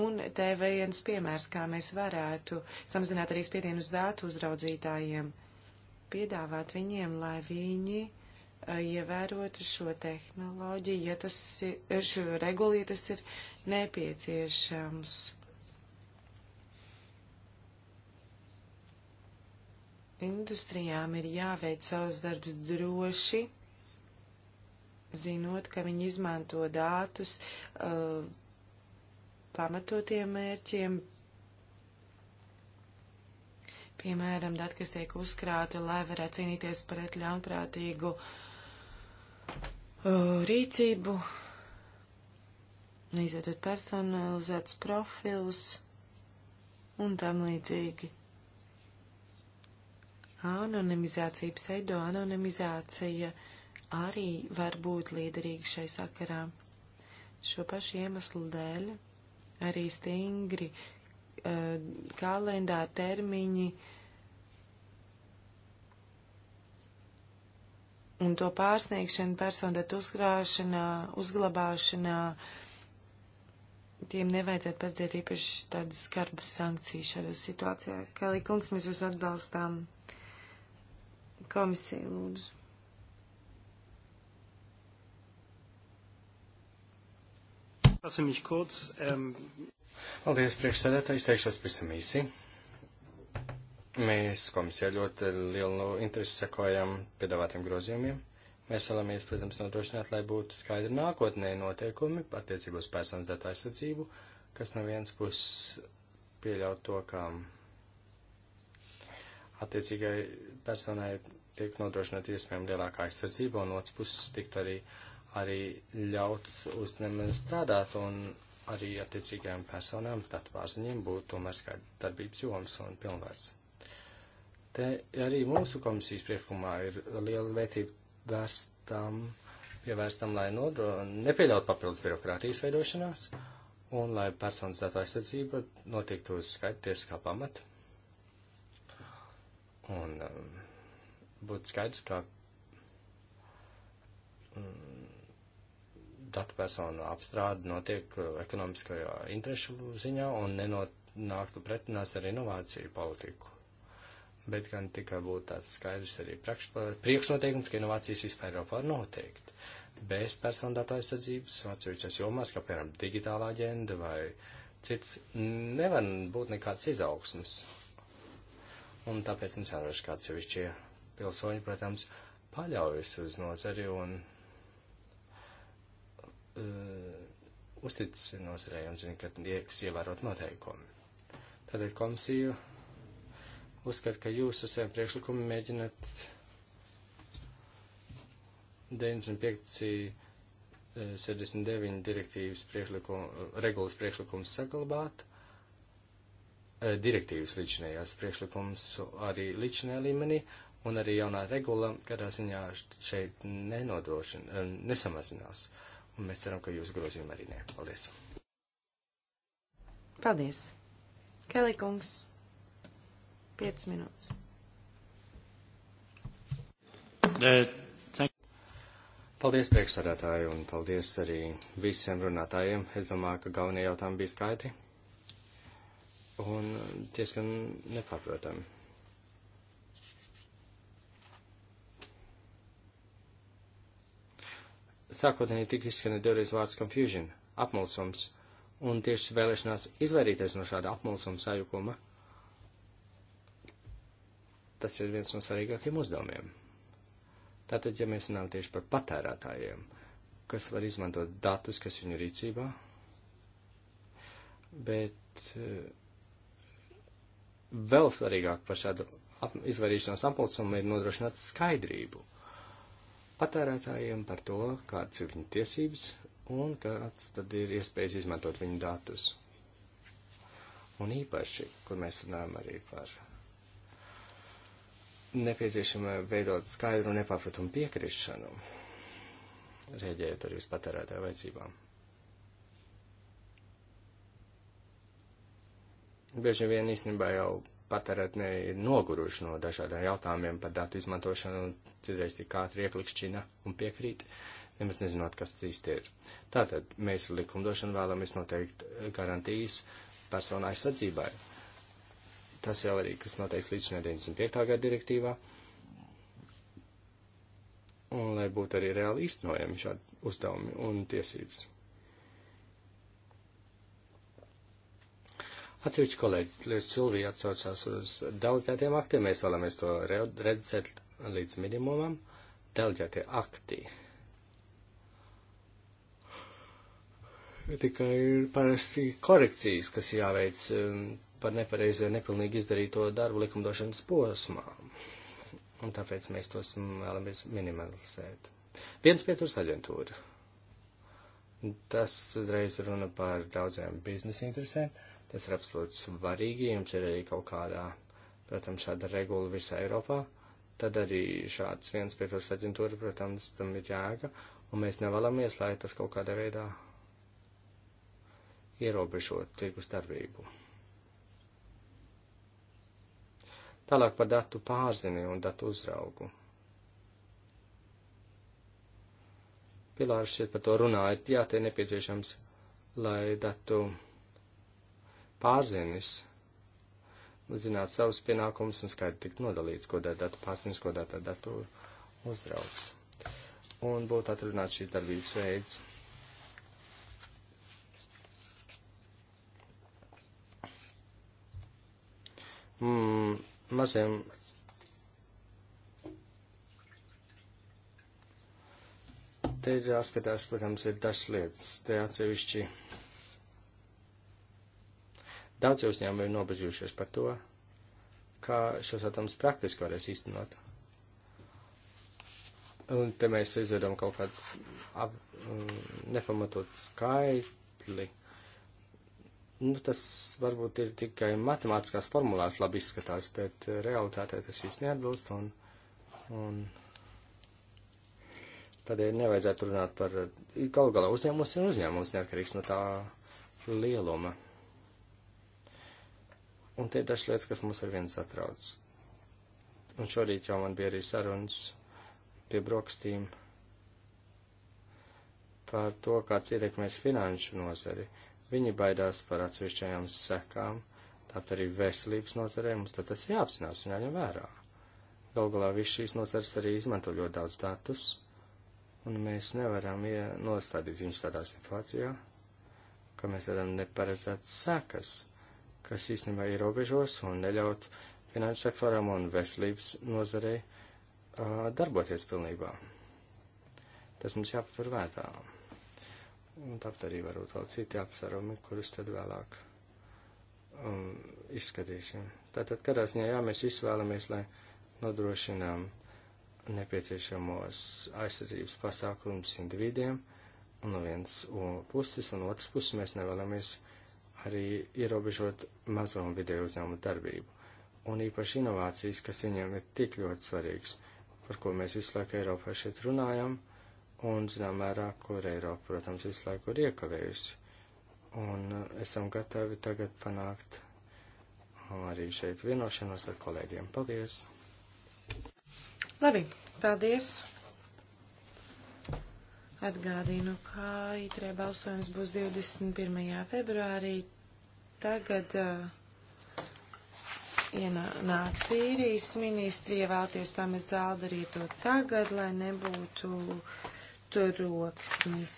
Un te viens piemērs, kā mēs varētu samazināt arī spiedienu uz dātu uzraudzītājiem, piedāvāt viņiem, lai viņi ievērotu šo tehnoloģiju, ja tas ir, šo regulu, ja tas ir uh, nepieciešams. Industrijām ir jāveic savus darbus droši, zinot, ka viņi izmanto dātus uh, pamatotiem mērķiem, piemēram, dati, kas tiek uzkrāti, lai varētu cīnīties pret ļaunprātīgu uh, rīcību, izvietot personalizētus profilus un tam līdzīgi. Anonimizācija, pseidoanonimizācija arī var būt liederīga šai sakarā. Šo pašu iemeslu dēļ arī stingri uh, eh, kalendāra termiņi un to pārsniegšana personu datu uzkrāšanā, uzglabāšanā uh, tiem nevajadzētu paredzēt īpaši tādas skarbas sankcijas šādā situācijā. Kā līkungs, mēs jūs atbalstām komisiju, lūdzu. Ähm, Paldies, priekšsēdētāji, izteikšos pavisam īsi. Mēs komisijā ļoti lielu interesi sekojam piedāvātiem grozījumiem. Mēs vēlamies, protams, nodrošināt, lai būtu skaidri nākotnē noteikumi attiecībā uz personas datu aizsardzību, kas no vienas puses pieļaut to, ka attiecīgai personai tiek nodrošināt iespējami lielākā aizsardzība, un otrs puses tikt arī, arī ļauts uzņēmumiem strādāt, un arī attiecīgajām personām, datu pārziņiem būtu tomēr skaidri darbības joms un pilnvērts. Te arī mūsu komisijas priekšlikumā ir liela vērtība vērstam, pievērstam, lai nodro, nepieļaut papildus birokrātijas veidošanās un lai personas datu aizsardzība notiktu uz skaidrs kā pamata. Un um, būtu skaidrs, ka um, datu personu apstrāde notiek uh, ekonomiskajā interešu ziņā un nenonāktu pretinās ar inovāciju politiku bet gan tikai būtu tāds skaidrs arī priekšnoteikums, ka inovācijas vispār Eiropā var noteikt. Bez personu datu aizsardzības, atsevišķas jomās, kā piemēram digitālā aģenda vai cits, nevar būt nekāds izaugsmes. Un tāpēc mums jāroš kāds sevišķie pilsoņi, protams, paļaujas uz nozari un uh, uzticas nozarei un zina, ka tieks ievērot noteikumi. Tātad komisija uzskata, ka jūs ar saviem priekšlikumiem mēģināt 95. 69 eh, direktīvas priekšlikumu, regulas priekšlikums saglabāt, eh, direktīvas līdzinējās priekšlikums arī līdzinējā līmenī, un arī jaunā regula kādā ziņā šeit nenodrošina, eh, nesamazinās. Un mēs ceram, ka jūs grozījumi arī nē. Paldies! Paldies! Kelikungs! 5 minūtes. Eh, paldies priekšsādātāju un paldies arī visiem runātājiem. Es domāju, ka galvenie jautājumi bija skaidri un diezgan nepārprotami. Sākotnēji tika izskanēta divreiz vārds confusion, apmulsums, un tieši vēlēšanās izvairīties no šāda apmulsuma sajukuma Tas ir viens no svarīgākiem uzdevumiem. Tātad, ja mēs runājam tieši par patērētājiem, kas var izmantot datus, kas viņu rīcībā, bet eh, vēl svarīgāk par šādu izvairīšanos apmalsumu ir nodrošināt skaidrību patērētājiem par to, kāds ir viņa tiesības un kāds tad ir iespējas izmantot viņa datus. Un īpaši, kur mēs runājam arī par nepieciešama veidot skaidru un nepārprotamu piekrišanu, rēģējot arī uz patērētāju vajadzībām. Bieži vien īstenībā jau patērētnieki ir noguruši no dažādiem jautājumiem par datu izmantošanu, un citreiz tik ātri ieklikšķina un piekrīt, nemaz nezinot, kas tas īsti ir. Tātad mēs likumdošanu vēlamies noteikt garantijas personu aizsardzībai. Tas jau arī, kas noteikts līdz 95. gada direktīvā. Un lai būtu arī reāli īstenojami šādi uzdevumi un tiesības. Atsevišķi kolēģi, Silvija atsaucās uz delegētiem aktiem, mēs vēlamies to redzēt līdz minimumam. Delegētie akti. Tikai ir parasti korekcijas, kas jāveic um, par nepareizi vai nepilnīgi izdarīto darbu likumdošanas posmā. Un tāpēc mēs tos vēlamies minimalizēt. Viens pieturs aģentūra. Tas uzreiz runa par daudziem biznesa interesēm. Tas ir absolūti svarīgi. Jums ir arī kaut kādā, protams, šāda regula visā Eiropā. Tad arī šāds viens pieturs aģentūra, protams, tam ir jēga. Un mēs nevēlamies, lai tas kaut kādā veidā ierobežot tirgus darbību. Tālāk par datu pārzini un datu uzraugu. Pilārs šeit par to runājot, jā, te nepieciešams, lai datu pārzinis zināt savus pienākumus un skaidri tikt nodalīts, ko dara datu pārzinis, ko dara datu uzraugs. Un būtu atrunāt šī darbības veids. Mm, maziem Te ir jāskatās, protams, ir dažas lietas. Te atsevišķi daudz uzņēmumi ir nobežījušies par to, kā šos atomus praktiski varēs īstenot. Un te mēs izvedam kaut kādu ap, mm, nepamatotu skaitli. Uh, Nu, tas varbūt ir tikai matemātiskās formulās labi izskatās, bet eh, realitātē tas īsti neatbilst. Un, un tādēļ nevajadzētu runāt par eh, galu galā uzņēmums ir uzņēmums neatkarīgs no tā lieluma. Un te ir dažas lietas, kas mums ar vienu satrauc. Un šorīt jau man bija arī sarunas pie brokstīm par to, kāds ietekmēs finanšu nozari. Uh, Viņi baidās par atsevišķajām sekām, tāpat arī veselības nozarē mums tad tas jāapzinās un jāņem vērā. Galu galā viss šīs nozars arī izmanto ļoti daudz datus, un mēs nevaram nostādīt viņus tādā situācijā, ka mēs varam neparedzēt sekas, kas īstenībā ierobežos un neļaut finanšu sektoram un veselības nozarei uh, darboties pilnībā. Tas mums jāpatur vērtām. Un tāpat arī varbūt vēl citi apsarumi, kurus tad vēlāk um, izskatīsim. Tātad, kādā ziņā, jā, mēs izvēlamies, lai nodrošinām nepieciešamos aizsardzības pasākumus individiem, un no vienas puses, un otras puses mēs nevēlamies arī ierobežot mazo un vidēju uzņēmumu darbību. Un īpaši inovācijas, kas viņiem ir tik ļoti svarīgs, par ko mēs visu laiku Eiropā šeit runājam, uh, un, zinām, mērā, kur Eiropa, protams, visu laiku ir iekavējusi. Un uh, esam gatavi tagad panākt um, arī šeit vienošanos ar kolēģiem. Paldies! Labi, paldies! Atgādīju, kā itrē balsojums būs 21. februārī. Tagad uh, ienāk Sīrijas ministri, ja vēlties pamest zāli, dariet to tagad, lai nebūtu. Uh, troksnis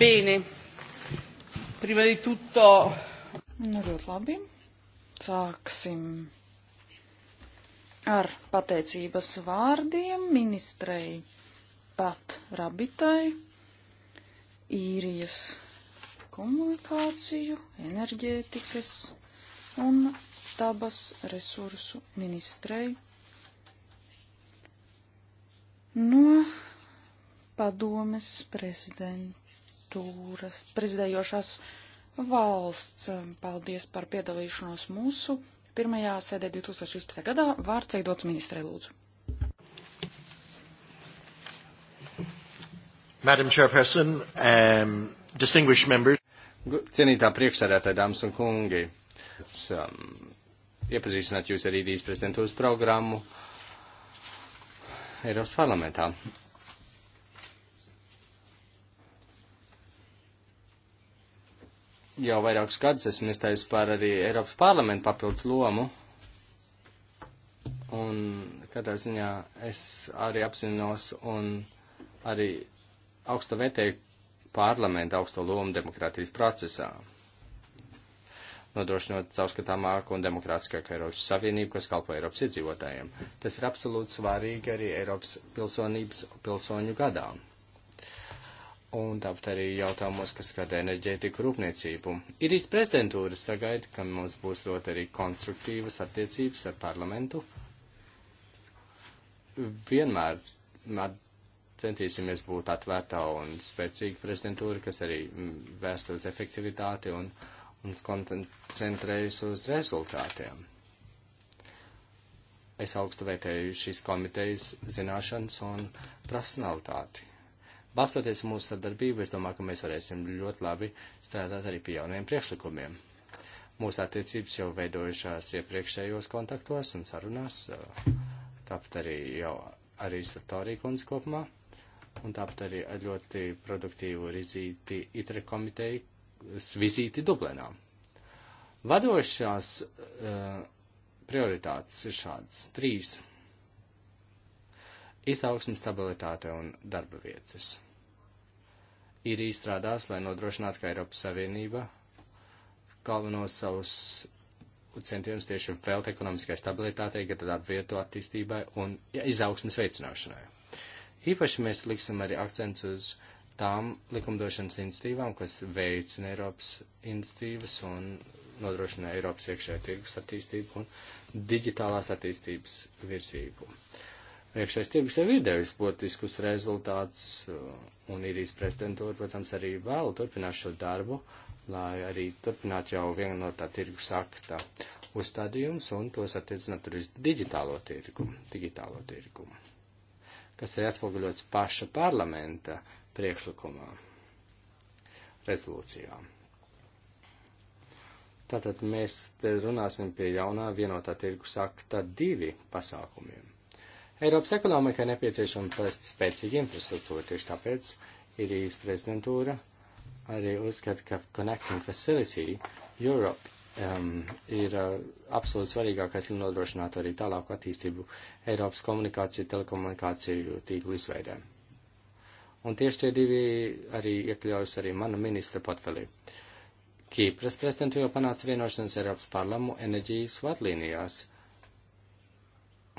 Bene, prima di tutto. Nu, ļoti labi. Sāksim ar pateicības vārdiem ministrei Pat Rabitai, īrijas komunikāciju, enerģētikas un dabas resursu ministrei no padomes prezidenta prezidentūras, prezidējošās valsts. Paldies par piedalīšanos mūsu pirmajā sēdē 2016. gadā. Vārds eidots ministrē lūdzu. Madam Chairperson, um, distinguished members. Cienītā priekšsēdētāja dāmas un kungi, es, um, iepazīstināt jūs ar īrijas prezidentūras programmu Eiropas parlamentā. jau vairākus gadus esmu iestājis par arī Eiropas parlamentu papildus lomu. Un katrā ziņā es arī apzinos un arī augstu vērtēju parlamentu augsto lomu demokrātijas procesā. Nodrošinot caurskatāmāku un demokrātiskāku Eiropas Savienību, kas kalpo Eiropas iedzīvotājiem. Tas ir absolūti svarīgi arī Eiropas pilsonības pilsoņu gadām un tāpat arī jautājumos, kas skar enerģētiku rūpniecību. Irijas prezidentūra sagaida, ka mums būs ļoti arī konstruktīvas attiecības ar parlamentu. Vienmēr centīsimies būt atvērtā un spēcīga prezidentūra, kas arī mm, vērst uz efektivitāti un, un koncentrējas uz rezultātiem. Es augstu vērtēju šīs komitejas zināšanas un profesionalitāti Balstoties mūsu sadarbību, es domāju, ka mēs varēsim ļoti labi strādāt arī pie jauniem priekšlikumiem. Mūsu attiecības jau veidojušās iepriekšējos kontaktos un sarunās, tāpat arī jau arī Satorija kundze kopumā, un tāpat arī ar ļoti produktīvu rizīti itre komiteju vizīti Dublenā. Vadošās uh, prioritātes ir šādas trīs izaugsme, stabilitāte un darba vietas. Ir izstrādās, lai nodrošinātu, ka Eiropas Savienība galvenos savus centienus tieši velta ekonomiskai stabilitātei, gan darba vietu attīstībai un ja, izaugsmes veicināšanai. Īpaši mēs liksim arī akcents uz tām likumdošanas institīvām, kas veicina Eiropas institīvas un nodrošina Eiropas iekšējā tirgus attīstību un digitālās attīstības virzību. Uh, Iekšējais tirgus jau ir devis būtiskus rezultātus, uh, un īrijas prezidentūra, protams, arī vēl turpinās šo darbu, lai arī turpinātu jau vienu no tā tirgus akta uzstādījumus un tos attiecināt arī uz digitālo tirgumu, digitālo tirgumu, kas ir atspoguļots paša parlamenta priekšlikumā, rezolūcijā. Tātad mēs te runāsim pie jaunā vienotā tirgus akta divi pasākumiem Eiropas ekonomikai nepieciešama spēcīga infrastruktūra, tieši tāpēc Irijas prezidentūra arī uzskata, ka Connecting Facility Europe um, ir uh, absolūti svarīgākais, lai nodrošinātu arī tālāku attīstību Eiropas komunikāciju, telekomunikāciju tīklu izveidē. Un tieši tie divi arī iekļaujas arī mana ministra portfelī. Kīpras prezidentu jau panāca vienošanas Eiropas parlamu enerģijas vadlīnijās. Uh,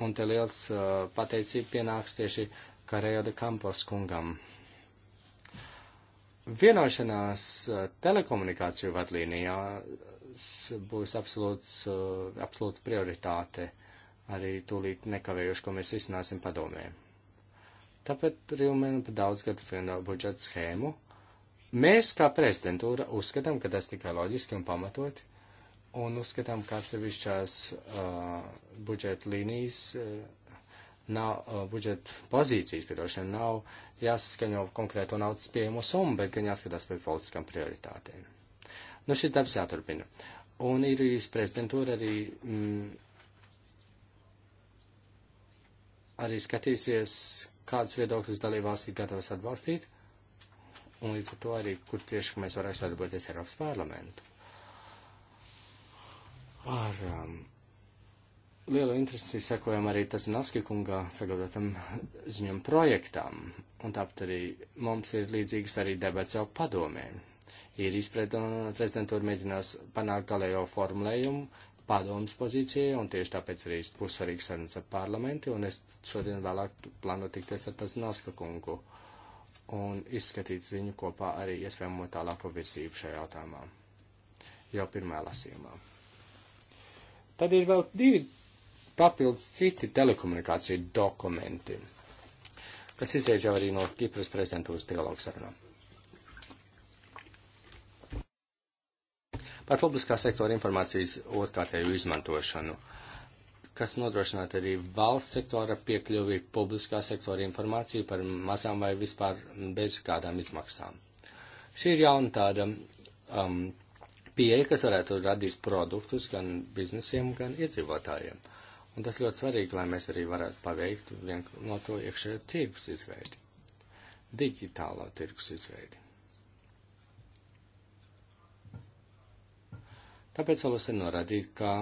un te liels uh, pateicība pienāks tieši Karējo de Kampos kungam. Vienošanās uh, telekomunikāciju vadlīnijā būs absolūts, uh, absolūta prioritāte arī tūlīt nekavējuši, ko mēs izcināsim padomē. Tāpēc arī runājam par daudzgadu budžeta schēmu. Mēs, kā prezidentūra, uzskatām, ka tas tikai loģiski un pamatoti, un uzskatām, ka atsevišķās uh, budžeta līnijas, uh, nav, uh, budžeta pozīcijas, piedošana, nav jāsaskaņo konkrēto naudas pieejamo summu, bet gan jāskatās par politiskām prioritātēm. Nu, šis darbs jāturpina. Un Irijas prezidentūra arī, mm, arī skatīsies, kādas viedokļas dalībās ir gatavas atbalstīt, un līdz ar to arī, kur tieši mēs varēsim sadarboties Eiropas parlamentu. Ar um, lielu interesi sekojam arī Tazinaski kungā sagatavotam ziņam projektam, un tāpat arī mums ir līdzīgas arī debats jau padomē. Īrijas prezidentūra mēģinās panākt galējo formulējumu padomas pozīcijai, un tieši tāpēc arī būs svarīgs sarunas ar parlamentu, un es šodien vēlāk plānu tikties ar Tazinaska kungu un izskatīt viņu kopā arī iespējamo tālāko virsību šajā jautājumā jau pirmā lasījumā. Tad ir vēl divi papildus citi telekomunikāciju dokumenti, kas izriet jau arī no Kipras prezidentūras dialogu sarunām. Par publiskā sektora informācijas otrkārtēju izmantošanu, kas nodrošinātu arī valsts sektora piekļuvi publiskā sektora informāciju par mazām vai vispār bez kādām izmaksām. Šī ir jauna tāda um, pieeja, kas varētu radīt produktus gan biznesiem, gan iedzīvotājiem. Un tas ļoti svarīgi, lai mēs arī varētu paveikt no to iekšējo tirgus izveidi, digitālo tirgus izveidi. Tāpēc vēlos norādīt, ka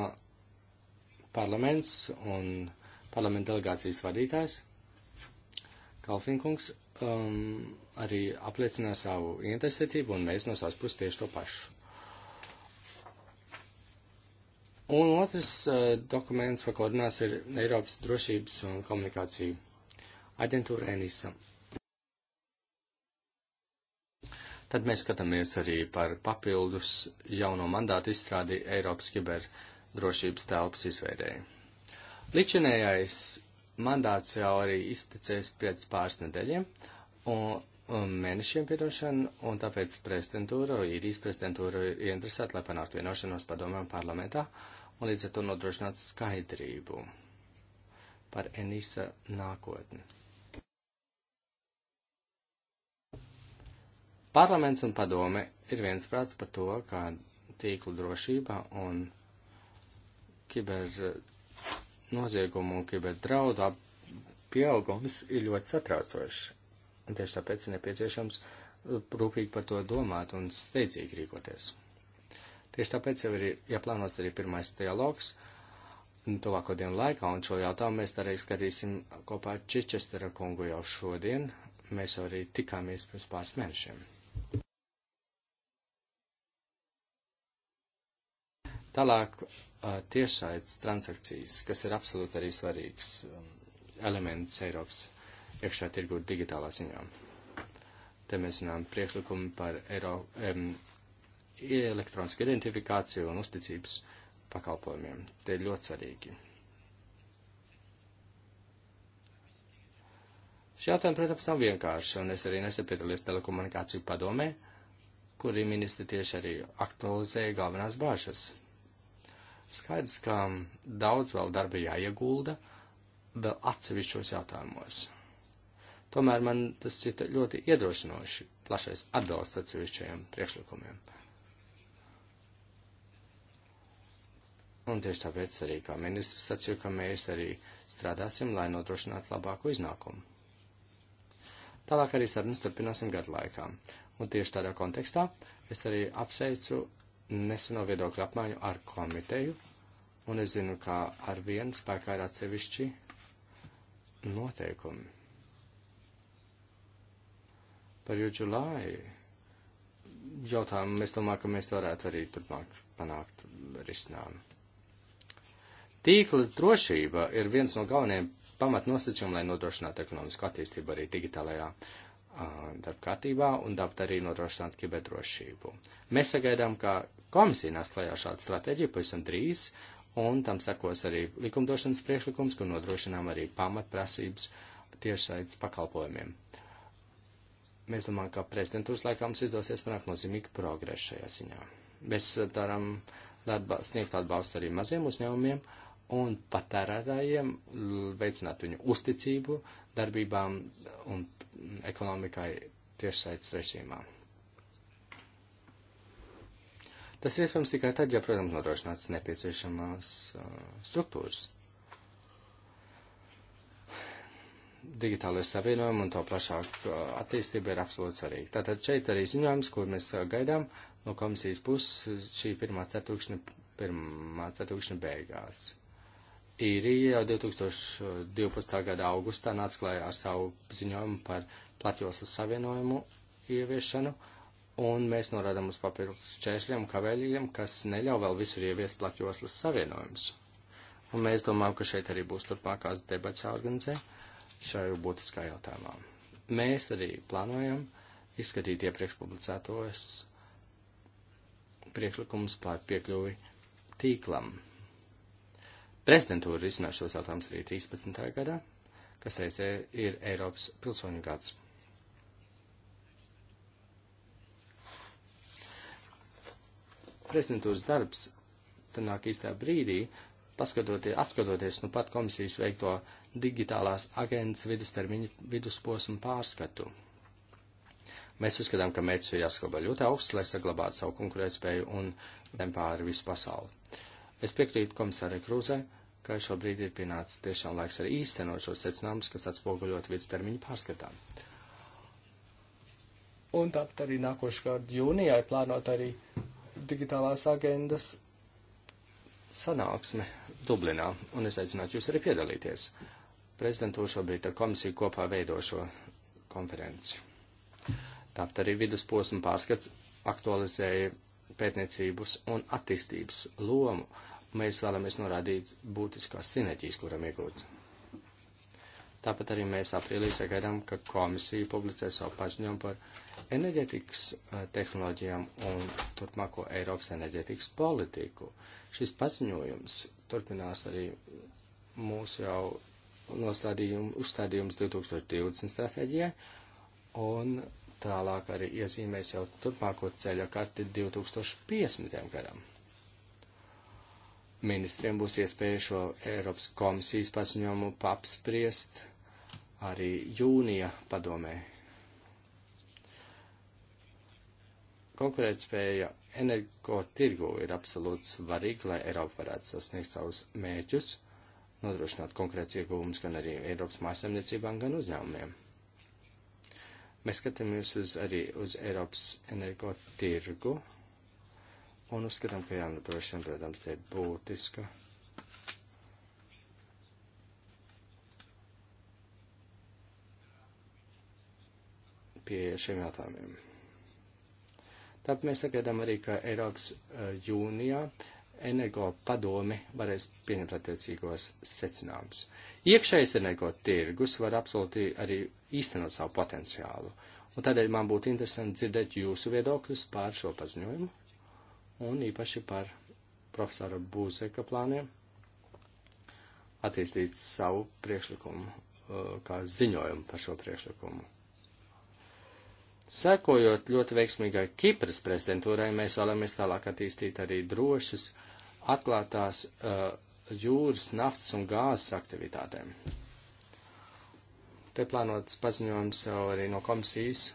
parlaments un parlamenta delegācijas vadītājs Kalfinkungs um, arī apliecināja savu interesētību, un mēs no savas puses tieši to pašu. Un otrs uh, dokuments, par ko runās, ir Eiropas drošības un komunikāciju aģentūra ENISA. Tad mēs skatāmies arī par papildus jauno mandātu izstrādi Eiropas kiberdrošības telpas izveidēji. Ličinējais mandāts jau arī izticēs pēc pāris nedēļiem un, un mēnešiem piedošana, un tāpēc prezidentūra, īrijas prezidentūra ir interesēta, lai panāktu vienošanos padomēm parlamentā. Uh, un līdz ar to nodrošināt skaidrību par Enisa nākotni. Parlaments un padome ir viensprāts par to, kā tīklu drošība un kiber eh, noziegumu un kiberdraudu pieaugums ir ļoti satraucošs. Un tieši tāpēc ir nepieciešams eh, rūpīgi par to domāt un steidzīgi rīkoties. Tieši tāpēc jau ir ieplānots ja arī pirmais dialogs tuvāko dienu laikā, un šo jautājumu mēs arī skatīsim kopā ar Čičestera kungu jau šodien. Mēs jau arī tikāmies pirms pāris mēnešiem. Tālāk tiešaids transakcijas, kas ir absolūti arī svarīgs elements Eiropas iekšā tirgu digitālā ziņā. Te mēs runājam priekšlikumu par Eiro, um, elektroniska identifikācija un uzticības pakalpojumiem. Te ir ļoti svarīgi. Šie jautājumi, protams, nav vienkārši, un es arī nesen piedalījos telekomunikāciju padomē, kuri ministri tieši arī aktualizēja galvenās bāžas. Skaidrs, ka daudz vēl darba jāiegulda, vēl atsevišķos jautājumos. Tomēr man tas šķita ļoti iedrošinoši, plašais atbalsts atsevišķajiem priekšlikumiem. Un tieši tāpēc arī kā ministrs sacīju, ka mēs arī strādāsim, lai nodrošinātu labāku iznākumu. Tālāk arī sarunas turpināsim gadu laikā. Un tieši tādā kontekstā es arī apsveicu neseno viedokļu apmaiņu ar komiteju, un es zinu, ka ar vienu spēkā ir atsevišķi noteikumi. Par jūdžulāju jautājumu mēs domājam, ka mēs varētu arī turpmāk panākt risinājumu. Tīklas drošība ir viens no galvenajiem pamatnosacījumiem, lai nodrošinātu ekonomisku attīstību arī digitālajā darba kārtībā un dabūt arī nodrošināt kiberdrošību. Mēs sagaidām, ka komisija nāks klajā šādu stratēģiju pavisam drīz, un tam sekos arī likumdošanas priekšlikums, kur nodrošinām arī pamatprasības tiešsaites pakalpojumiem. Mēs domājam, ka prezidentūras laikā mums izdosies panākt nozīmīgu progresu šajā ziņā. Mēs darām sniegt atbalstu arī maziem uzņēmumiem un patērētājiem, veicināt viņu uzticību darbībām un ekonomikai tiešsaits režīmā. Tas ir iespējams tikai tad, ja, protams, nodrošināts nepieciešamās uh, struktūras. Digitālais savienojums un to plašāk uh, attīstība ir absolūti svarīga. Tātad šeit arī ziņojums, kur mēs uh, gaidām no komisijas puses šī pirmā ceturkšņa, pirmā ceturkšņa beigās. Īrija jau 2012. gada augustā nāca klājā ar savu ziņojumu par platjoslas savienojumu ieviešanu, un mēs norādām uz papildus čēršļiem, kavēļiem, kas neļauj vēl visur ieviest platjoslas savienojumus. Un mēs domājam, ka šeit arī būs turpmākās debats jāorganizē šajā būtiskā jautājumā. Mēs arī plānojam izskatīt iepriekš publicētos priekšlikumus par piekļuvi tīklam Prezidentūra risinās šos jautājumus arī 13. gadā, kas reizē e ir Eiropas pilsoņu gads. Prezidentūras darbs tad nāk īstā brīdī, paskatoties, atskatoties nu pat komisijas veikto digitālās agendas vidustermiņa vidusposmu pārskatu. Mēs uzskatām, ka mērķis ir jāsaglabā ļoti augsts, lai saglabātu savu konkurētspēju un tempā ar visu pasauli. Es piekrītu komisārai Krūzai, ka šobrīd ir pienācis tiešām laiks arī īstenot šos secinājumus, kas atspoguļot vidustermiņu pārskatām. Un tāpat arī nākošu gadu jūnijā ir plānota arī digitālās agendas sanāksme Dublinā, un es aicinātu jūs arī piedalīties. Prezidentūra šobrīd ar komisiju kopā veido šo konferenci. Tāpat arī vidusposma pārskats aktualizēja pētniecības un attīstības lomu mēs vēlamies norādīt būtiskās sinerģijas, kuram iegūt. Tāpat arī mēs aprīlī sagaidām, ka komisija publicēs savu paziņojumu par enerģetikas eh, tehnoloģijām un turpmāko Eiropas enerģetikas politiku. Šis paziņojums turpinās arī mūsu jau nostādījumu, uzstādījums 2020 stratēģijai un tālāk arī iezīmēs jau turpmāko ceļa karti 2050. gadam ministriem būs iespēja šo Eiropas komisijas paziņojumu papspriest arī jūnija padomē. Konkurētspēja energo tirgu ir absolūti svarīga, lai Eiropa varētu sasniegt savus mēķus, nodrošināt konkrēts iegūmus gan arī Eiropas mājasemniecībām, gan uzņēmumiem. Mēs skatāmies uz, arī uz Eiropas energo tirgu Un uzskatām, ka jānodrošina, nu, protams, tie būtiska. pie šiem jautājumiem. Tāpēc mēs sagaidām arī, ka Eiropas uh, jūnijā energo padome varēs pieņemt attiecīgos secinājumus. Iekšējais energo tirgus var absolūti arī īstenot savu potenciālu, un tādēļ man būtu interesanti dzirdēt jūsu viedokļus pār šo paziņojumu un īpaši par profesora Būzeka plāniem attīstīt savu priekšlikumu, uh, kā ziņojumu par šo priekšlikumu. Sekojot ļoti veiksmīgai Kipras prezidentūrai, mēs vēlamies tālāk attīstīt arī drošas, atklātās uh, jūras, naftas un gāzes aktivitātēm. Te plānotas paziņojums arī no komisijas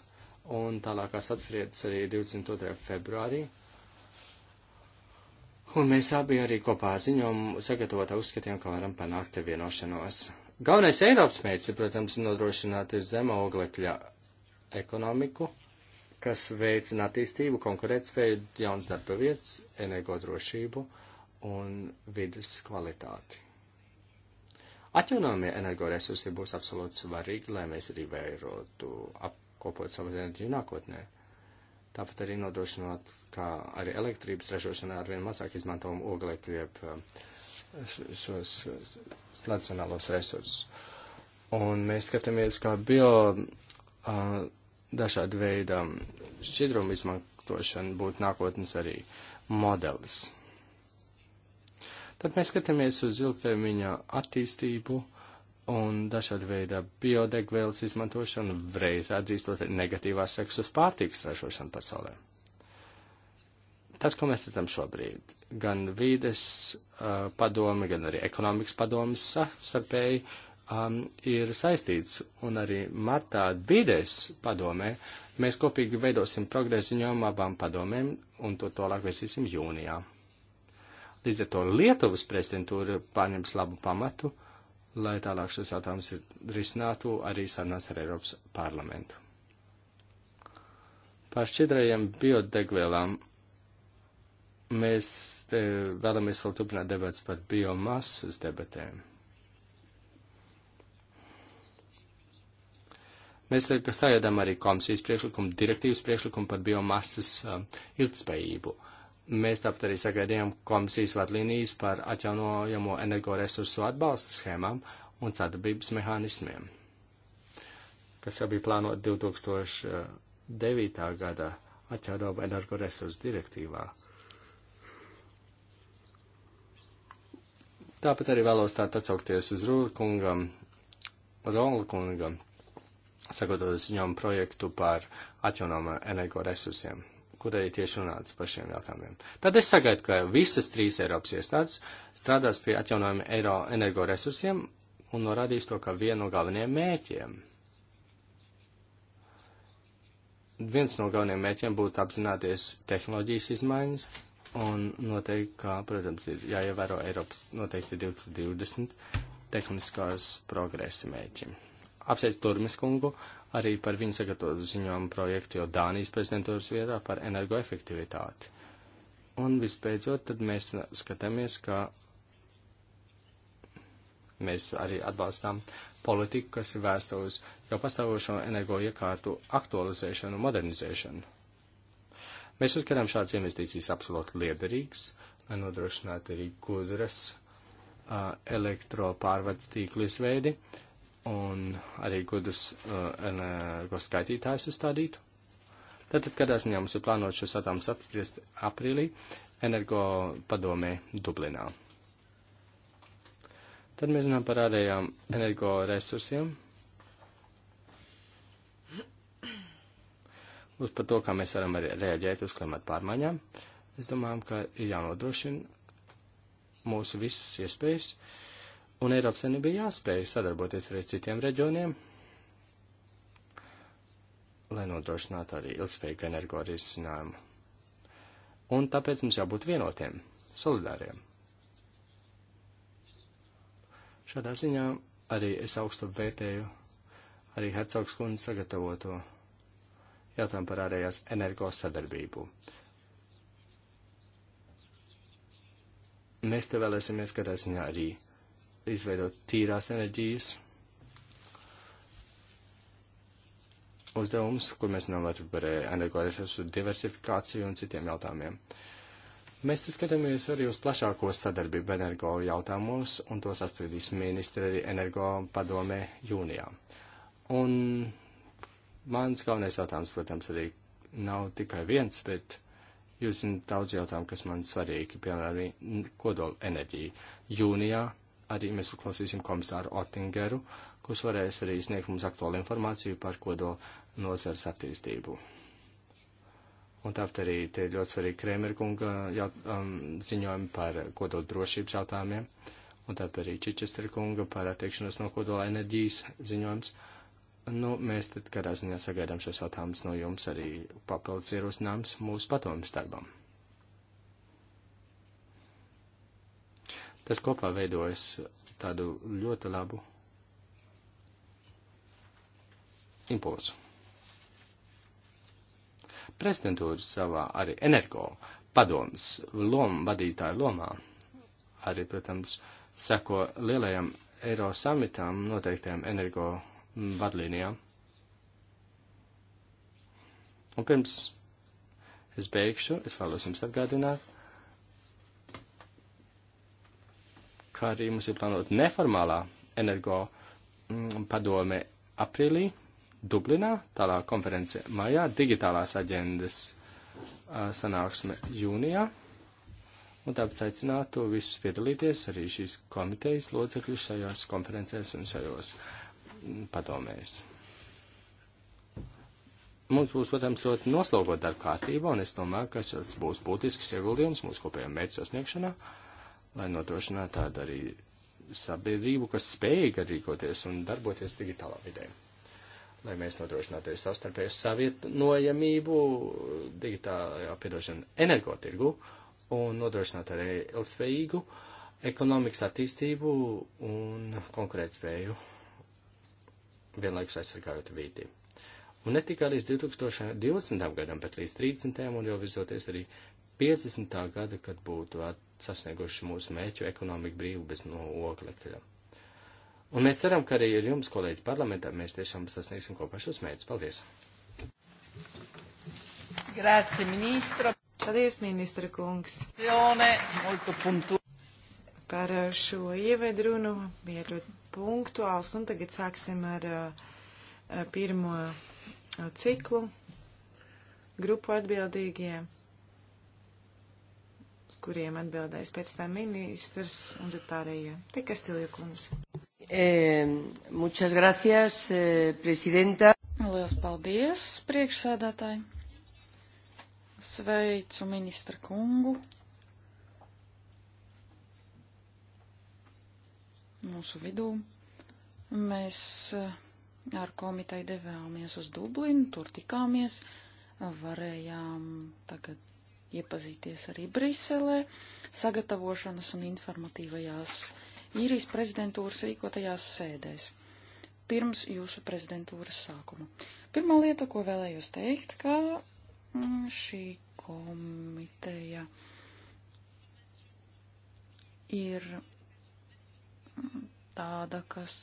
un tālākās atfriedas arī 22. februārī Un mēs abi arī kopā ar ziņojumu sagatavotā uzskatījām, ka varam panākt vienošanos. Galvenais Eiropas mērķis ir, protams, nodrošināt zemo oglekļa ekonomiku, kas veicina attīstību, konkurētspēju, jaunas darba vietas, energodrošību un vidas kvalitāti. Atjaunojamie energoresursi būs absolūti svarīgi, lai mēs arī vērotu apkopot savas enerģiju nākotnē. Tāpat arī nodrošinot, kā arī elektrības ražošanā arvien mazāk izmantojam oglekļu, jeb um, šos tradicionālos resursus. Un mēs skatāmies, kā bio uh, dažādi veidi um, šķidrumu izmantošana būtu nākotnes arī modelis. Tad mēs skatāmies uz ilgtermiņa attīstību un dažāda veida biodegvielas izmantošanu, reiz atzīstot negatīvās sekas uz pārtīkas ražošanu pasaulē. Tas, ko mēs redzam šobrīd, gan vīdes uh, padome, gan arī ekonomikas padomas savstarpēji um, ir saistīts, un arī martā vīdes padomē mēs kopīgi veidosim progresu ziņojumu abām padomēm, un to tālāk veicīsim jūnijā. Līdz ar to Lietuvas prezidentūra pārņems labu pamatu lai tālāk šis jautājums risinātu arī sarunās ar Eiropas parlamentu. Par šķidrajiem biodegvielām mēs te eh, vēlamies vēl turpināt debats par biomasas debatēm. Mēs sagaidām arī komisijas priekšlikumu, direktīvas priekšlikumu par biomasas uh, eh, ilgspējību. Uh, Mēs tāpat arī sagaidījām komisijas vadlīnijas par atjaunojamo energoresursu atbalsta schēmām un sadarbības mehānismiem, kas jau bija plānot 2009. gada atjaunojamo energoresursu direktīvā. Tāpat arī vēlos tā atsaukties uz Rūkungam, Rolkungam, sagatavot ziņām projektu par atjaunojumu energoresursiem kurai tieši runāts par šiem jautājumiem. Tad es sagaidu, ka visas trīs Eiropas iestādes strādās pie atjaunojuma eiro energoresursiem un norādīs to kā vienu no galvenajiem mērķiem. Viens no galvenajiem mērķiem būtu apzināties tehnoloģijas izmaiņas un noteikti, kā, protams, ir jāievēro Eiropas noteikti 2020 tehniskās progresa mērķi. Apsveicu Turmiskungu arī par viņu sagatavotu ziņojumu projektu jau Dānijas prezidentūras vietā par energoefektivitāti. Un visbeidzot, tad mēs skatāmies, ka mēs arī atbalstām politiku, kas ir vērsta uz jau pastāvošo energo iekārtu aktualizēšanu un modernizēšanu. Mēs uzskatām šādas investīcijas absolūti liederīgas, lai nodrošinātu arī gudras elektropārvades tīklu izveidi, uh, un arī gudrus uh, energo skaitītājus uzstādītu. Tātad, kādā ziņā mums ir plānot šos atomus apspriest aprīlī energo padomē Dublinā. Tad mēs runājam par ārējām energo resursiem. Uz par to, kā mēs varam arī reaģēt uz klimatu pārmaiņām. Es domāju, ka ir jānodrošina mūsu visas iespējas uh, un Eiropas Savienībai jāspēj sadarboties arī citiem reģioniem, lai nodrošinātu arī ilgspējīgu energo risinājumu. Un tāpēc mums jābūt vienotiem, solidāriem. Šādā ziņā arī es augstu vērtēju arī Hercogs kundzi sagatavoto jautājumu par ārējās energo sadarbību. Mēs te vēlēsimies, ka tā ziņā arī izveidot tīrās enerģijas uzdevumus, kur mēs runājam par eh, energoresursu diversifikāciju un citiem jautājumiem. Mēs skatāmies arī uz plašāko sadarbību energo jautājumos, un tos apspriedīs ministri arī energo padomē jūnijā. Un mans galvenais jautājums, protams, arī nav tikai viens, bet jūs zināt daudz jautājumu, kas man svarīgi, piemēram, kodola enerģija. Jūnijā arī mēs uzklausīsim komisāru Otingeru, kurš varēs arī sniegt mums aktuālu informāciju par kodo nozars attīstību. Un tāpat arī te ir ļoti svarīgi Kremerkunga jaut, um, ziņojumi par kodot drošības jautājumiem, un tāpat arī Čičester kunga par attiekšanos no kodola enerģijas ziņojums. Nu, mēs tad kādā ziņā sagaidām šos jautājumus no jums arī papildus ierosinājums mūsu padomjas darbam. Tas kopā veidojas tādu ļoti labu impulsu. Prezidentūra savā arī energo padoms lom, vadītāju lomā arī, protams, seko lielajam Eiro samitām noteiktajām energo vadlīnijām. Un pirms es beigšu, es vēlos jums atgādināt, kā arī mums ir plānota neformālā energo mm, padome aprīlī Dublinā, tālāk konference maijā, digitālās aģendas sanāksme jūnijā. Un tāpēc aicinātu visus piedalīties arī šīs komitejas locekļus šajās konferencēs un šajos mm, padomēs. Mums būs, protams, ļoti noslogot darba kārtība, un es domāju, ka tas būs būtisks ieguldījums mūsu kopējiem mērķu sasniegšanā. Uh, lai nodrošinātu tādu arī sabiedrību, kas spējīga rīkoties un darboties digitālā vidē. Lai mēs nodrošinātu savstarpēju savietojamību digitālajā piedošana energotirgu un nodrošinātu arī ilgspējīgu ekonomikas attīstību un konkurētspēju, vienlaikus aizsargājot vītību. Un ne tikai līdz 2020. gadam, bet līdz 30. un jau virzoties arī 50. gada, kad būtu at, sasnieguši mūsu mēķu ekonomiku brīvu bez no oglekļa. Un mēs ceram, ka arī ar jums, kolēģi parlamentā, mēs tiešām sasniegsim kopā šos mērķus. Paldies! Grazie, ministra! Paldies, ministra kungs! Jone, molto puntu! Par eh, šo ievedrunu bija ļoti punktuāls, un tagad sāksim ar eh, eh, pirmo ciklu grupu atbildīgiem uz kuriem atbildēs pēc tam ministrs un tad pārējie. Te Kastilija kundze. E, eh, muchas gracias, e, presidenta. Lielas paldies, priekšsēdētāji. Sveicu ministra kungu. Mūsu vidū mēs eh, ar komiteju devāmies uz Dublinu, tur tikāmies, varējām tagad iepazīties arī Briselē, sagatavošanas un informatīvajās īrijas prezidentūras rīkotajās sēdēs pirms jūsu prezidentūras sākuma. Pirmā lieta, ko vēlējos teikt, ka mm, šī komiteja ir mm, tāda, kas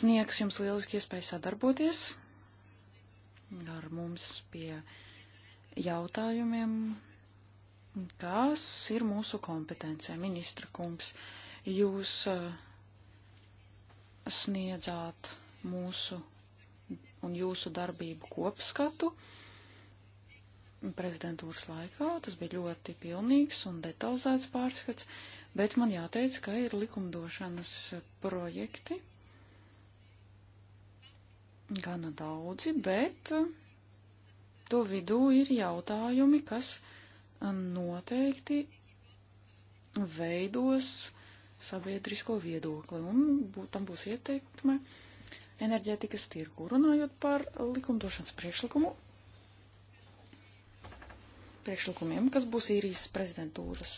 sniegs jums lieliski iespēju sadarboties ar mums pie jautājumiem, Kas ir mūsu kompetencija, ministra kungs? Jūs eh, sniedzāt mūsu un jūsu darbību kopskatu prezidentūras laikā. Tas bija ļoti pilnīgs un detalizēts pārskats, bet man jāteic, ka ir likumdošanas projekti gana daudzi, bet to vidū ir jautājumi, kas noteikti veidos sabiedrisko viedokli, un bū, tam būs ieteikumi enerģētikas tirgu. Runājot par likumdošanas priekšlikumu, priekšlikumiem, kas būs īrijas prezidentūras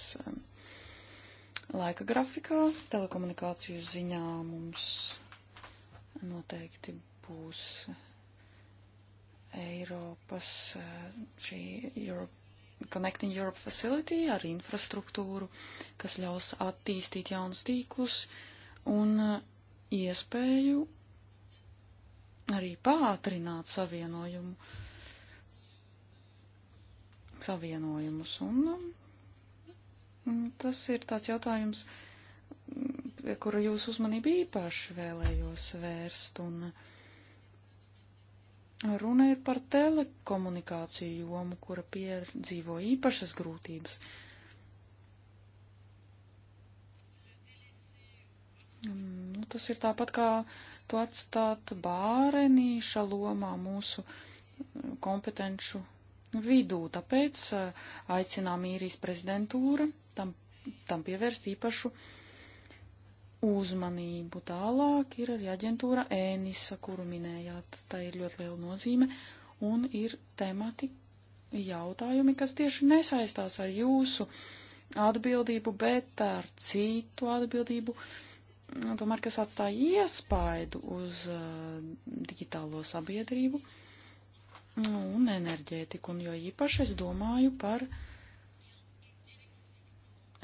laika grafikā, telekomunikāciju ziņā mums noteikti būs Eiropas eh, šī Europe Connecting Europe Facility ar infrastruktūru, kas ļaus attīstīt jaunus tīklus un uh, iespēju arī pātrināt savienojumu, savienojumus. Um, un tas ir tāds jautājums, pie kura jūsu uzmanību īpaši vēlējos vērst. Un, uh, Runa ir par telekomunikāciju jomu, kura piedzīvo īpašas grūtības. Nu, tas ir tāpat kā to atstāt bārenīša lomā mūsu eh, kompetenču vidū. Tāpēc eh, aicinām īrijas prezidentūra tam, tam pievērst īpašu uh, uzmanību. Tālāk ir arī aģentūra ēnisa, kuru minējāt, tā ir ļoti liela nozīme, un ir temati jautājumi, kas tieši nesaistās ar jūsu atbildību, bet ar citu atbildību, tomēr, kas atstāja iespaidu uz uh, digitālo sabiedrību un enerģētiku, un jo īpaši es domāju par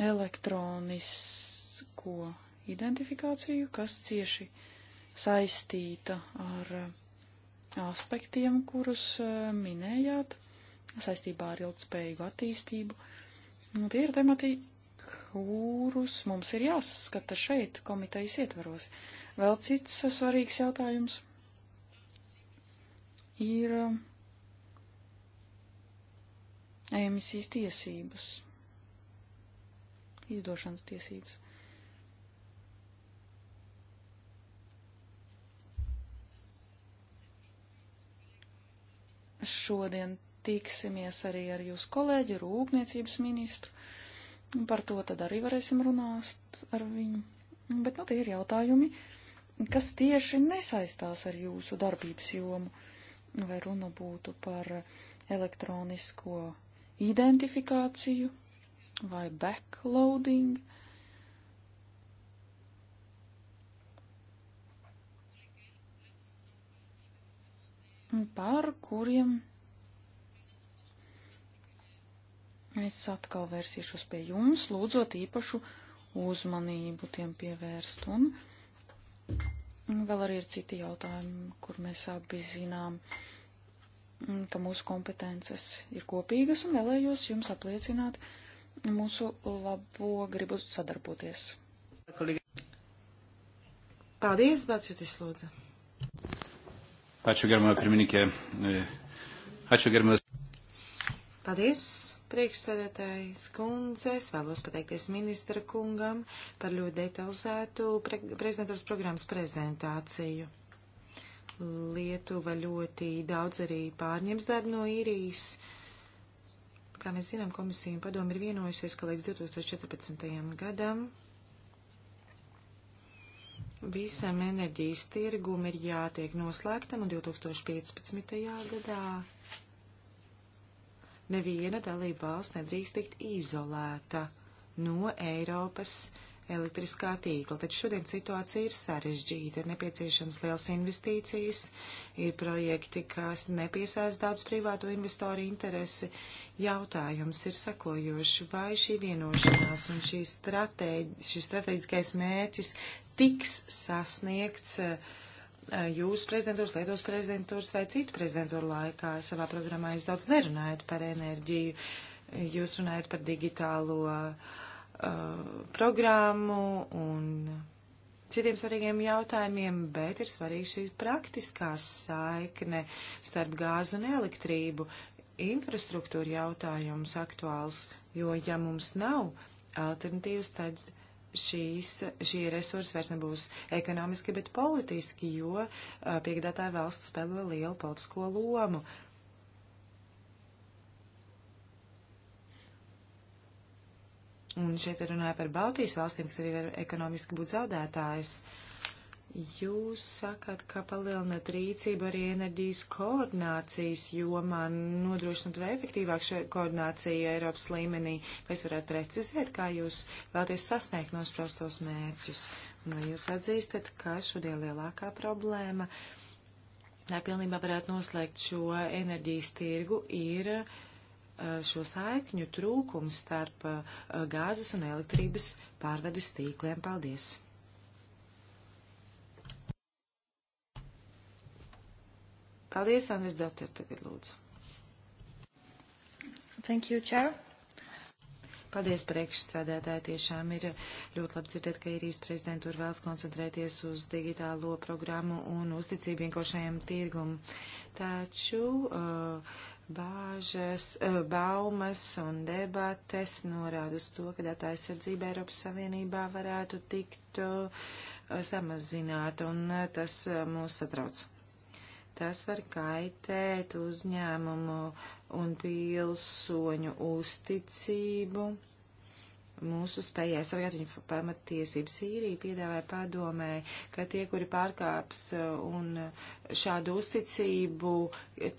elektronisko identifikāciju, kas cieši saistīta ar eh, aspektiem, kurus eh, minējāt, saistībā ar ilgspējīgu attīstību. Un nu, tie ir temati, kurus mums ir jāskata šeit komitejas ietvaros. Vēl cits svarīgs jautājums ir eh, emisijas tiesības, izdošanas tiesības. Šodien tiksimies arī ar jūsu kolēģi, rūpniecības ministru. Par to tad arī varēsim runāt ar viņu. Bet, nu, tie ir jautājumi, kas tieši nesaistās ar jūsu darbības jomu. Vai runa būtu par elektronisko identifikāciju vai backloading par kuriem es atkal vērsīšos pie jums, lūdzot īpašu uzmanību tiem pievērst. Un vēl arī ir citi jautājumi, kur mēs abi zinām, ka mūsu kompetences ir kopīgas un vēlējos jums apliecināt mūsu labo gribu sadarboties. Paldies, Dācis Lūdzu! Ačiū gerbama pirmininkė. E, ačiū gerbamas. Paldies, priekšsēdētājs kundze. Es vēlos pateikties ministra kungam par ļoti detalizētu pre prezidentūras programmas prezentāciju. Lietuva ļoti daudz arī pārņems darbu no īrijas. Kā mēs zinām, komisija un padomi ir vienojusies, ka līdz 2014. gadam Visam enerģijas tirgum ir jātiek noslēgtam un 2015. gadā. Neviena dalība valsts nedrīkst tikt izolēta no Eiropas elektriskā tīkla, taču šodien situācija ir sarežģīta, ir nepieciešams liels investīcijas, ir projekti, kas nepiesaist daudz privāto investoru interesi. Jautājums ir sekojoši, vai šī vienošanās un šī stratēģi, šis strateģiskais mērķis tiks sasniegts eh, eh, jūsu prezidentūras, Lietuvas prezidentūras vai citu prezidentūru laikā. Savā programmā jūs daudz nerunājat par enerģiju, jūs runājat par digitālo uh, programmu un citiem svarīgiem jautājumiem, bet ir svarīga šī praktiskā saikne starp gāzu un elektrību. Infrastruktūra jautājums aktuāls, jo ja mums nav alternatīvas, tad šīs, šie resursi vairs nebūs ekonomiski, bet politiski, jo piegādātāja valsts spēlē lielu politisko lomu. Un šeit runāja par Baltijas valstīm, kas arī var ekonomiski būt zaudētājs. Uh, Jūs sakat, ka palielinat rīcību arī enerģijas koordinācijas jomā, nodrošinot vai efektīvāk šo koordināciju Eiropas līmenī. Vai jūs varētu precizēt, kā jūs vēlaties sasniegt nosprostos mērķus? Un vai jūs atzīstat, ka šodien lielākā problēma, lai pilnībā varētu noslēgt šo enerģijas tirgu, ir uh, šo saikņu trūkums starp uh, gāzes un elektrības pārvedes tīkliem? Paldies! Paldies, Andris Dotter, tagad lūdzu. Thank you, Chair. Paldies, priekšsādētāji. Tiešām ir ļoti labi dzirdēt, ka īrijas prezidentūra vēlas koncentrēties uz digitālo programmu un uzticību vienkošajam tirgumu. Taču uh, bāžas, uh, baumas un debates norāda uz to, ka datu aizsardzība Eiropas Savienībā varētu tikt uh, samazināta, un uh, tas uh, mūs satrauc. Tas var kaitēt uzņēmumu un pilsoņu uzticību. Mūsu spēja aizsargāt viņu pamatiesības Sīrija piedāvāja padomē, ka tie, kuri pārkāps uh, un uh, šādu uzticību,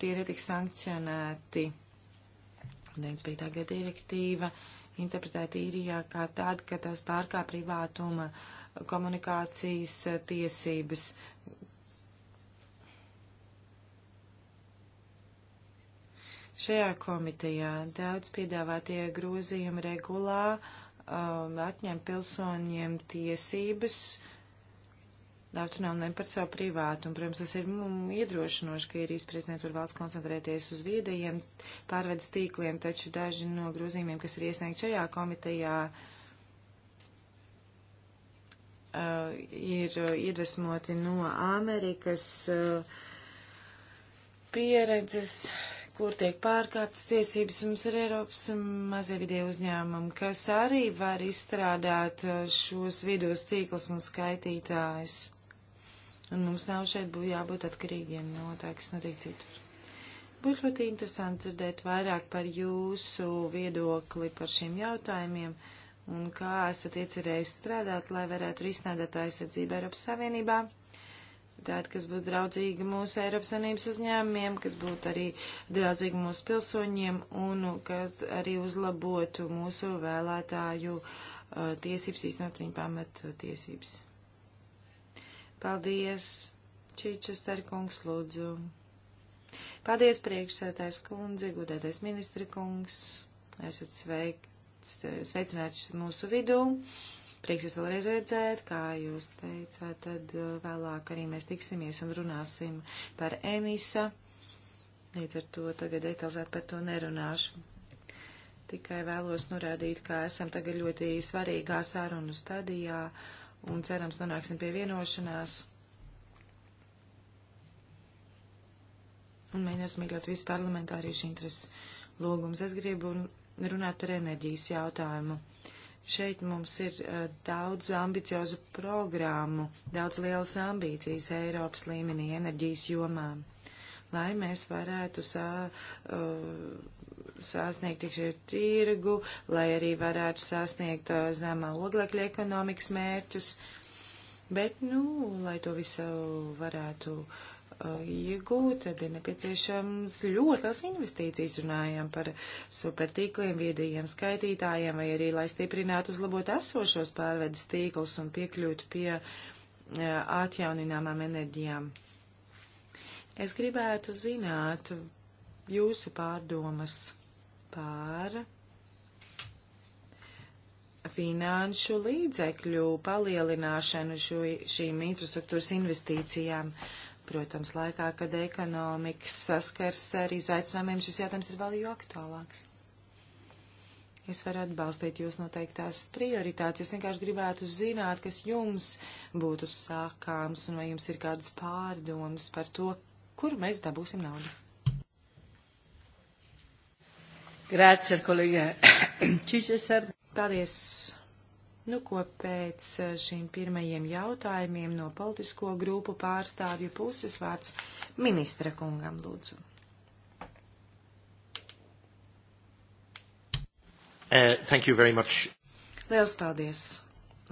tie netiks sankcionēti. 95. gada direktīva interpretēta īrijā kā tāda, ka tas pārkāp privātuma komunikācijas uh, tiesības. Šajā komitejā daudz piedāvātie grozījumi regulā um, atņem pilsoņiem tiesības autonomiem par savu privātu. Un, protams, tas ir mm, iedrošinoši, ka ir izpriezniet tur valsts koncentrēties uz viedajiem pārvedes tīkliem, taču daži no grozījumiem, kas ir iesniegti šajā komitejā, uh, ir uh, iedvesmoti no Amerikas uh, pieredzes. Uh, kur tiek pārkāptas tiesības. Mums ir Eiropas mazie vidie uzņēmumi, kas arī var izstrādāt uh, šos vidos tīklus un skaitītājus. Un mums nav šeit būtu jābūt atkarīgiem no tā, kas notiek citur. Būtu ļoti interesanti dzirdēt vairāk par jūsu viedokli par šiem jautājumiem un kā esat iecerējis strādāt, lai varētu risināt datu aizsardzību Eiropas Savienībā tāda, kas būtu draudzīga mūsu Eiropas Savienības uzņēmumiem, kas būtu arī draudzīga mūsu pilsoņiem un nu, kas arī uzlabotu mūsu vēlētāju uh, tiesības, īstenot viņu pamat tiesības. Paldies, Čīčester kungs, lūdzu. Paldies, priekšsētājs kundze, gudētais ministri kungs. Esat sveik, sveicināts mūsu vidū. Uh, Prieks jūs vēlreiz redzēt, kā jūs teicāt, tad uh, vēlāk arī mēs tiksimies un runāsim par emisa. Līdz ar to tagad detalizēt par to nerunāšu. Tikai vēlos norādīt, ka esam tagad ļoti svarīgā sarunu stadijā un cerams nonāksim pie vienošanās. Un mēģināsim iekļaut visu parlamentāriešu intereses lūgumus. Es gribu runāt par enerģijas jautājumu. Uh, Šeit mums ir uh, daudz ambiciozu programmu, daudz lielas ambīcijas Eiropas līmenī enerģijas jomā, lai mēs varētu sā, uh, sasniegt iekšējo tirgu, lai arī varētu sasniegt uh, zemā oglekļa ekonomikas mērķus. Bet, nu, lai to visu varētu uh, iegūt, tad ir nepieciešams ļoti liels investīcijas, runājam par supertīkliem, viedajiem skaitītājiem, vai arī, lai stiprinātu uzlabot esošos pārvedes tīklus un piekļūtu pie e, atjaunināmām enerģijām. Es gribētu zināt jūsu pārdomas pār finanšu līdzekļu palielināšanu šo, šīm infrastruktūras investīcijām. Uh, Protams, laikā, kad ekonomikas saskars ar izaicinājumiem, šis jautājums ir vēl jo aktuālāks. Es varu atbalstīt jūs noteiktās prioritātes. Es vienkārši gribētu zināt, kas jums būtu sākāms un vai jums ir kādas pārdomas par to, kur mēs dabūsim naudu. Grācija, kolēģi. Paldies Nu, ko pēc eh, šīm pirmajiem jautājumiem no politisko grupu pārstāvju puses vārds ministra kungam lūdzu. Uh, thank you very much. Liels paldies.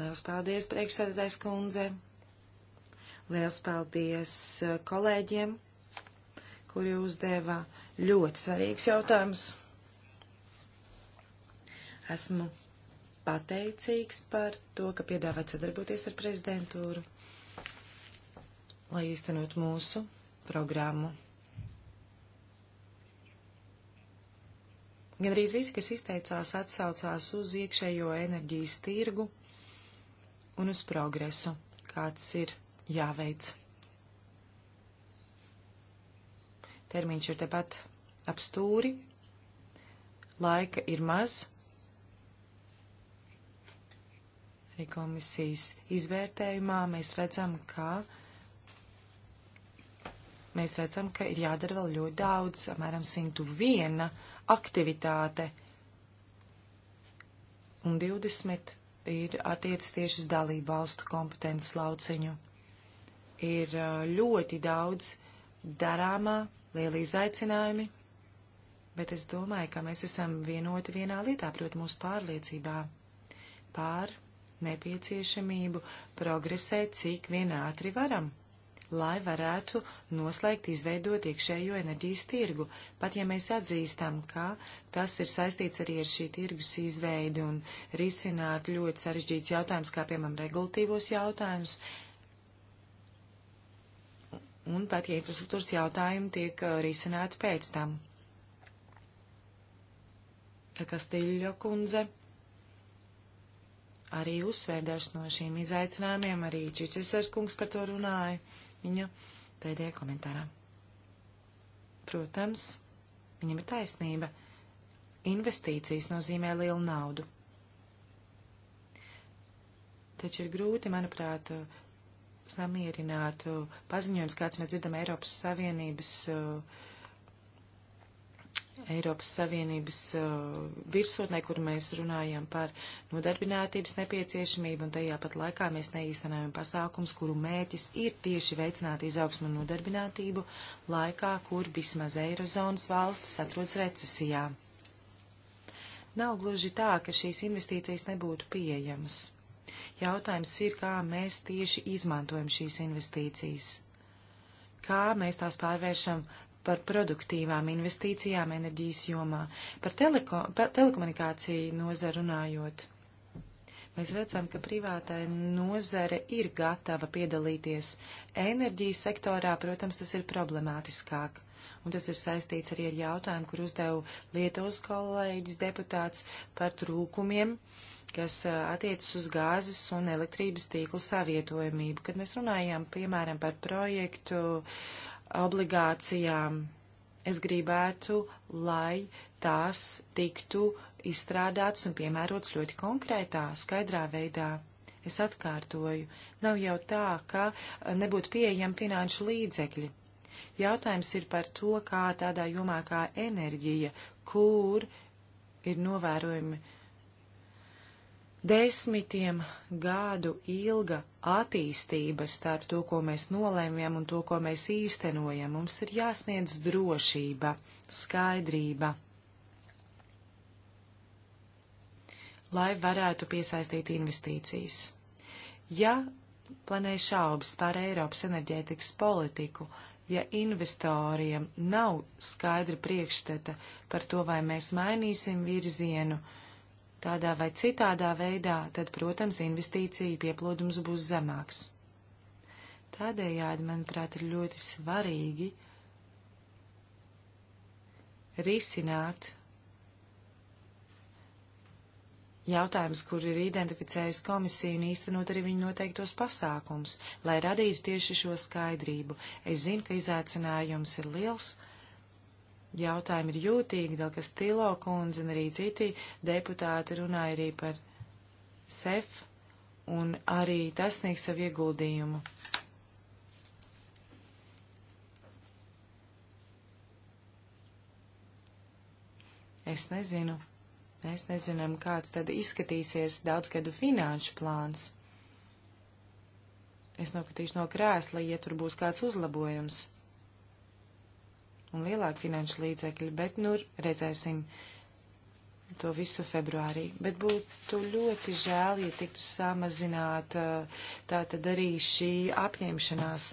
Liels paldies, priekšsēdētājs kundze. Liels paldies eh, kolēģiem, kuri uzdeva ļoti svarīgs jautājums. Esmu pateicīgs par to, ka piedāvāt sadarboties ar prezidentūru, lai īstenot mūsu programmu. Gan arī visi, kas izteicās, atsaucās uz iekšējo enerģijas tirgu un uz progresu, kāds ir jāveic. Termiņš ir tepat apstūri, laika ir maz, Arī komisijas izvērtējumā mēs redzam, ka mēs redzam, ka ir jādara vēl ļoti daudz, apmēram 101 aktivitāte un 20 ir attiecas tieši uz dalību valstu kompetences lauciņu. Ir ļoti daudz darāmā, lieli izaicinājumi, bet es domāju, ka mēs esam vienoti vienā lietā, proti mūsu pārliecībā pār nepieciešamību progresēt, cik vien ātri varam, lai varētu noslēgt izveidot iekšējo enerģijas tirgu, pat ja mēs atzīstam, ka tas ir saistīts arī ar šī tirgus izveidi un risināt ļoti sarežģīts jautājums, kā piemēram regulatīvos jautājumus, un pat ja infrastruktūras jautājumi tiek risināti pēc tam. Tā kā Stīļo kundze arī uzsvēra dažus no šīm izaicinājumiem, arī Čičisers kungs par to runāja viņa pēdējā komentārā. Protams, viņam ir taisnība. Investīcijas nozīmē lielu naudu. Taču ir grūti, manuprāt, samierināt uh, paziņojums, kāds mēs dzirdam Eiropas Savienības uh, Eiropas Savienības uh, virsotnē, kur mēs runājam par nodarbinātības nepieciešamību, un tajā pat laikā mēs neīstenējam pasākums, kuru mēķis ir tieši veicināt izaugsmu un nodarbinātību laikā, kur vismaz Eirozonas valstis atrodas recesijā. Nav gluži tā, ka šīs investīcijas nebūtu pieejamas. Jautājums ir, kā mēs tieši izmantojam šīs investīcijas. Kā mēs tās pārvēršam par produktīvām investīcijām enerģijas jomā, par, teleko, par telekomunikāciju nozaru runājot. Mēs redzam, ka privātai nozare ir gatava piedalīties enerģijas sektorā, protams, tas ir problemātiskāk un tas ir saistīts arī ar jautājumu, kur uzdevu Lietuvas kolēģis deputāts par trūkumiem, kas attiecas uz gāzes un elektrības tīklu savietojamību. Kad mēs runājām, piemēram, par projektu obligācijām. Es gribētu, lai tās tiktu izstrādāts un piemērots ļoti konkrētā, skaidrā veidā. Es atkārtoju, nav jau tā, ka nebūtu pieejami finanšu līdzekļi. Jautājums ir par to, kā tādā jomā kā enerģija, kur ir novērojami uh, desmitiem gadu ilga attīstība starp to, ko mēs nolēmjam un to, ko mēs īstenojam. Mums ir jāsniedz drošība, skaidrība, lai varētu piesaistīt investīcijas. Ja planē šaubas par Eiropas enerģētikas politiku, ja investoriem nav skaidra priekšstata par to, vai mēs mainīsim virzienu, uh, tādā vai citādā veidā, tad, protams, investīcija pieplūdums būs zemāks. Tādējādi, manuprāt, ir ļoti svarīgi risināt jautājumus, kur ir identificējusi komisija un īstenot arī viņu noteiktos pasākums, lai radītu tieši šo skaidrību. Es zinu, ka izaicinājums ir liels, jautājumi ir jūtīgi, vēl kas Tilo kundze un arī citi deputāti runāja arī par SEF un arī tas sniegs savu ieguldījumu. Es nezinu. Mēs nezinām, kāds tad izskatīsies daudzgadu finanšu plāns. Es nokatīšu no krēsla, ja tur būs kāds uzlabojums un lielāki finanšu līdzekļi, bet nu redzēsim to visu februārī. Bet būtu ļoti žēl, ja tiktu samazināt tā tad arī šī apņemšanās.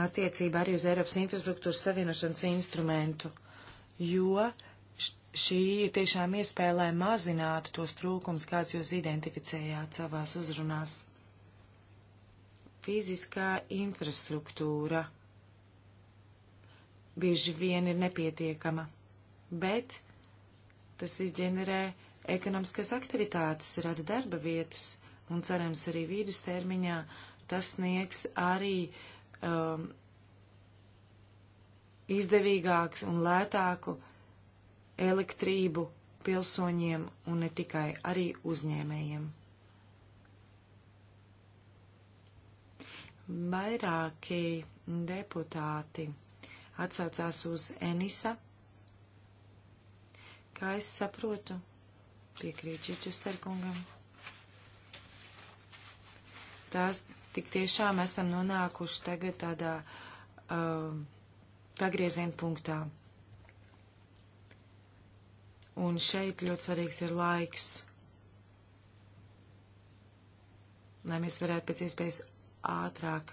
Attiecībā arī uz Eiropas infrastruktūras savienošanas instrumentu, jo šī ir tiešām iespēja, lai mazinātu tos trūkums, kāds jūs identificējāt savās uzrunās. Fiziskā infrastruktūra bieži vien ir nepietiekama, bet tas viss ģenerē ekonomiskas aktivitātes, rada darba vietas un cerams arī vidustermiņā tas sniegs arī um, izdevīgāks un lētāku elektrību pilsoņiem un ne tikai arī uzņēmējiem. Vairāki deputāti atsaucās uz Enisa, kā es saprotu, piekrīt Čičesterkungam. Tās tik tiešām esam nonākuši tagad tādā uh, pagrieziena punktā. Un šeit ļoti svarīgs ir laiks, lai mēs varētu pēc iespējas ātrāk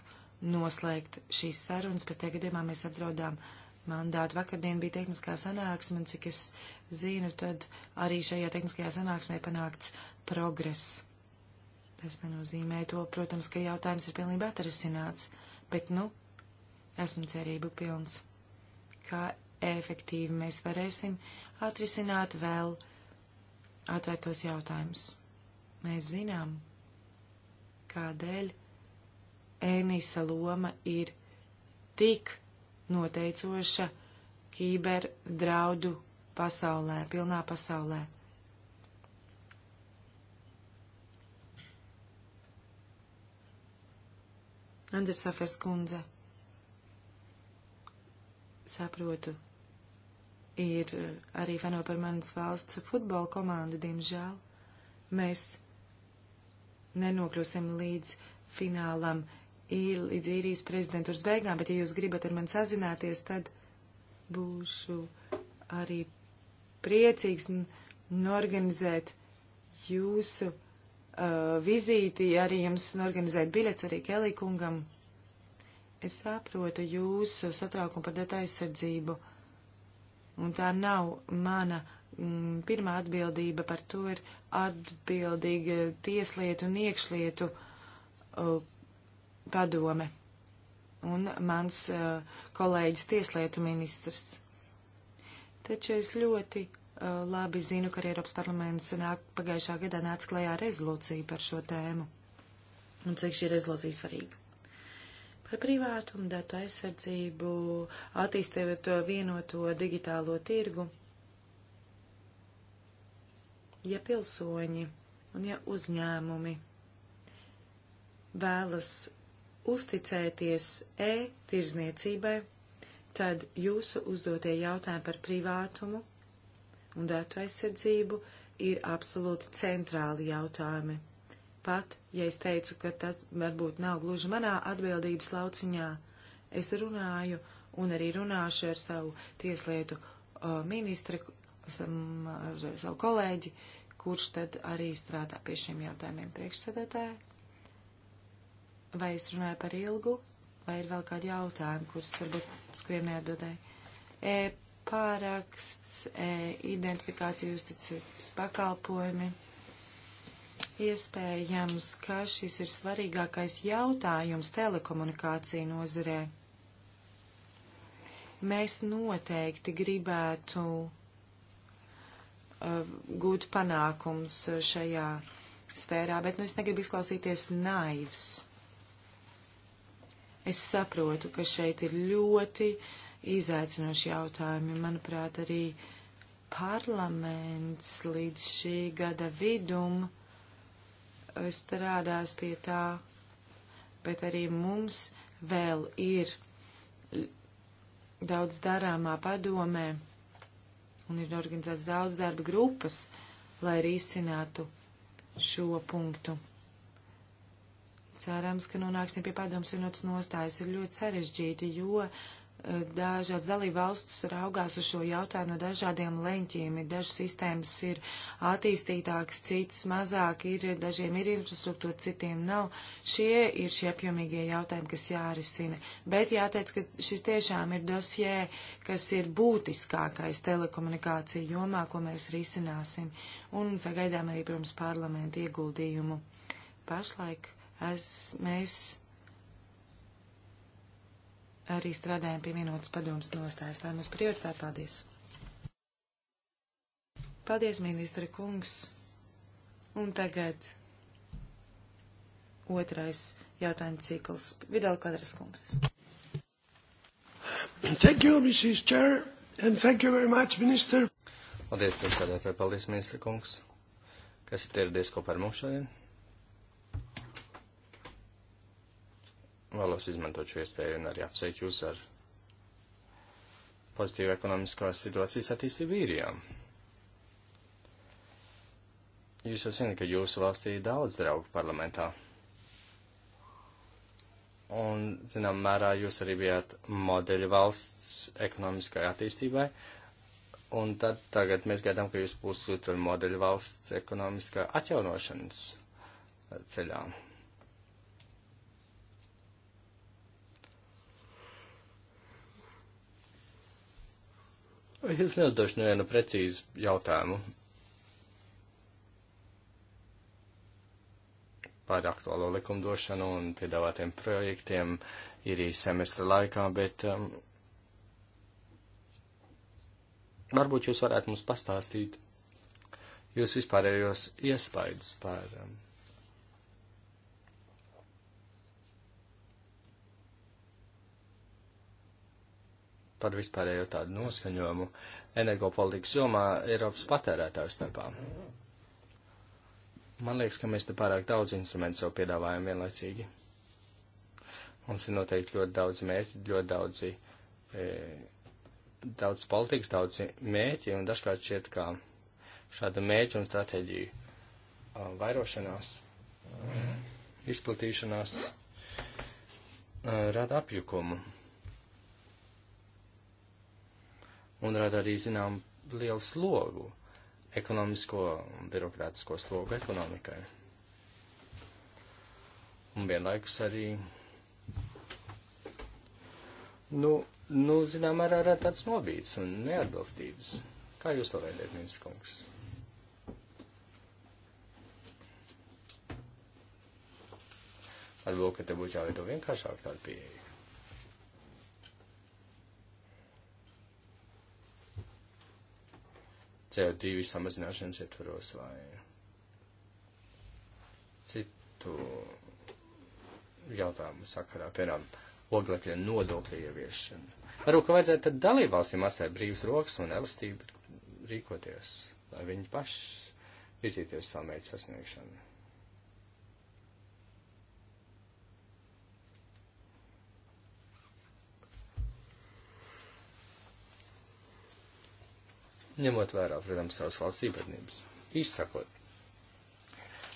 noslēgt šīs sarunas, bet te gadījumā mēs apdraudām mandātu. Vakardien bija tehniskā sanāksme, un cik es zinu, tad arī šajā tehniskajā sanāksmē panākts progress. Tas nenozīmē to, protams, ka jautājums ir pilnībā atrisināts, bet, nu, esmu cerību pilns, kā efektīvi mēs varēsim atrisināt vēl atvērtos jautājumus. Mēs zinām, kādēļ Enisa loma ir tik noteicoša kiberdraudu pasaulē, pilnā pasaulē. Andersafers kundze, saprotu, ir arī fano par manas valsts futbola komandu, diemžēl. Mēs nenokļūsim līdz finālam ir līdz īrijas prezidentūras beigām, bet ja jūs gribat ar mani sazināties, tad būšu arī priecīgs norganizēt jūsu uh, vizīti, arī jums norganizēt biļets arī Kelī kungam. Es saprotu jūsu satraukumu par datu aizsardzību, un tā nav mana mm, pirmā atbildība, par to ir atbildīga tieslietu un iekšlietu uh, padome un mans uh, kolēģis tieslietu ministrs. Taču es ļoti uh, labi zinu, ka arī Eiropas parlaments nāk, pagājušā gadā nāca klajā rezolūcija par šo tēmu un cik šī rezolūcija svarīga. Par privātumu datu aizsardzību, attīstot to vienoto digitālo tirgu. Ja pilsoņi un ja uzņēmumi vēlas uzticēties e-tirzniecībai, tad jūsu uzdotie jautājumi par privātumu un datu aizsardzību ir absolūti centrāli jautājumi. Pat, ja es teicu, ka tas varbūt nav gluži manā atbildības lauciņā, es runāju un arī runāšu ar savu tieslietu uh, ministru, ar savu kolēģi, kurš tad arī strādā pie šiem jautājumiem priekšsēdētāju. Vai es runāju par ilgu, vai ir vēl kādi jautājumi, kurus varbūt skrien neatbildēju? E, pāraksts, e, identifikācija uzticības pakalpojumi. Iespējams, ka šis ir svarīgākais jautājums telekomunikāciju nozarē. Mēs noteikti gribētu uh, gūt panākums šajā sfērā, bet nu, es negribu izklausīties naivs. Es saprotu, ka šeit ir ļoti izaicinoši jautājumi. Manuprāt, arī parlaments līdz šī gada vidum strādās pie tā, bet arī mums vēl ir daudz darāmā padomē un ir organizēts daudz darba grupas, lai risinātu šo punktu. Cerams, ka nonāksim pie padomus vienotas nostājas. Ir ļoti sarežģīti, jo eh, dažādas dalībvalstis raugās uz šo jautājumu no dažādiem leņķiem. Ir dažas sistēmas ir attīstītākas, citas mazāk, ir, dažiem ir infrastruktūra, citiem nav. Šie ir šie apjomīgie jautājumi, kas jārisina. Bet jāteic, ka šis tiešām ir dosjē, kas ir būtiskākais telekomunikācija jomā, ko mēs risināsim. Un sagaidām arī, protams, parlamentu ieguldījumu. Pašlaik es, mēs arī strādājam pie vienotas padomas nostājas. Tā ir mūsu prioritāte. Paldies! Paldies, ministra kungs! Un tagad otrais jautājuma cikls. Vidal Kadras kungs. Thank you, Mrs. Chair, and thank you very much, minister. Paldies, priekšsēdētāji, paldies, ministra kungs, kas ir ieradies kopā ar mums šodien. Vēlos izmantot šo iespēju un arī apsveikt jūs ar pozitīvu ekonomiskās situācijas attīstību īrijām. Jūs jau zināt, ka jūsu valstī ir daudz draugu parlamentā. Un, zinām, mērā jūs arī bijāt modeļu valsts ekonomiskai attīstībai, un tad tagad mēs gaidām, ka jūs būsiet modeļu valsts ekonomiskā atjaunošanas ceļā. Es neuzdošu nevienu precīzu jautājumu par aktuālo likumdošanu un piedāvātiem projektiem īrī semestra laikā, bet um, varbūt jūs varētu mums pastāstīt jūs vispārējos iespaidus par um, par vispārējo tādu noskaņojumu energopolitikas jomā Eiropas patērētāju starpā. Man liekas, ka mēs te pārāk daudz instrumentu sev piedāvājam vienlaicīgi. Mums ir noteikti ļoti daudz mērķi, ļoti daudzi, e, daudz politikas, daudz mērķi, un dažkārt šķiet, ka šāda mērķa un stratēģija vairošanās, izplatīšanās rada apjukumu. un rada arī, zinām, lielu slogu, ekonomisko un birokrātisko slogu ekonomikai. Un vienlaikus arī, nu, nu zinām, arī rada tāds nobīdes un neatbilstības. Kā jūs to vērtējat, ministrs kungs? Varbūt, ka te būtu jāveido vienkāršāk tāda pieeja. CO2 samazināšanas ietvaros vai citu jautājumu sakarā, piemēram, oglekļa nodokļa ieviešana. Varbūt, ka vajadzētu tad dalībvalstīm atstāt brīvas rokas un elastību rīkoties, lai viņi paši virzīties savu mērķu sasniegšanu. ņemot vērā, protams, savas valsts īpatnības. Izsakot.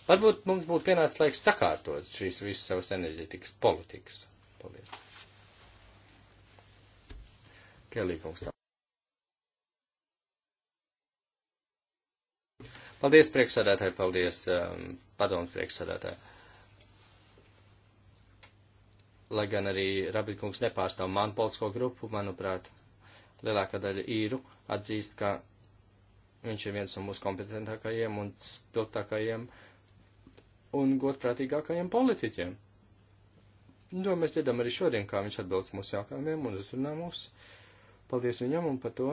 Varbūt mums būtu pienācis laiks sakārtot šīs visas savas enerģetikas politikas. Paldies. Kelīgums. Paldies, priekšsādātāji, paldies, um, padomu priekšsādātāji lai gan arī Rabitkungs nepārstāv manu politisko grupu, manuprāt, lielākā daļa īru atzīst, ka Viņš ir viens no mūsu kompetentākajiem un spilgtākajiem un godprātīgākajiem politiķiem. To mēs dzirdam arī šodien, kā viņš atbild mūsu jautājumiem un uzrunā mūs. Paldies viņam un par to.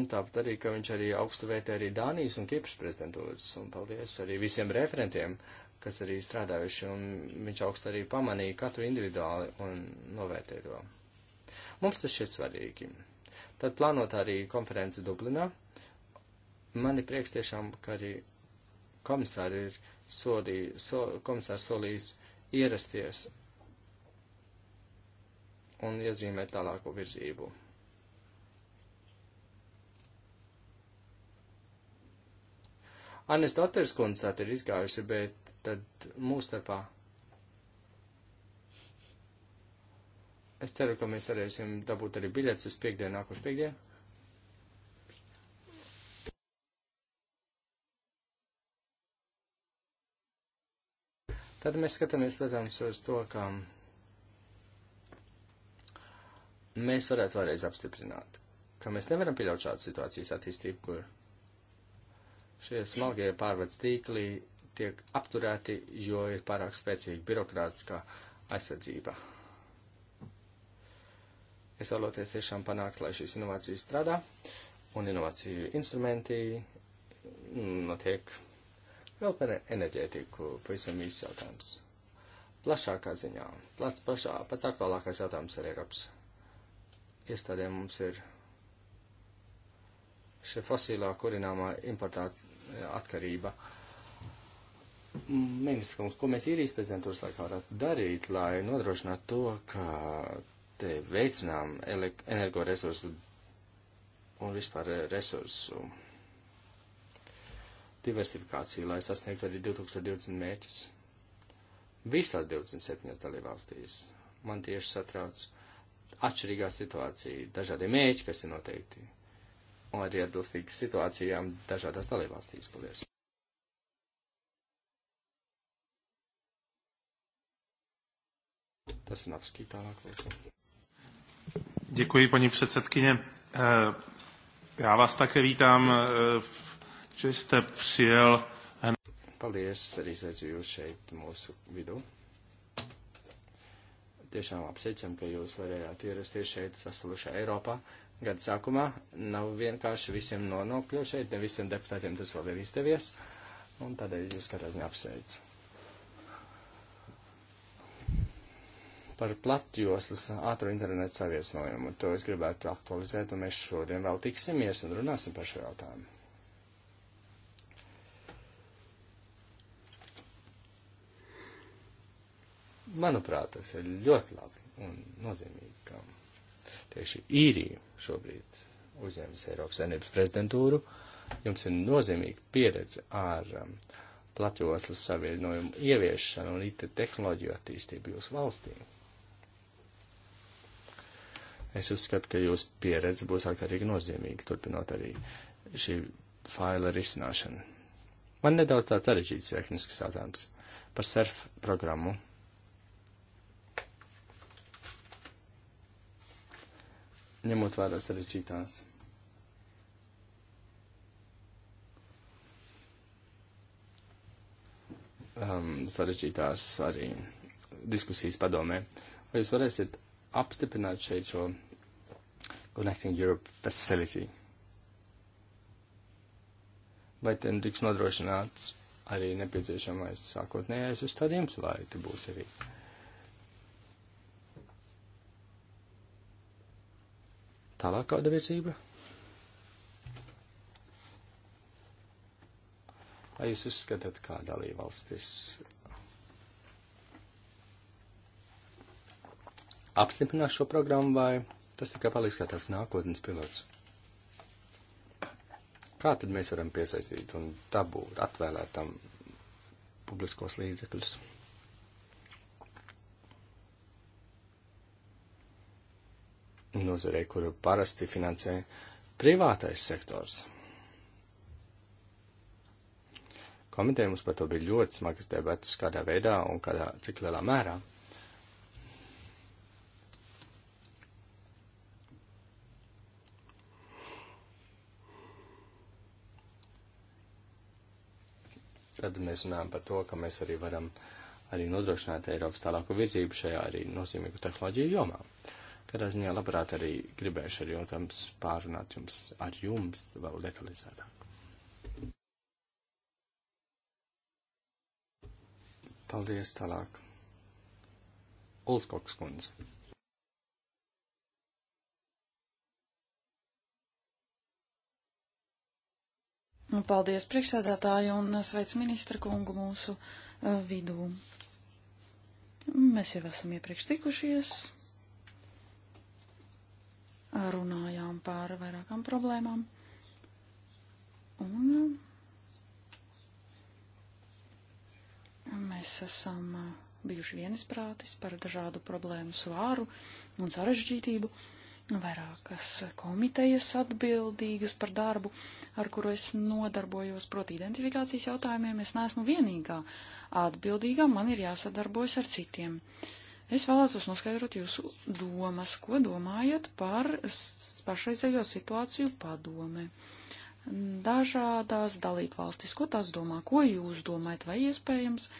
Un tāpat arī, ka viņš arī augstu vērtē arī Dānijas un Kipras prezidentūras. Un paldies arī visiem referentiem, kas arī strādājuši. Un viņš augstu arī pamanīja katru individuāli un novērtē to. Mums tas šķiet svarīgi. Tad plānot arī konferenci Dublinā. Man ir prieks tiešām, ka arī komisāri ir solī, so, komisārs solījis ierasties un iezīmēt tālāko virzību. Anes Doters kundze tā ir izgājusi, bet tad mūsu starpā Es ceru, ka mēs varēsim dabūt arī biļetes uz piekdienu, nākošu piekdienu. Tad mēs skatāmies, protams, uz to, ka mēs varētu vēlreiz apstiprināt, ka mēs nevaram pieļaut šādu situācijas attīstību, kur šie smagie pārvads tīkli tiek apturēti, jo ir pārāk spēcīga birokrātiskā aizsardzība. Es vēloties tiešām panākt, lai šīs inovācijas strādā un inovāciju instrumenti mm, notiek vēl par enerģētiku, pavisam īsts jautājums. Plašākā ziņā, plats pašā, pats aktuālākais jautājums ar Eiropas iestādēm mums ir šī fosilā kurināmā importācija eh, atkarība. Mm, ministrs, ko mēs īrijas prezidentūras laikā varētu darīt, lai nodrošinātu to, ka te veicinām energoresursu un vispār resursu diversifikāciju, lai sasniegtu arī 2020 mērķus. Visās 27 dalībvalstīs man tieši satrauc atšķirīgā situācija, dažādi mērķi, kas ir noteikti, un arī atbilstīgi situācijām dažādās dalībvalstīs. Paldies! Tas nav skītālāk, lūdzu. Děkuji, paní předsedkyně. Eh, já vás také vítám, eh, že jste přijel. Paldies, arī sveicu jūs šeit mūsu vidū. Tiešām apsveicam, ka jūs varējāt ierasties šeit saslušā Eiropā. Gada sākumā nav vienkārši visiem nonokļu šeit, ne visiem deputātiem tas vēl ir izdevies, un tādēļ jūs katrā ziņā apsveicu. par platjoslas ātru internetu saviesnojumu. To es gribētu aktualizēt, un mēs šodien vēl tiksimies un runāsim par šo jautājumu. Manuprāt, tas ir ļoti labi un nozīmīgi, ka tieši īrija šobrīd uzņemas Eiropas Savienības prezidentūru. Jums ir nozīmīga pieredze ar um, platjoslas savienojumu ieviešanu un IT tehnoloģiju attīstību jūsu valstīm. Es uzskatu, ka jūsu pieredze būs ārkārtīgi nozīmīga, turpinot arī šī faila risināšanu. Man nedaudz tāds sarežģīts tehnisks jautājums par surf programmu. Ņemot vērā sarežģītās. Um, sarežģītās arī diskusijas padomē. Vai jūs varēsiet apstiprināt šeit šo Connecting Europe Facility. Vai ten tiks nodrošināts arī nepieciešamais sākotnējais uzstādījums, vai te būs arī? Tālāk kāda virzība? Vai jūs uzskatāt, kā dalībvalstis apstiprinās šo programmu, vai tas tikai paliks kā tāds nākotnes pilots? Kā tad mēs varam piesaistīt un dabūt, atvēlēt tam publiskos līdzekļus? Nozarei, kuru parasti finansē privātais sektors. Komiteja mums par to bija ļoti smagas debatas, kādā veidā un kādā, cik lielā mērā tad mēs runājam par to, ka mēs arī varam arī nodrošināt Eiropas tālāku virzību šajā arī nozīmīgu tehnoloģiju jomā. Kādā ziņā labprāt arī gribēšu arī jautājums pārunāt jums ar jums vēl detalizētāk. Paldies tālāk. Ulskoks kundze. Nu, paldies priekšsēdētāju un eh, sveic ministra kungu mūsu eh, vidū. Mēs jau esam iepriekš tikušies, runājām par vairākām problēmām. Un eh, mēs esam bijuši vienisprātis par dažādu problēmu svāru un sarežģītību. Uh, vairākas komitejas atbildīgas par darbu, ar kuru es nodarbojos, proti identifikācijas jautājumiem. Es neesmu vienīgā atbildīgā, man ir jāsadarbojas ar citiem. Es vēlētos noskaidrot jūsu domas, ko domājat par pašreizējo situāciju padome. Dažādās dalību valstis, ko tās domā, ko jūs domājat, vai iespējams eh,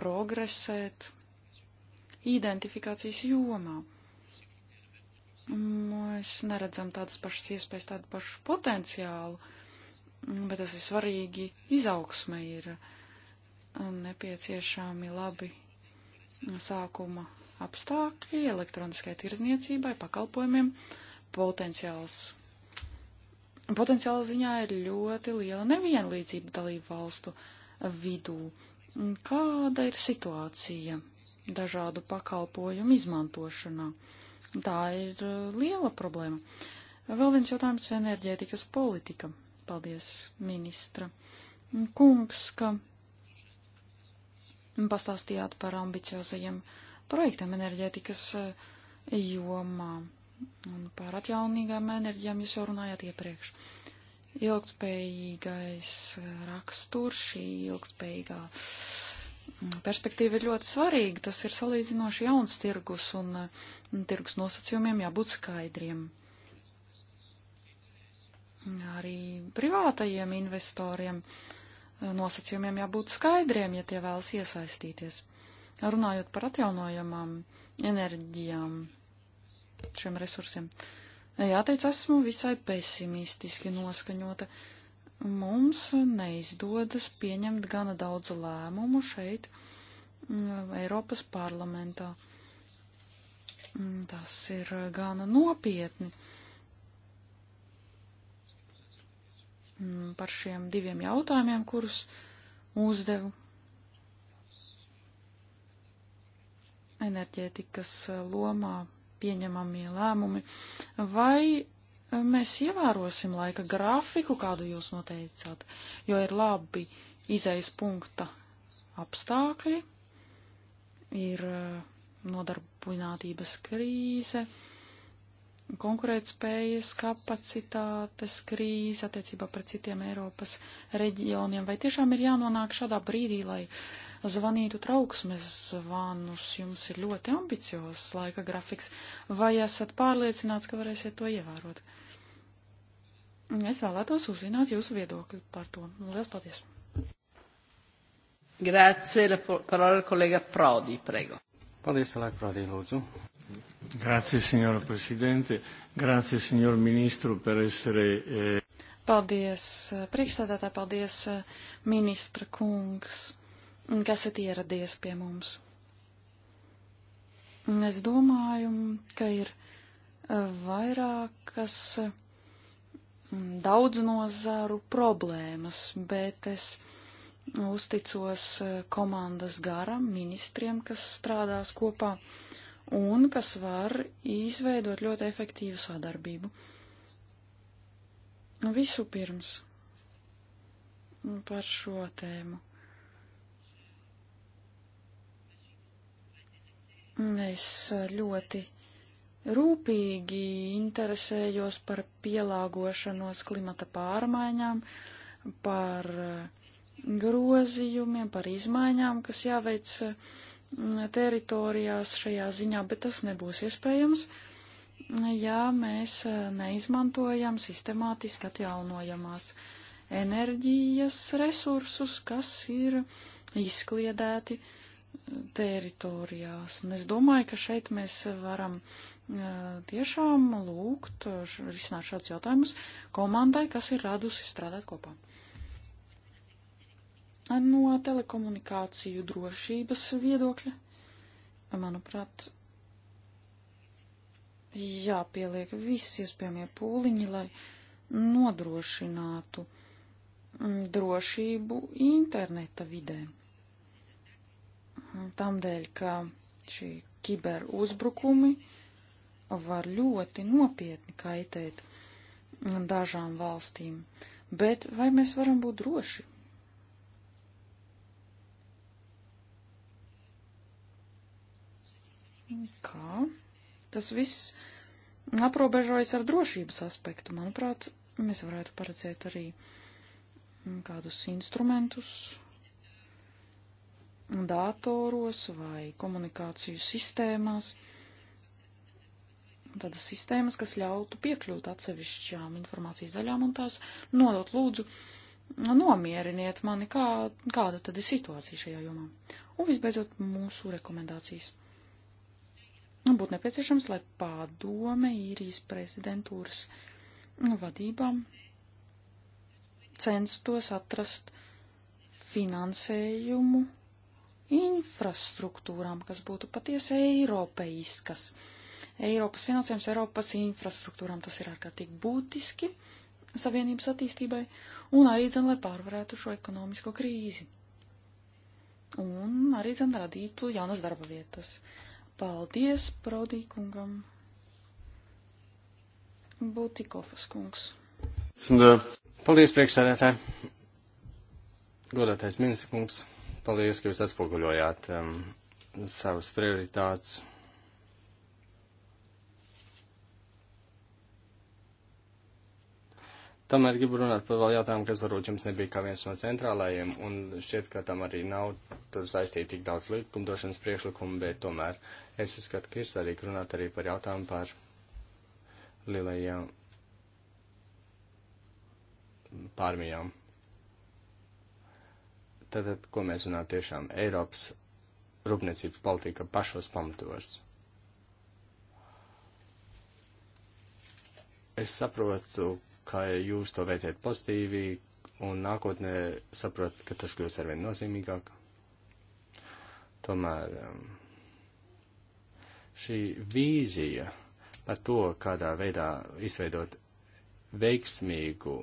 progresēt identifikācijas jomā? Mēs nu, neredzam tādas pašas iespējas, tādu pašu potenciālu, bet tas ir svarīgi. Izaugsme ir nepieciešami labi sākuma apstākļi elektroniskai tirzniecībai, pakalpojumiem. Potenciāls. Potenciāla ziņā ir ļoti liela nevienlīdzība dalību valstu vidū. Kāda ir situācija dažādu pakalpojumu izmantošanā? Tā ir uh, liela problēma. Vēl viens jautājums - enerģētikas politika. Paldies, ministra kungs, ka pastāstījāt par ambiciozajiem projektiem enerģētikas uh, jomā un par atjaunīgām enerģijām jūs jau runājāt iepriekš. Ilgtspējīgais raksturs, šī ilgtspējīgā perspektīva ir ļoti svarīga. Tas ir salīdzinoši jauns tirgus un, un tirgus nosacījumiem jābūt skaidriem. Arī privātajiem investoriem eh, nosacījumiem jābūt skaidriem, ja tie vēlas iesaistīties. Runājot par atjaunojamām enerģijām, šiem resursiem, jāteic, esmu visai pesimistiski noskaņota. Uh, mums neizdodas pieņemt gana daudz lēmumu šeit, mm, Eiropas parlamentā. Mm, tas ir gana nopietni. Mm, par šiem diviem jautājumiem, kurus uzdevu enerģētikas lomā pieņemamie lēmumi, vai mēs ievērosim laika grafiku, kādu jūs noteicāt, jo ir labi izejas punkta apstākļi, ir uh, nodarbinātības krīze, uh, konkurētspējas, kapacitātes krīze attiecībā pret citiem Eiropas reģioniem. Vai tiešām ir jānonāk šādā brīdī, lai zvanītu trauksmes zvanus? Jums ir ļoti ambiciozs laika grafiks. Vai esat pārliecināts, ka varēsiet to ievērot? Es vēlētos uzzināt jūsu viedokli par to. Lielas paldies! Grazie, la parola kolēga Prodi, prego. Paldies, Alek Prodi, lūdzu. Grazie, signora Presidente. Grazie, signor Ministru, par essere. Eh, paldies, eh, priekšsēdētāji, paldies, eh, ministra kungs, kas esat ieradies pie mums. Es domāju, ka ir vairākas mm, daudz nozaru problēmas, bet es uzticos komandas garam, ministriem, kas strādās kopā. Uh, un kas var izveidot ļoti efektīvu sadarbību. Nu, visu pirms par šo tēmu. Es ļoti rūpīgi interesējos par pielāgošanos klimata pārmaiņām, par grozījumiem, par izmaiņām, kas jāveic teritorijās šajā ziņā, bet tas nebūs iespējams, ja mēs eh, neizmantojam sistemātiski atjaunojamās enerģijas resursus, kas ir izkliedēti eh, teritorijās. Un es domāju, ka šeit mēs varam eh, tiešām lūgt risināt šādus jautājumus komandai, kas ir radusi strādāt kopā. No telekomunikāciju drošības viedokļa, manuprāt, jāpieliek visi iespējamie pūliņi, lai nodrošinātu mm, drošību interneta vidē. Tamdēļ, ka šī kiber uzbrukumi var ļoti nopietni kaitēt dažām valstīm, bet vai mēs varam būt droši? kā tas viss aprobežojas ar drošības aspektu. Manuprāt, mēs varētu paredzēt arī mm, kādus instrumentus datoros vai komunikāciju sistēmās. Tādas sistēmas, kas ļautu piekļūt atsevišķām informācijas daļām un tās nodot lūdzu, nomieriniet mani, kā, kāda tad ir situācija šajā jomā. Un visbeidzot mūsu rekomendācijas. Nu, būtu nepieciešams, lai padome īrijas prezidentūras vadībām censtos atrast finansējumu infrastruktūrām, kas būtu patiesi eiropeiskas. Eiropas finansējums Eiropas infrastruktūrām tas ir ārkārtīgi būtiski savienības attīstībai un arī dzen, lai pārvarētu šo ekonomisko krīzi. Un arī dzen radītu jaunas darba vietas. Paldies Prodīkungam. Būtikofas kungs. Paldies, priekšsēdētāji. Godātais ministrs kungs, paldies, ka jūs atspoguļojāt um, savas prioritātes Tomēr gribu runāt par vēl jautājumu, kas varbūt jums nebija kā viens no centrālajiem, un šķiet, ka tam arī nav saistīti tik daudz likumdošanas priekšlikumu, bet tomēr es uzskatu, ka ir svarīgi runāt arī par jautājumu par lielajām pārmijām. Tātad, ko mēs runājam tiešām Eiropas rūpniecības politika pašos pamatos. Es saprotu, kā jūs to vērtējat pozitīvi un nākotnē saprotat, ka tas kļūs arvien nozīmīgāk. Tomēr um, šī vīzija par to, kādā veidā izveidot veiksmīgu,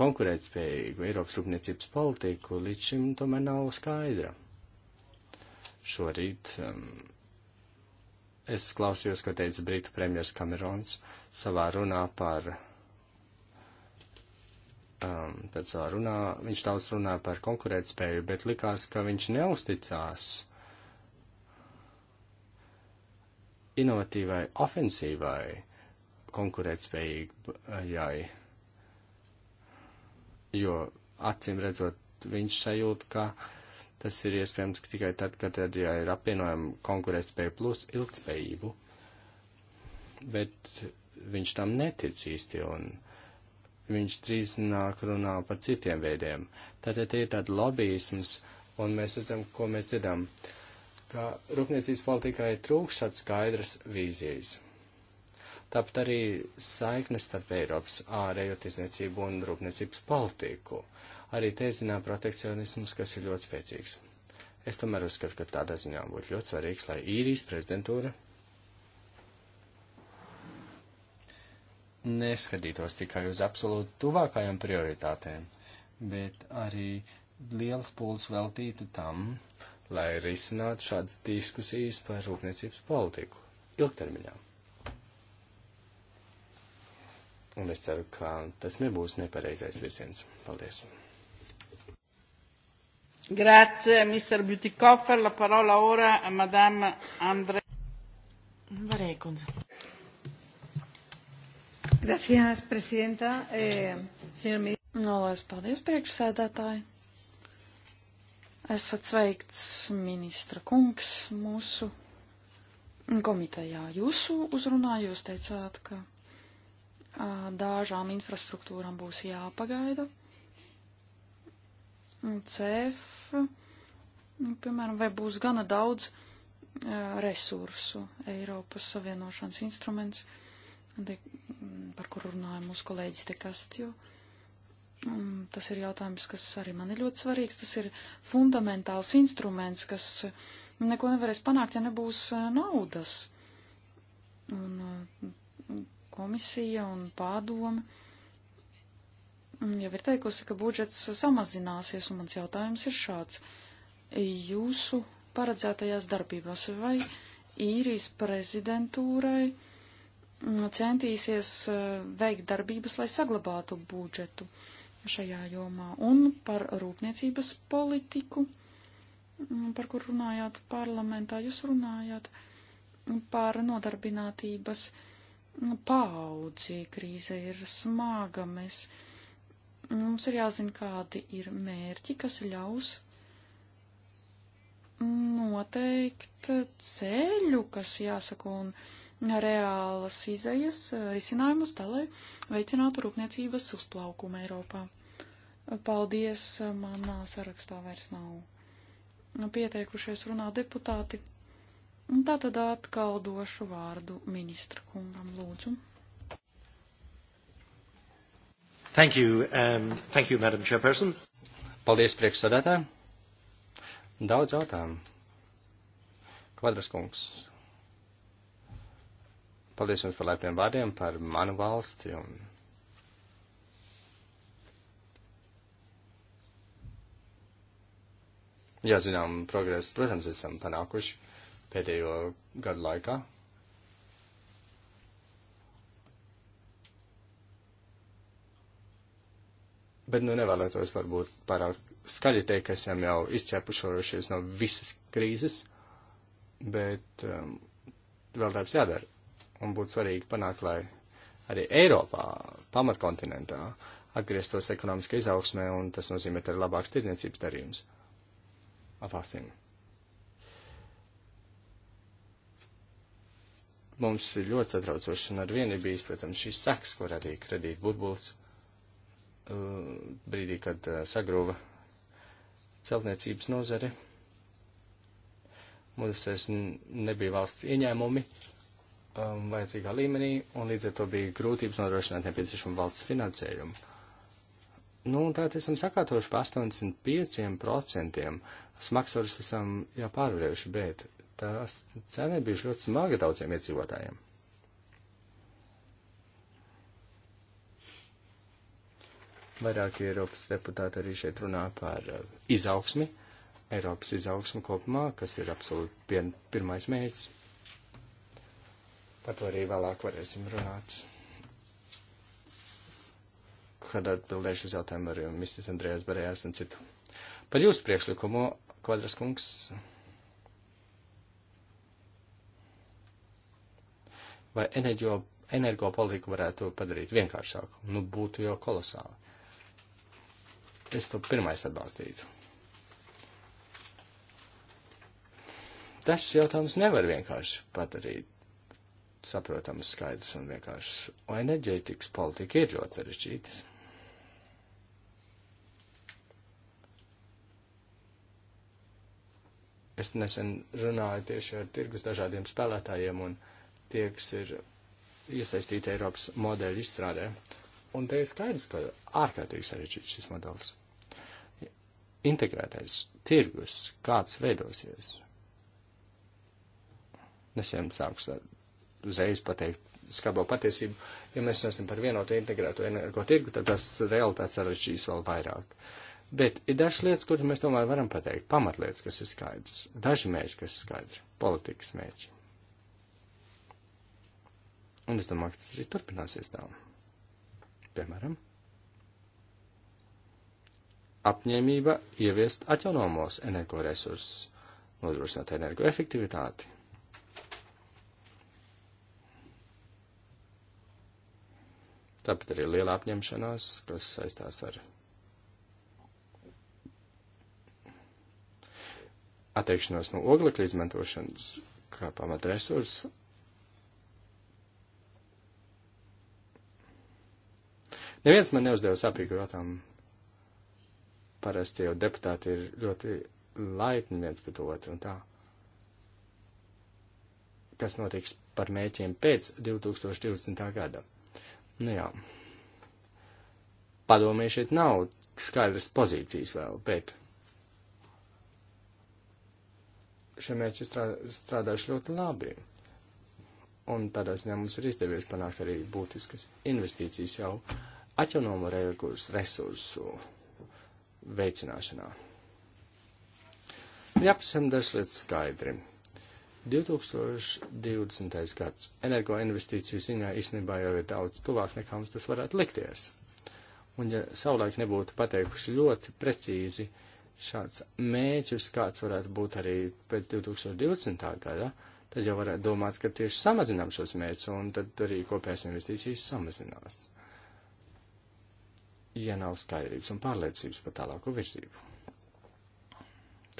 konkurētspējīgu Eiropas rūpniecības politiku, līdz šim tomēr nav skaidra. Šorīt um, es klausījos, ko teica Britu premjers Kamerons savā runā par um, tad savā runā, viņš daudz runā par konkurētspēju, bet likās, ka viņš neusticās inovatīvai ofensīvai konkurētspējai, jo acīm redzot, viņš sajūt, ka tas ir iespējams tikai tad, kad tad, ja ir apvienojama konkurētspēja plus ilgtspējību, bet viņš tam netic īsti un viņš drīznāk runā par citiem veidiem. Tātad te ir tāda lobbyisms, un mēs redzam, ko mēs dzirdam, ka rūpniecības politikai trūkst šāds skaidras vīzijas. Tāpat arī saiknes starp Eiropas ārējo tiesniecību un rūpniecības politiku. Arī te ir zinām protekcionisms, kas ir ļoti spēcīgs. Es tomēr uzskatu, ka tādā ziņā būtu ļoti svarīgs, lai īrijas prezidentūra neskatītos tikai uz absolūti tuvākajām prioritātēm, bet arī liels pūls veltītu tam, lai risinātu šādas diskusijas par rūpniecības politiku ilgtermiņā. Un es ceru, ka tas nebūs nepareizais virziens. Paldies! Grazie, Mr. Butikoffer. La parola ora a Madame Andre. Varēja, kundze. Gracias, presidenta. Eh, señor... Nolēs, nu, paldies, priekšsēdētāji. Esat sveikts, ministra kungs, mūsu komitejā. Jūsu uzrunā jūs teicāt, ka a, dāžām infrastruktūram būs jāpagaida. CEF, nu, piemēram, vai būs gana daudz a, resursu Eiropas Savienošanas instruments. Tiek Mm, par kuru runāja mūsu kolēģis Tekastjo. Mm, tas ir jautājums, kas arī man ir ļoti svarīgs. Tas ir fundamentāls instruments, kas mm, neko nevarēs panākt, ja nebūs naudas. Un komisija un pārdoma jau ir teikusi, ka budžets samazināsies, un mans jautājums ir šāds. Jūsu paredzētajās darbībās vai īrijas prezidentūrai? Nu, centīsies eh, veikt darbības, lai saglabātu budžetu šajā jomā. Un par rūpniecības politiku, mm, par kur runājāt parlamentā, jūs runājāt par nodarbinātības paudzi. Krīze ir smaga, mēs, mm, mums ir jāzina, kādi ir mērķi, kas ļaus noteikt ceļu, kas jāsaka, un reālas izējas, eh, risinājumus tā, lai veicinātu rūpniecības uzplaukumu Eiropā. Paldies, eh, manā sarakstā vairs nav nu, pieteikušies runā deputāti. Tā tad atkal došu vārdu ministra kungam lūdzu. Thank you, um, thank you, Madam Chairperson. Paldies, priekšsādātā. Daudz jautājumu. Kvadras kungs, Paldies jums par laipniem vārdiem, par manu valsti. Un... Jā, zinām, progresu, protams, esam panākuši pēdējo gadu laikā. Bet nu nevēlētos varbūt pārāk skaļi teikt, ka esam jau izķēpušojušies no visas krīzes, bet um, vēl darbs jādara un būtu svarīgi panākt, lai arī Eiropā, pamatkontinentā, atgrieztos ekonomiska izaugsmē, un tas nozīmē arī labāks tirdzniecības darījums ar valstīm. Mums ir ļoti satraucoši, un ar vienu ir bijis, protams, šis saks, ko radīja kredīt burbulis, brīdī, kad eh, sagrūva celtniecības nozare. Mums nebija valsts ieņēmumi, um, vajadzīgā līmenī, un līdz ar to bija grūtības nodrošināt nepieciešamu valsts finansējumu. Nu, tātad esam sakārtojuši par 85%. Smagsvarus esam jau pārvarējuši, bet tās cena bija ļoti smaga daudziem iedzīvotājiem. Vairāki Eiropas deputāti arī šeit runā par uh, izaugsmi, Eiropas izaugsmi kopumā, kas ir absolūti pirmais mērķis, Par to arī vēlāk varēsim runāt. Kad atbildēšu uz jautājumu ar Mrs. Andrējas Barējās un citu. Par jūsu priekšlikumu, Kvadras kungs. Vai enerģo, energo politiku varētu padarīt vienkāršāku? Nu, būtu jau kolosāli. Es to pirmais atbalstītu. Dažs jautājums nevar vienkārši padarīt saprotams, skaidrs un vienkāršs. Un enerģētikas politika ir ļoti sarežģītas. Es nesen runāju tieši ar tirgus dažādiem spēlētājiem un tie, kas ir iesaistīti Eiropas modeļu izstrādē. Un te ir skaidrs, ka ārkārtīgi sarežģīts šis modelis. Integrētais tirgus, kāds veidosies. Nesen sāks ar uzreiz pateikt skabo patiesību. Ja mēs runāsim par vienotu integrēto energotirgu, tad tas realitāte sarežģīs vēl vairāk. Bet ir dažas lietas, kuras mēs tomēr varam pateikt, pamatlietas, kas ir skaidrs, daži mērķi, kas ir skaidri, politikas mērķi. Un es domāju, ka tas arī turpināsies tā. Piemēram, apņēmība ieviest atjaunojamos energoresursus, nodrošināt energoefektivitāti Tāpat arī liela apņemšanās, kas saistās ar atteikšanos no oglekļa izmantošanas kā pamatresursu. Neviens man neuzdeva sapīgu jautājumu. Parasti jau deputāti ir ļoti laipni viens pret otru un tā. Kas notiks par mēķiem pēc 2020. gada? Nu jā. Padomē šeit nav skaidras pozīcijas vēl, bet šie mērķi strādājuši ļoti labi. Un tādā ziņā mums ir izdevies panākt arī būtiskas investīcijas jau atjaunojumu rekursu resursu veicināšanā. Jāpasam dažs lietas skaidri. 2020. gads energoinvestīciju ziņā īstenībā jau ir daudz tuvāk nekā mums tas varētu likties. Un ja savulaik nebūtu pateikuši ļoti precīzi šāds mēķis, kāds varētu būt arī pēc 2020. gada, tad jau varētu domāt, ka tieši samazinām šos mērķus un tad arī kopējās investīcijas samazinās. Ja nav skaidrības un pārliecības par tālāko virzību.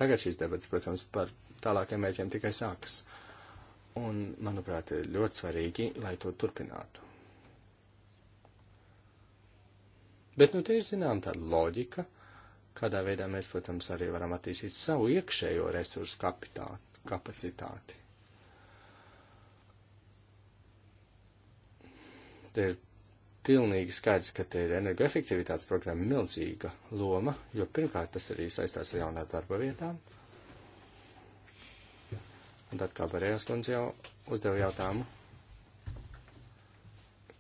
Tagad šīs debats, protams, par tālākiem mērķiem tikai sākas. Un, manuprāt, ir ļoti svarīgi, lai to turpinātu. Bet, nu, te ir zinām tāda loģika, kādā veidā mēs, protams, arī varam attīstīt savu iekšējo resursu kapitā, kapacitāti. Te ir pilnīgi skaidrs, ka te ir energoefektivitātes programma milzīga loma, jo pirmkārt tas arī saistās ar jaunā darba vietām. Mm Un tad kā Barēras kundze jau uzdeva jautājumu,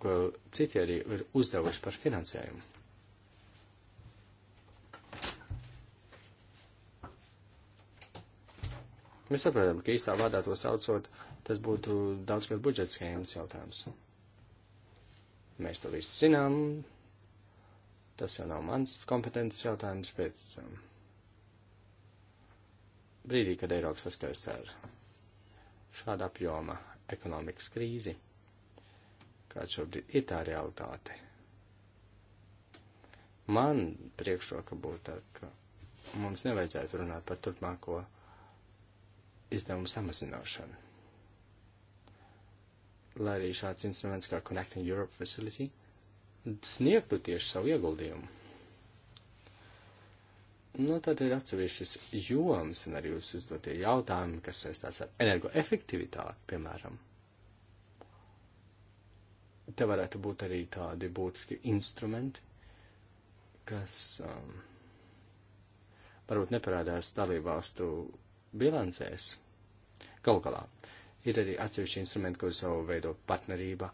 ko citi arī ir uzdevuši par finansējumu. Mēs saprotam, ka īstā vārdā to saucot, tas būtu daudzgad budžeta schēmas jautājums. Mēs to visu zinām, tas jau nav mans kompetences jautājums, bet um, brīdī, kad Eiropa saskaras ar šāda apjoma ekonomikas krīzi, kāda šobrīd ir tā realitāte. Man priekšroka būtu tā, ka mums nevajadzētu runāt par turpmāko izdevumu samazināšanu. Lai arī šāds instruments kā Connecting Europe Facility sniegtu tieši savu ieguldījumu. Nu, tad ir atsevišķas jomas un arī jūs uzdotie jautājumi, kas saistās ar energoefektivitāti, piemēram. Te varētu būt arī tādi būtiski instrumenti, kas um, varbūt neparādās dalībvalstu bilancēs. Galu galā ir arī atsevišķi instrumenti, kurus jau veido partnerība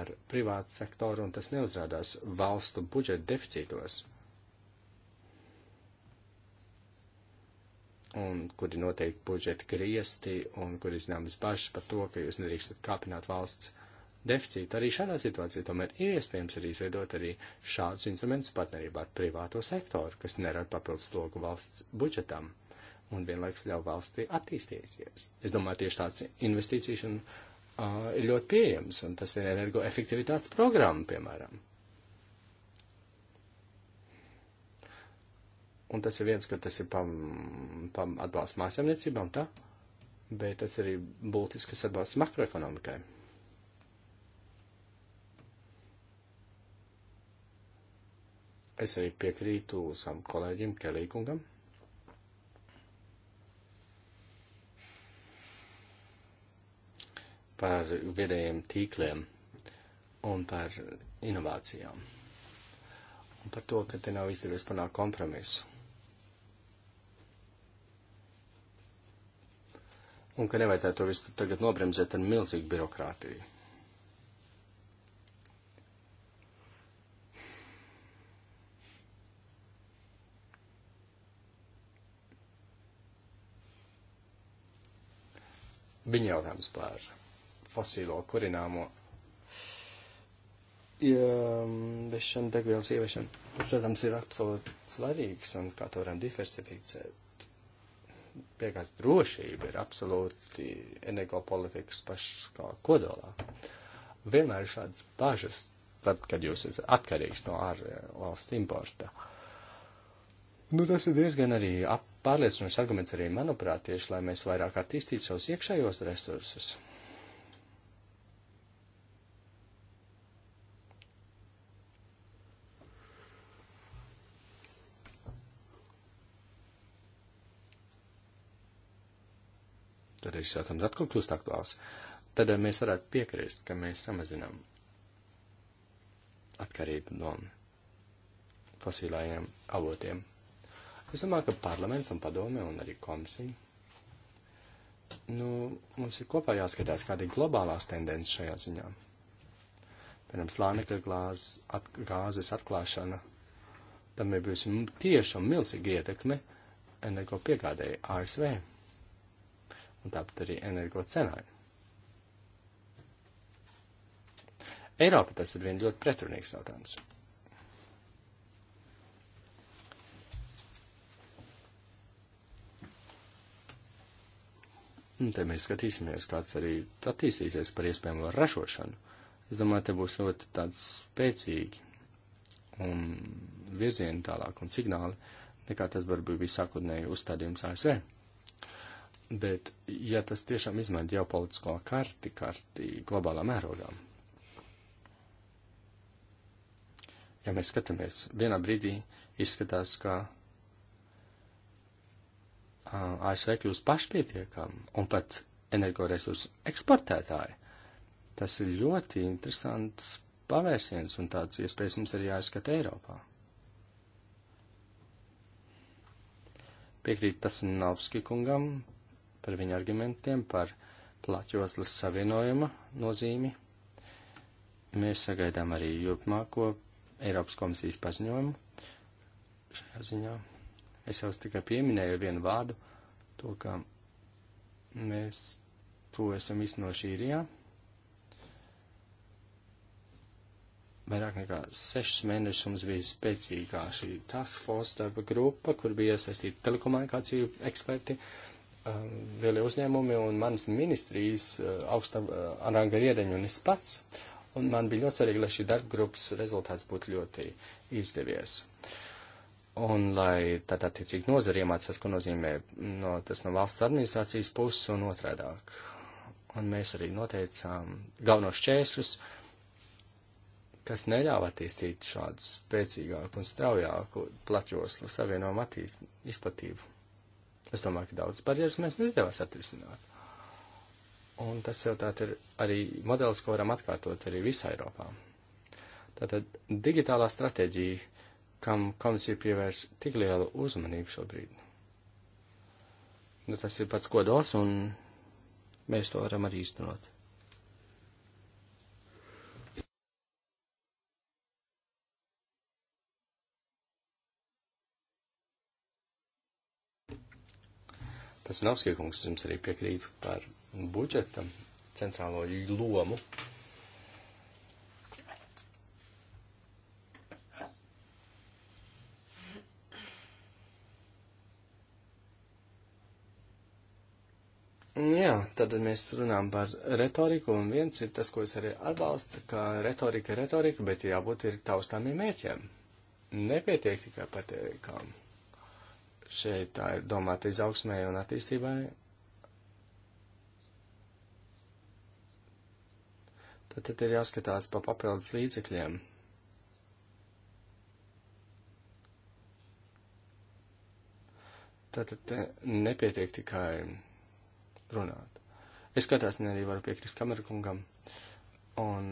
ar privātu sektoru, un tas neuzrādās valstu budžeta deficītos. un kur ir noteikti budžeta griesti, un kur ir zināmas bažas par to, ka jūs nedrīkstat kāpināt valsts deficītu. Arī šādā situācijā tomēr ir iespējams arī izveidot arī šādus instrumentus partnerībā ar privāto sektoru, kas nerada papildus slogu valsts budžetam un vienlaiks ļauj valstī attīstīties. Es domāju, tieši tāds investīcijas un, uh, ir ļoti pieejams, un tas ir energoefektivitātes programma, piemēram. Un tas ir viens, ka tas ir pam, pam atbalsts mājasemniecībām, tā, bet tas arī būtisks atbalsts makroekonomikai. Es arī piekrītu savam kolēģim Kelīkungam. par vidējiem tīkliem un par inovācijām. Un par to, ka te nav izdevies panākt kompromisu. un ka nevajadzētu to visu tagad nobremzēt ar milzīgu birokrātiju. Viņa jautājums par fosīlo kurināmo ieviešanu, degvielas ieviešanu, protams, ir absolūti svarīgs un kā to varam diversificēt piegādes drošība ir absolūti energopolitikas pašā kodolā. Vienmēr ir šādas bažas, tad, kad jūs esat atkarīgs no ārvalstu eh, importa. Nu, tas ir diezgan arī pārliecinošs arguments arī, manuprāt, tieši, lai mēs vairāk attīstītu savus iekšējos resursus. šis jautājums atkal kļūst aktuāls, tad eh, mēs varētu piekrist, ka mēs samazinām atkarību no fosilējiem avotiem. Es domāju, ka parlaments un padome un arī komisija. Nu, mums ir kopā jāskatās, kāda ir globālās tendences šajā ziņā. Piemēram, slānekļa glāz, at, gāzes atklāšana, tam ir bijusi tieši un milzīga ietekme energo piegādēji ASV un tāpat arī energo cenai. Eiropa tas ir vien ļoti pretrunīgs jautājums. Un te mēs skatīsimies, kāds arī attīstīsies par iespējamo ražošanu. Es domāju, te būs ļoti tāds spēcīgi un virzieni tālāk un signāli, nekā tas varbūt bija sākotnēji uzstādījums ASV. Bet, ja tas tiešām izmaina ģeopolitisko karti, karti globālā mērogā, ja mēs skatāmies, vienā brīdī izskatās, ka ASV kļūst pašpietiekami un pat energoresursu eksportētāji. Tas ir ļoti interesants pavērsiens un tāds iespējas mums arī jāizskata Eiropā. Piekrīt tas Navski kungam par viņa argumentiem par plaķoslas savienojuma nozīmi. Mēs sagaidām arī jūpmāko Eiropas komisijas paziņojumu šajā ziņā. Es jau tikai pieminēju vienu vārdu, to, ka mēs to esam iznoši īrijā. vairāk nekā sešus mēnešus mums bija spēcīgā šī task force darba grupa, kur bija iesaistīti telekomunikāciju eksperti, Um, lielie uzņēmumi un manas ministrijas uh, augsta aranga uh, ierēņi un es pats. Un man bija ļoti svarīgi, lai šī darba grupas rezultāts būtu ļoti izdevies. Un lai tad attiecīgi nozari iemācās, ko nozīmē no, tas no valsts administrācijas puses un otrādāk. Un mēs arī noteicām galvenos šķēršļus, kas neļāva attīstīt šādu spēcīgāku un straujāku platjoslu savienojumu attīst, izplatību. Es domāju, ka daudz barjeras mēs neizdevās atrisināt. Un tas jau tā ir arī modelis, ko varam atkārtot arī visā Eiropā. Tātad digitālā stratēģija, kam komisija pievērs tik lielu uzmanību šobrīd. Nu, tas ir pats kodols, un mēs to varam arī iztenot. Tas nav skiekungs, jums arī piekrītu par budžeta centrālo lomu. Jā, tad mēs runājam par retoriku, un viens ir tas, ko es arī atbalstu, ka retorika ir retorika, bet jābūt ir taustāmiem mērķiem. Nepietiek tikai pateikām šeit tā ir domāta izaugsmē un attīstībai. Tad, tad ir jāskatās pa papildus līdzekļiem. Tātad te nepietiek tikai runāt. Es katrā ziņā arī varu piekrist kamerakungam. Un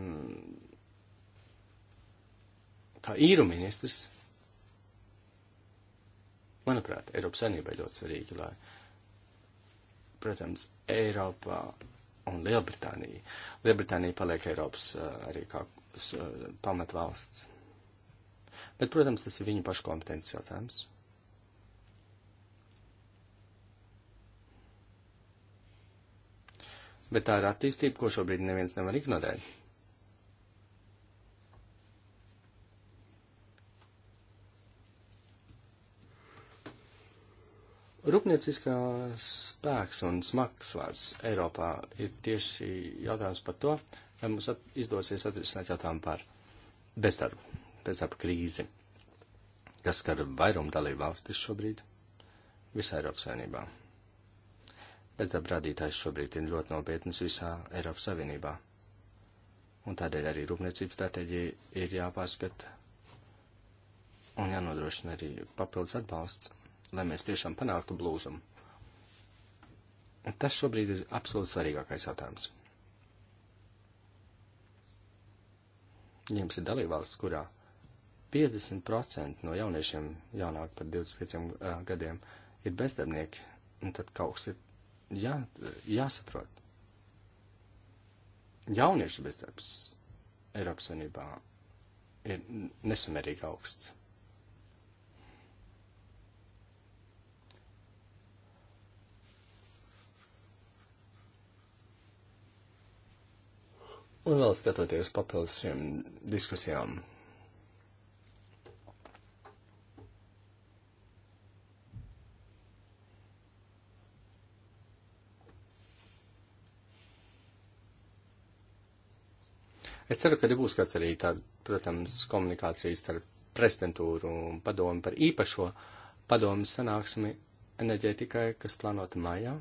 kā īru ministrs Manuprāt, Eiropas Savienībai ļoti svarīgi, lai, protams, Eiropā un Lielbritānija. Lielbritānija paliek Eiropas eh, arī kā eh, pamatvalsts. Bet, protams, tas ir viņu pašu kompetences jautājums. Bet tā ir attīstība, ko šobrīd neviens nevar ignorēt. Rūpnieciskā spēks un smagsvārds Eiropā ir tieši jautājums par to, vai mums at izdosies atrisināt jautājumu par bezdarbu, bezdarba krīzi, kas skar vairumu dalību valstis šobrīd visā Eiropas Savienībā. Bezdarba rādītājs šobrīd ir ļoti nopietnas visā Eiropas Savienībā, un tādēļ arī rūpniecības stratēģija ir jāpārskat un jānodrošina arī papildus atbalsts lai mēs tiešām panāktu blūžumu. Un tas šobrīd ir absolūti svarīgākais jautājums. Jums ir dalībvalsts, kurā 50% no jauniešiem jaunāk par 25 uh, gadiem ir bezdarbnieki, un tad kaut kas ir jā, jāsaprot. Jauniešu bezdarbs Eiropas Savienībā ir nesamērīgi augsts. Un vēl skatoties papildus šiem diskusijām. Es ceru, ka būs kāds arī tāda, protams, komunikācijas starp prezidentūru un padomu par īpašo padomu sanāksmi enerģētikai, kas plānota mājā.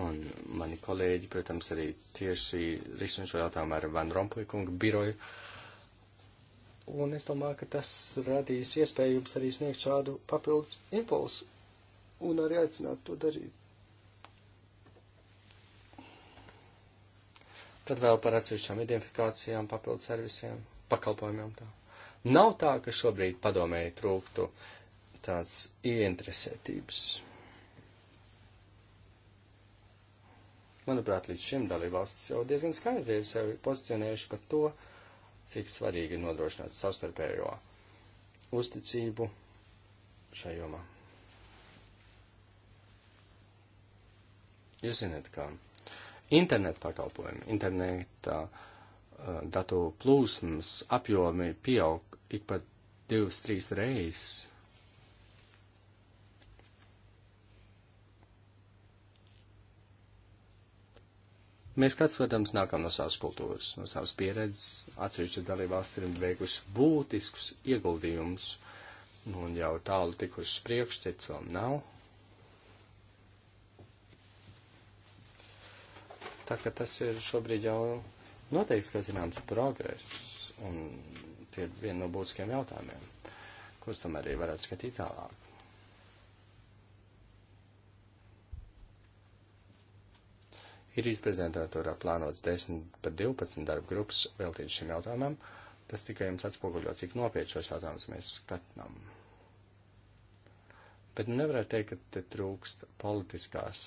Un mani kolēģi, protams, arī tieši risina šo jautājumu ar Van Rompuy kungu biroju. Un es domāju, ka tas radīs iespēju jums arī sniegt šādu papildus impulsu un arī aicināt to darīt. Tad vēl par atsevišķām identifikācijām, papildus servisiem, pakalpojumiem tā. Nav tā, ka šobrīd padomēji trūktu tāds ieinteresētības. Manuprāt, līdz šim dalībvalstis jau diezgan skaidri ir sevi pozicionējuši par to, cik svarīgi ir nodrošināt savstarpējo uzticību šajā jomā. Jūs zināt, ka internetu pakalpojumi, interneta uh, datu plūsmas apjomi pieaug ik pat divas, trīs reizes Mēs kāds, protams, nākam no savas kultūras, no savas pieredzes. Atsevišķi dalībvalsts ir veikusi būtiskus ieguldījumus, nu, un jau tālu tikušas priekš, cits vēl nav. Tā ka tas ir šobrīd jau noteikti, ka zināms progress, un tie ir viena no būtiskiem jautājumiem, kurus tam arī varētu skatīt tālāk. Irijas prezidentūrā plānots 10 par 12 darba grupas veltīt šim jautājumam. Tas tikai jums atspoguļo, cik nopietni šos jautājumus mēs skatām. Bet nu nevarētu teikt, ka te trūkst politiskās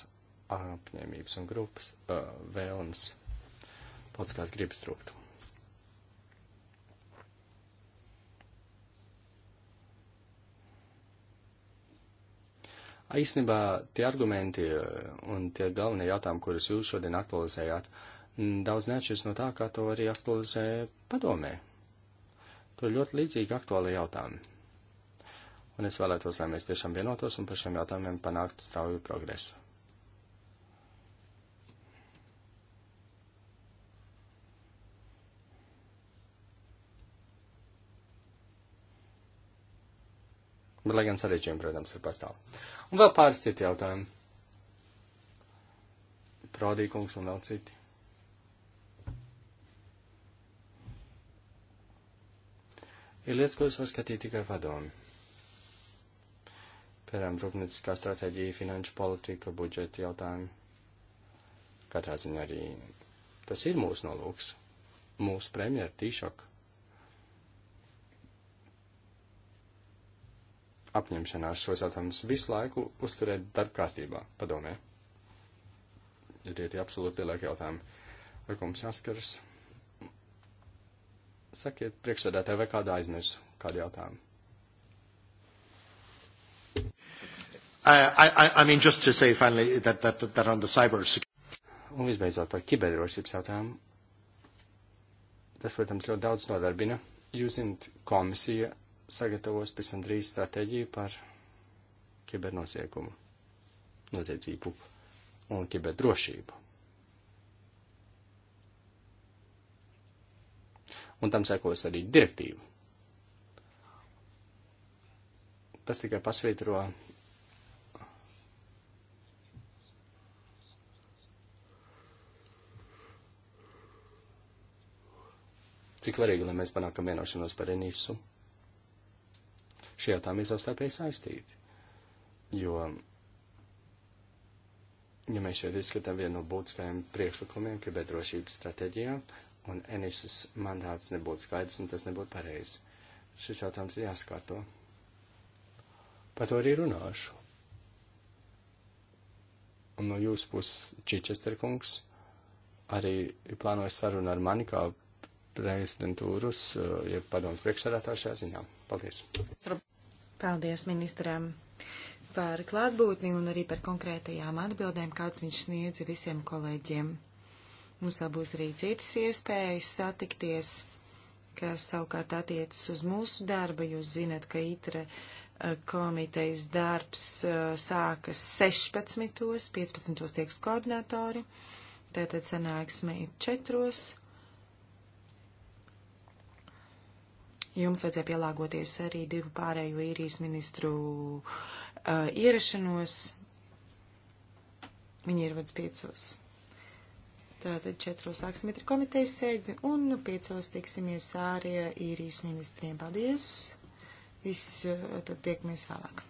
apņēmības un grupas uh, vēlmes, politiskās gribas trūktu. Īstenībā tie argumenti eh, un tie galvenie jautājumi, kurus jūs šodien aktualizējāt, mm, daudz neatšķiras no tā, kā to arī aktualizē padomē. Tur ļoti līdzīgi aktuāli jautājumi. Un es vēlētos, lai mēs tiešām vienotos un par šiem jautājumiem panāktu strauju progresu. Bet, nu, lai gan sarežģījumi, protams, ir pastāv. Un vēl pāris citi jautājumi. Prodīkums un vēl citi. Ir lietas, ko es saskatīju tikai padomi. Piemēram, rūpnieciskā stratēģija, finanšu politika, budžeta jautājumi. Katrā ziņā arī tas ir mūsu nolūks. Mūsu premjera tīšāk apņemšanās šos jautājumus visu laiku uzturēt darbkārtībā padomē. Ja tie ir tie absolūti lielākie jautājumi, ar ko mums jāskaras. Sakiet priekšsēdētāji, vai kādā aizmirsu kādu jautājumu? I, I, I mean, just to say finally that, that, that on the cyber Un visbeidzot par kiberdrošības jautājumu. Tas, protams, ļoti daudz nodarbina. Jūs zināt, komisija sagatavos pēc tam drīz stratēģiju par kibernoziegumu, noziedzību un kiberdrošību. Un tam sekos arī direktīva. Tas tikai pasvītro cik varīgi, lai mēs panākam vienošanos par Enīsu. Šie jautājumi ir savstarpēji saistīti. Jo, ja mēs šeit izskatām vienu no būtiskajiem priekšlikumiem, kiberdrošības stratēģijā, un Enisas mandāts nebūtu skaidrs, un tas nebūtu pareizi. Šis jautājums ir jāskārto. Par to arī runāšu. Un no jūsu puses Čičester kungs arī plānoja sarunu ar mani kā prezidentūras, eh, ja padomus priekšsādātāju šajā ziņā. Paldies. Paldies ministram par klātbūtni un arī par konkrētajām atbildēm, kāds viņš sniedza visiem kolēģiem. Mums vēl būs arī citas iespējas satikties, kas savukārt attiecas uz mūsu darbu. Jūs zinat, ka ITRE eh, komitejas darbs eh, sākas 16. 15. tieks koordinatori, tātad sanāksme ir 4. Jums vajadzēja pielāgoties arī divu pārējo īrijas ministru uh, ierašanos. Viņi ierodas piecos. Tātad četros sāksim ir komitejas sēdi un piecos tiksimies ārie uh, īrijas ministriem. Paldies! Viss, uh, tad tiekamies vēlāk.